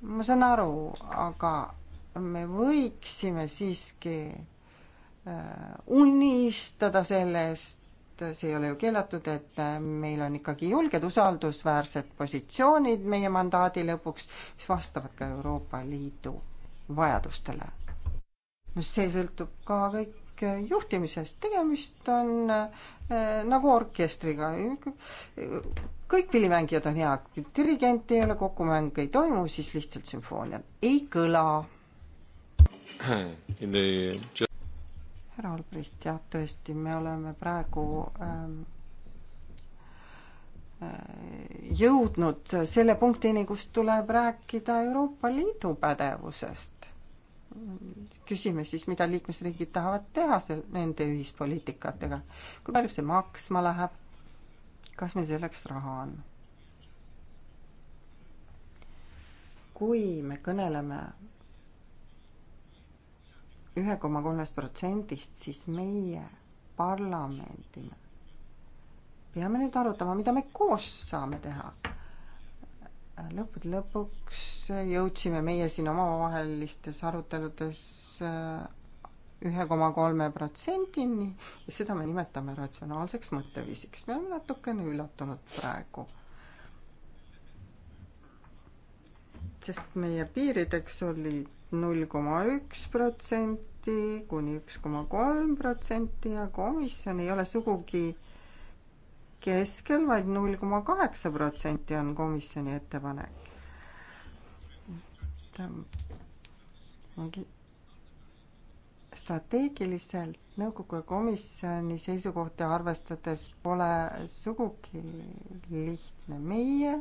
ma saan aru, aga me võiksime siiski äh, unistada sellest, see ei ole ju keelatud, et äh, meil on ikkagi julged usaldusväärsed positsioonid meie mandaadi lõpuks, mis vastavad ka Euroopa Liidu vajadustele. no see sõltub ka kõik juhtimisest, tegemist on eh, nagu orkestriga. kõik pillimängijad on hea, kui dirigenti ei ole, kokkumäng ei toimu, siis lihtsalt sümfoonia ei kõla. härra Albrecht, jah, tõesti, me oleme praegu ähm, äh, jõudnud selle punktini, kus tuleb rääkida Euroopa Liidu pädevusest küsime siis, mida liikmesriigid tahavad teha sel-, nende ühispoliitikatega. kui palju see maksma läheb? kas meil selleks raha on? kui me kõneleme ühe koma kolmest protsendist, siis meie parlamendina peame nüüd arutama, mida me koos saame teha lõppude lõpuks jõudsime meie siin omavahelistes aruteludes äh, ühe koma kolme protsendini ja seda me nimetame ratsionaalseks mõtteviisiks. me oleme natukene üllatunud praegu. sest meie piirideks oli null koma üks protsenti kuni üks koma kolm protsenti ja komisjon ei ole sugugi keskel vaid, vaid null koma kaheksa protsenti on komisjoni ettepanek. mingi strateegiliselt nõukogu ja komisjoni seisukohti arvestades pole sugugi lihtne. meie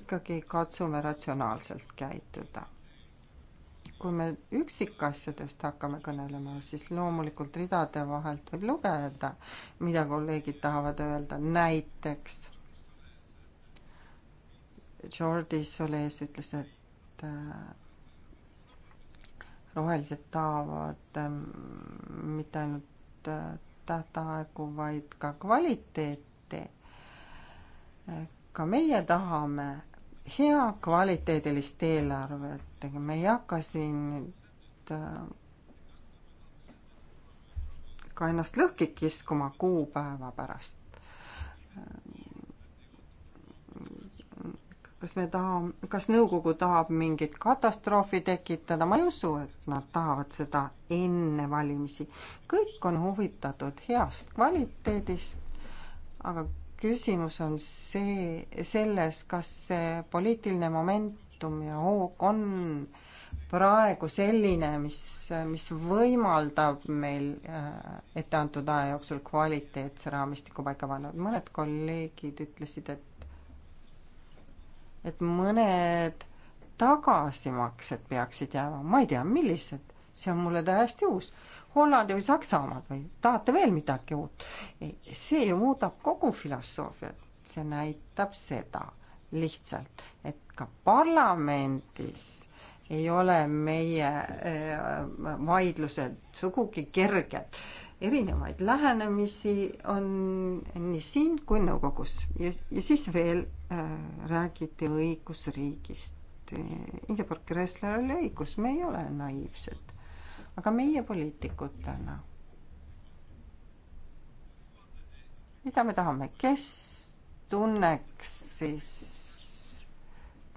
ikkagi katsume ratsionaalselt käituda kui me üksikasjadest hakkame kõnelema, siis loomulikult ridade vahelt võib lugeda, mida kolleegid tahavad öelda, näiteks Jordi Soles ütles, et äh, rohelised tahavad äh, mitte ainult äh, tähtaegu, vaid ka kvaliteeti. ka meie tahame hea kvaliteedilist eelarvet, ega me ei hakka siin nüüd äh, ka ennast lõhki kiskuma kuupäeva pärast. kas me tahame, kas nõukogu tahab mingit katastroofi tekitada, ma ei usu, et nad tahavad seda enne valimisi. kõik on huvitatud heast kvaliteedist, aga küsimus on see, selles, kas see poliitiline momentum ja hoog on praegu selline, mis, mis võimaldab meil äh, etteantud aja jooksul kvaliteetse raamistiku paika panna. mõned kolleegid ütlesid, et et mõned tagasimaksed peaksid jääma, ma ei tea, millised see on mulle täiesti uus. Hollandi või Saksamaad või tahate veel midagi uut? see ju muudab kogu filosoofiat, see näitab seda lihtsalt, et ka parlamendis ei ole meie äh, vaidlused sugugi kerged. erinevaid lähenemisi on nii siin kui nõukogus ja, ja siis veel äh, räägiti õigusriigist. Ingeborg Kressler oli õigus, me ei ole naiivsed aga meie poliitikutena, mida me tahame, kes tunneks siis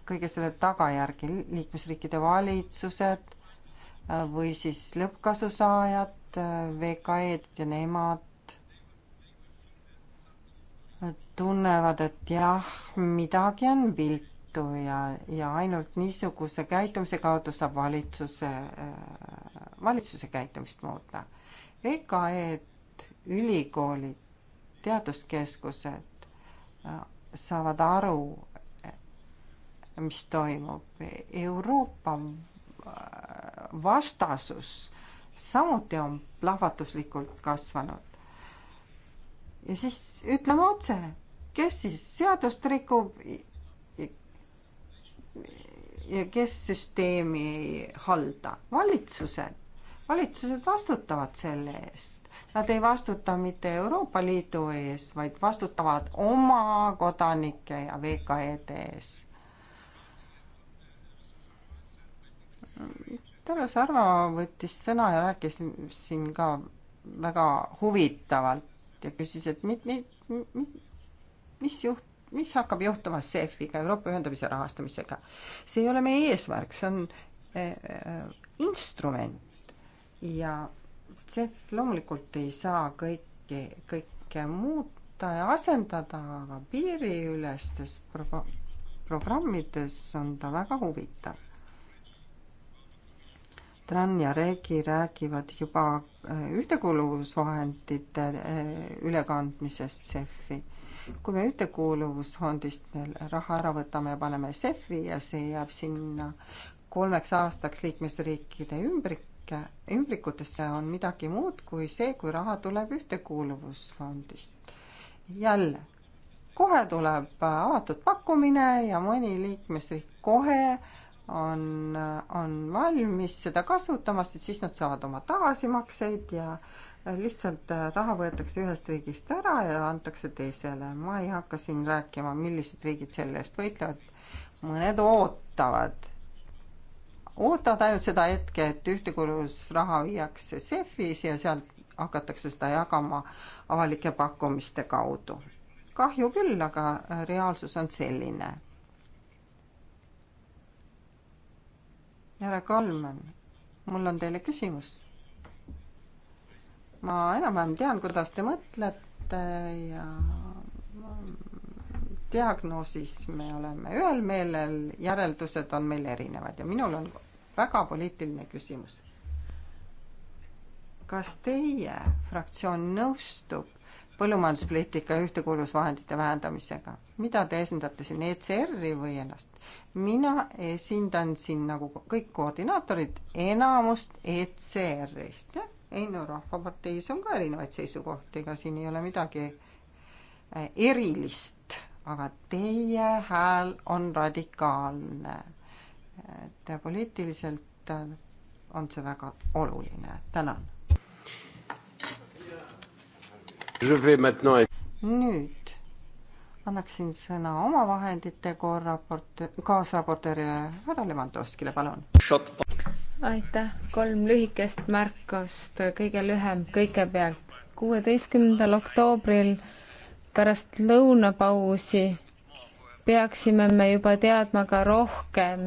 kõige selle tagajärgi, liikmesriikide valitsused äh, või siis lõppkasusaajad, äh, VKE-d ja nemad tunnevad, et jah, midagi on viltu ja, ja ainult niisuguse käitumise kaudu saab valitsuse äh, valitsuse käitumist muuta. VKE-d, ülikoolid, teaduskeskused äh, saavad aru, mis toimub. Euroopa äh, vastasus samuti on plahvatuslikult kasvanud. ja siis ütleme otse, kes siis seadust rikub ja kes süsteemi ei halda, valitsused valitsused vastutavad selle eest. Nad ei vastuta mitte Euroopa Liidu ees, vaid vastutavad oma kodanike ja VKE-de e ees. Tore Sarva võttis sõna ja rääkis siin ka väga huvitavalt ja küsis, et mit, mit, mit, mis juht, mis hakkab juhtuma CEF-iga, Euroopa ühendamise rahastamisega. see ei ole meie eesmärk, see on eh, eh, instrument ja CEF loomulikult ei saa kõiki, kõike muuta ja asendada, aga piiriülestes pro-, programmides on ta väga huvitav. Tran ja Regi räägivad juba äh, ühtekuuluvusvahendite äh, ülekandmisest CEF-i kui me ühtekuuluvusfondist raha ära võtame ja paneme CEF-i ja see jääb sinna kolmeks aastaks liikmesriikide ümbrik, ümbrike, ümbrikutesse on midagi muud kui see, kui raha tuleb ühtekuuluvusfondist. jälle, kohe tuleb avatud pakkumine ja mõni liikmesriik kohe on, on valmis seda kasutama, sest siis nad saavad oma tagasimakseid ja lihtsalt raha võetakse ühest riigist ära ja antakse teisele. ma ei hakka siin rääkima, millised riigid selle eest võitlevad. mõned ootavad ootavad ainult seda hetke, et ühtekuuluvusraha viiakse CEF-is ja sealt hakatakse seda jagama avalike pakkumiste kaudu. kahju küll, aga äh, reaalsus on selline. härra Kalman, mul on teile küsimus. ma enam-vähem tean, kuidas te mõtlete ja mm, diagnoosis me oleme ühel meelel, järeldused on meil erinevad ja minul on väga poliitiline küsimus. kas teie fraktsioon nõustub põllumajanduspoliitika ja ühtekuuluvusvahendite vähendamisega? mida te esindate siin, ECR-i või ennast? mina esindan siin nagu kõik koordinaatorid enamust ECR-ist, jah. ei no Rahvaparteis on ka erinevaid seisukohti, ega siin ei ole midagi äh, erilist, aga teie hääl on radikaalne et poliitiliselt on see väga oluline, tänan. nüüd annaksin sõna omavahendite korraport-, kaasraportöörile härra Levandovskile, palun. aitäh, kolm lühikest märkust, kõige lühem kõigepealt. kuueteistkümnendal oktoobril pärast lõunapausi peaksime me juba teadma ka rohkem,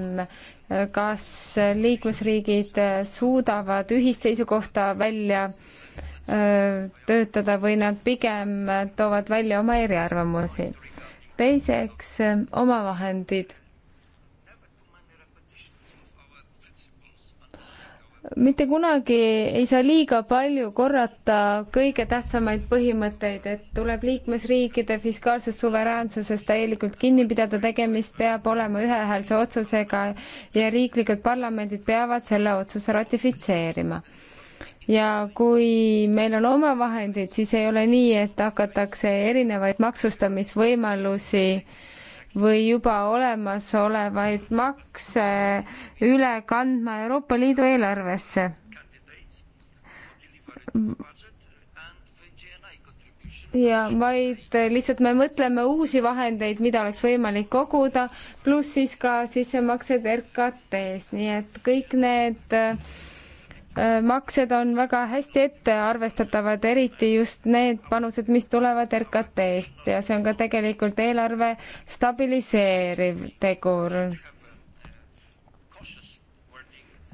kas liikmesriigid suudavad ühist seisukohta välja töötada või nad pigem toovad välja oma eriarvamusi. teiseks, omavahendid mitte kunagi ei saa liiga palju korrata kõige tähtsamaid põhimõtteid, et tuleb liikmesriikide fiskaalsest suveräänsusest täielikult kinni pidada, tegemist peab olema ühehäälse otsusega ja riiklikud parlamendid peavad selle otsuse ratifitseerima ja kui meil on omavahendid, siis ei ole nii, et hakatakse erinevaid maksustamisvõimalusi äh, või juba olemasolevaid makse üle kandma Euroopa Liidu eelarvesse ja vaid lihtsalt me mõtleme uusi vahendeid, mida oleks võimalik koguda, pluss siis ka sissemaksed RKT-s, nii et kõik need äh, Äh, maksed on väga hästi ette arvestatavad, eriti just need panused, mis tulevad RKT-st ja see on ka tegelikult eelarve stabiliseeriv tegur.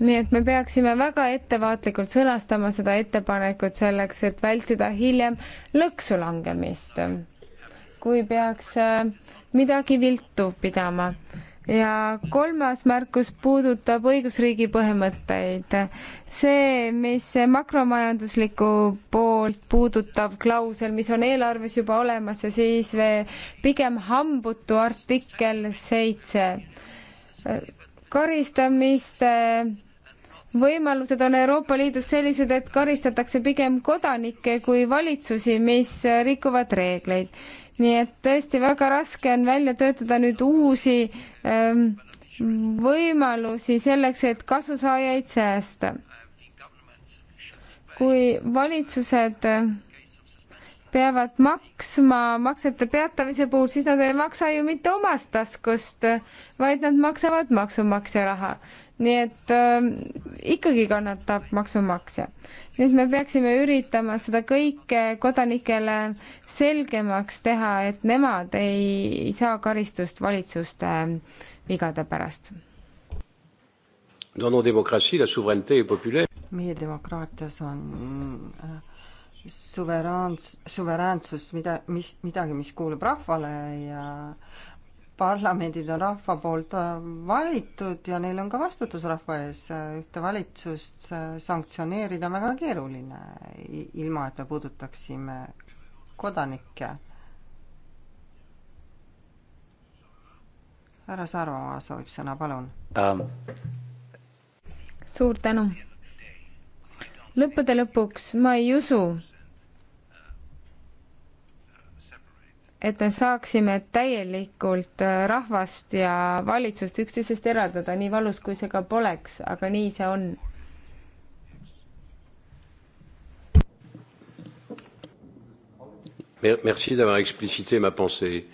nii et me peaksime väga ettevaatlikult sõnastama seda ettepanekut selleks, et vältida hiljem lõksu langemist, kui peaks äh, midagi viltu pidama ja kolmas märkus puudutab õigusriigi põhimõtteid. see, mis makromajanduslikku poolt puudutav klausel, mis on eelarves juba olemas ja siis pigem hambutu artikkel seitse. karistamiste võimalused on Euroopa Liidus sellised, et karistatakse pigem kodanikke kui valitsusi, mis rikuvad reegleid nii et tõesti väga raske on välja töötada nüüd uusi ähm, võimalusi selleks, et kasusaajaid säästa. kui valitsused äh, peavad maksma maksete peatamise puhul, siis nad ei maksa ju mitte omast taskust, vaid nad maksavad maksumaksja raha nii et äh, ikkagi kannatab maksumaksja. nüüd me peaksime üritama seda kõike kodanikele selgemaks teha, et nemad ei saa karistust valitsuste ähm, vigade pärast. meie demokraatias on äh, suveraans, suveräänsus mida, mis, midagi, mis kuulub rahvale ja parlamendid on rahva poolt äh, valitud ja neil on ka vastutus rahva ees. ühte valitsust äh, sanktsioneerida on väga keeruline, ilma et me puudutaksime kodanikke. härra Sarvamaa soovib sõna, palun um.. suur tänu. lõppude lõpuks ma ei usu, et me saaksime täielikult äh, rahvast ja valitsust üksteisest eraldada, nii valus kui see ka poleks, aga nii see on. Merci d'avoir explicité ma pensée.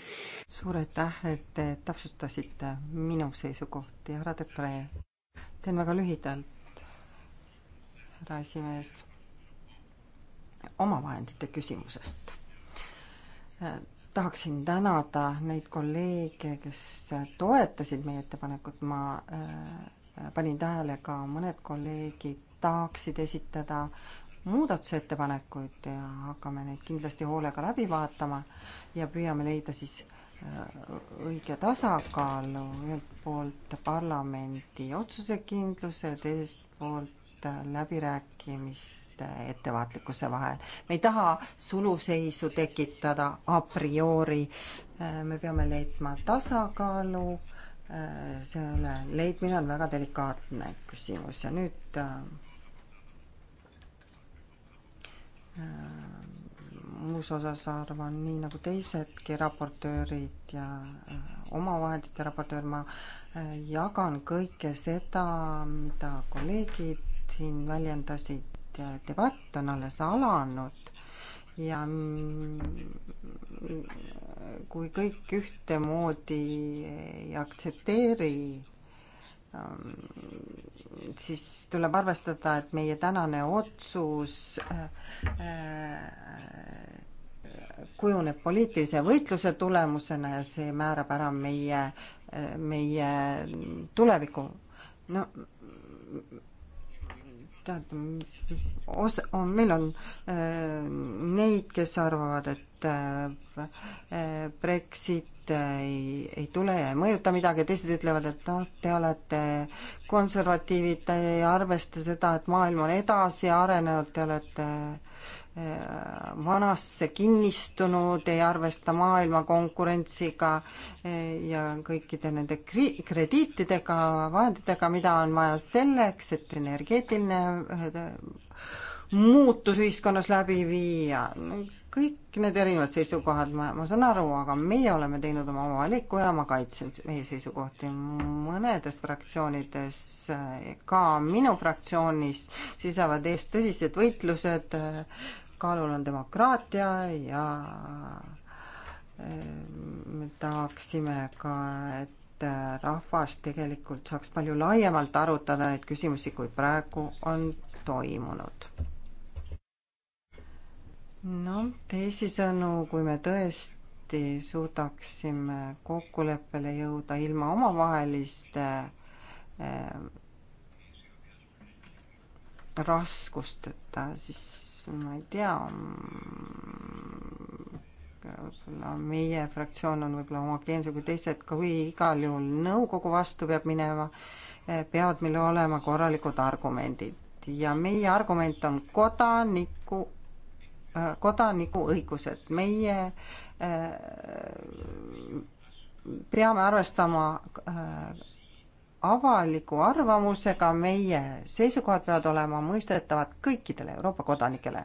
suur aitäh, et te täpsustasite minu seisukohti, härra Depre. teen väga lühidalt, härra esimees, omavahendite küsimusest tahaksin tänada neid kolleege, kes toetasid meie ettepanekut, ma äh, panin tähele ka mõned kolleegid tahaksid esitada muudatusettepanekuid ja hakkame neid kindlasti hoolega läbi vaatama ja püüame leida siis äh, õige tasakaalu ühelt poolt parlamendi otsusekindluse, teiselt poolt Äh, läbirääkimiste ettevaatlikkuse vahel. me ei taha suluseisu tekitada a priori, äh, me peame leidma tasakaalu, äh, selle leidmine on väga delikaatne küsimus ja nüüd muus osas arvan nii nagu teisedki raportöörid ja omavahendite raportöör, ma jagan kõike seda, mida kolleegid siin väljendasid, äh, debatt on alles alanud ja kui kõik ühtemoodi ei aktsepteeri, ähm, siis tuleb arvestada, et meie tänane otsus äh, äh, kujuneb poliitilise võitluse tulemusena ja see määrab ära meie, meie tuleviku. no tähendab, os-, on, meil on äh, neid, kes arvavad, et äh, äh Brexit äh, ei, ei tule ja ei mõjuta midagi, teised ütlevad, et noh, te olete konservatiivid, te ei arvesta seda, et maailm on edasi arenenud, te olete äh, vanasse kinnistunud, ei arvesta maailma konkurentsiga e, ja kõikide nende kri-, krediitidega, vahenditega, mida on vaja selleks, et energeetiline muutus ühiskonnas läbi viia. kõik need erinevad seisukohad, ma, ma saan aru, aga meie oleme teinud oma valiku ja ma kaitsen meie seisukohti mõnedes fraktsioonides, e, ka minu fraktsioonis seisavad ees tõsised võitlused äh, kaalul on demokraatia ja ehm, me tahaksime ka, et äh, rahvas tegelikult saaks palju laiemalt arutada neid küsimusi, kui praegu on toimunud. noh, teisisõnu, kui me tõesti suudaksime kokkuleppele jõuda ilma omavaheliste ehm, raskusteta, siis ma ei tea, võib-olla meie fraktsioon on võib-olla homogeense kui teised, kui igal juhul nõukogu vastu peab minema, peavad meil olema korralikud argumendid ja meie argument on kodaniku, kodanikuõigused, meie äh, peame arvestama äh, avaliku arvamusega, meie seisukohad peavad olema mõistetavad kõikidele Euroopa kodanikele.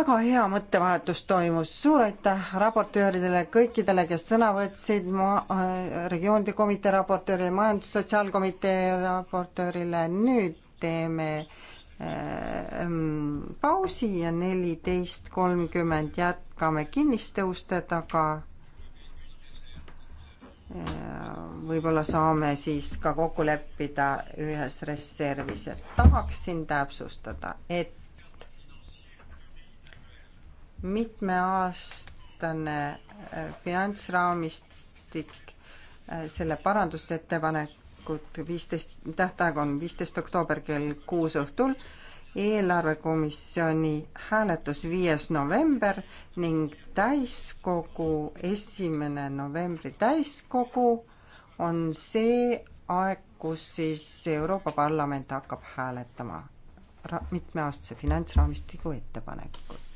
väga hea mõttevahetus toimus, suur aitäh raportööridele, kõikidele, kes sõna võtsid, ma äh,, regioonide komitee raportöörile, majandus-sotsiaalkomitee raportöörile, nüüd teeme äh, mm, pausi ja neliteist kolmkümmend jätkame kinniste uste taga võib-olla saame siis ka kokku leppida ühes reservis, et tahaksin täpsustada, et mitmeaastane äh, finantsraamistik, äh, selle parandusettepanekud viisteist, tähtaeg on viisteist oktoober kell kuus õhtul eelarvekomisjoni hääletus viies november ning täiskogu, esimene novembri täiskogu on see aeg, kus siis Euroopa Parlament hakkab hääletama mitmeaastase finantsraamistiku ettepanekut.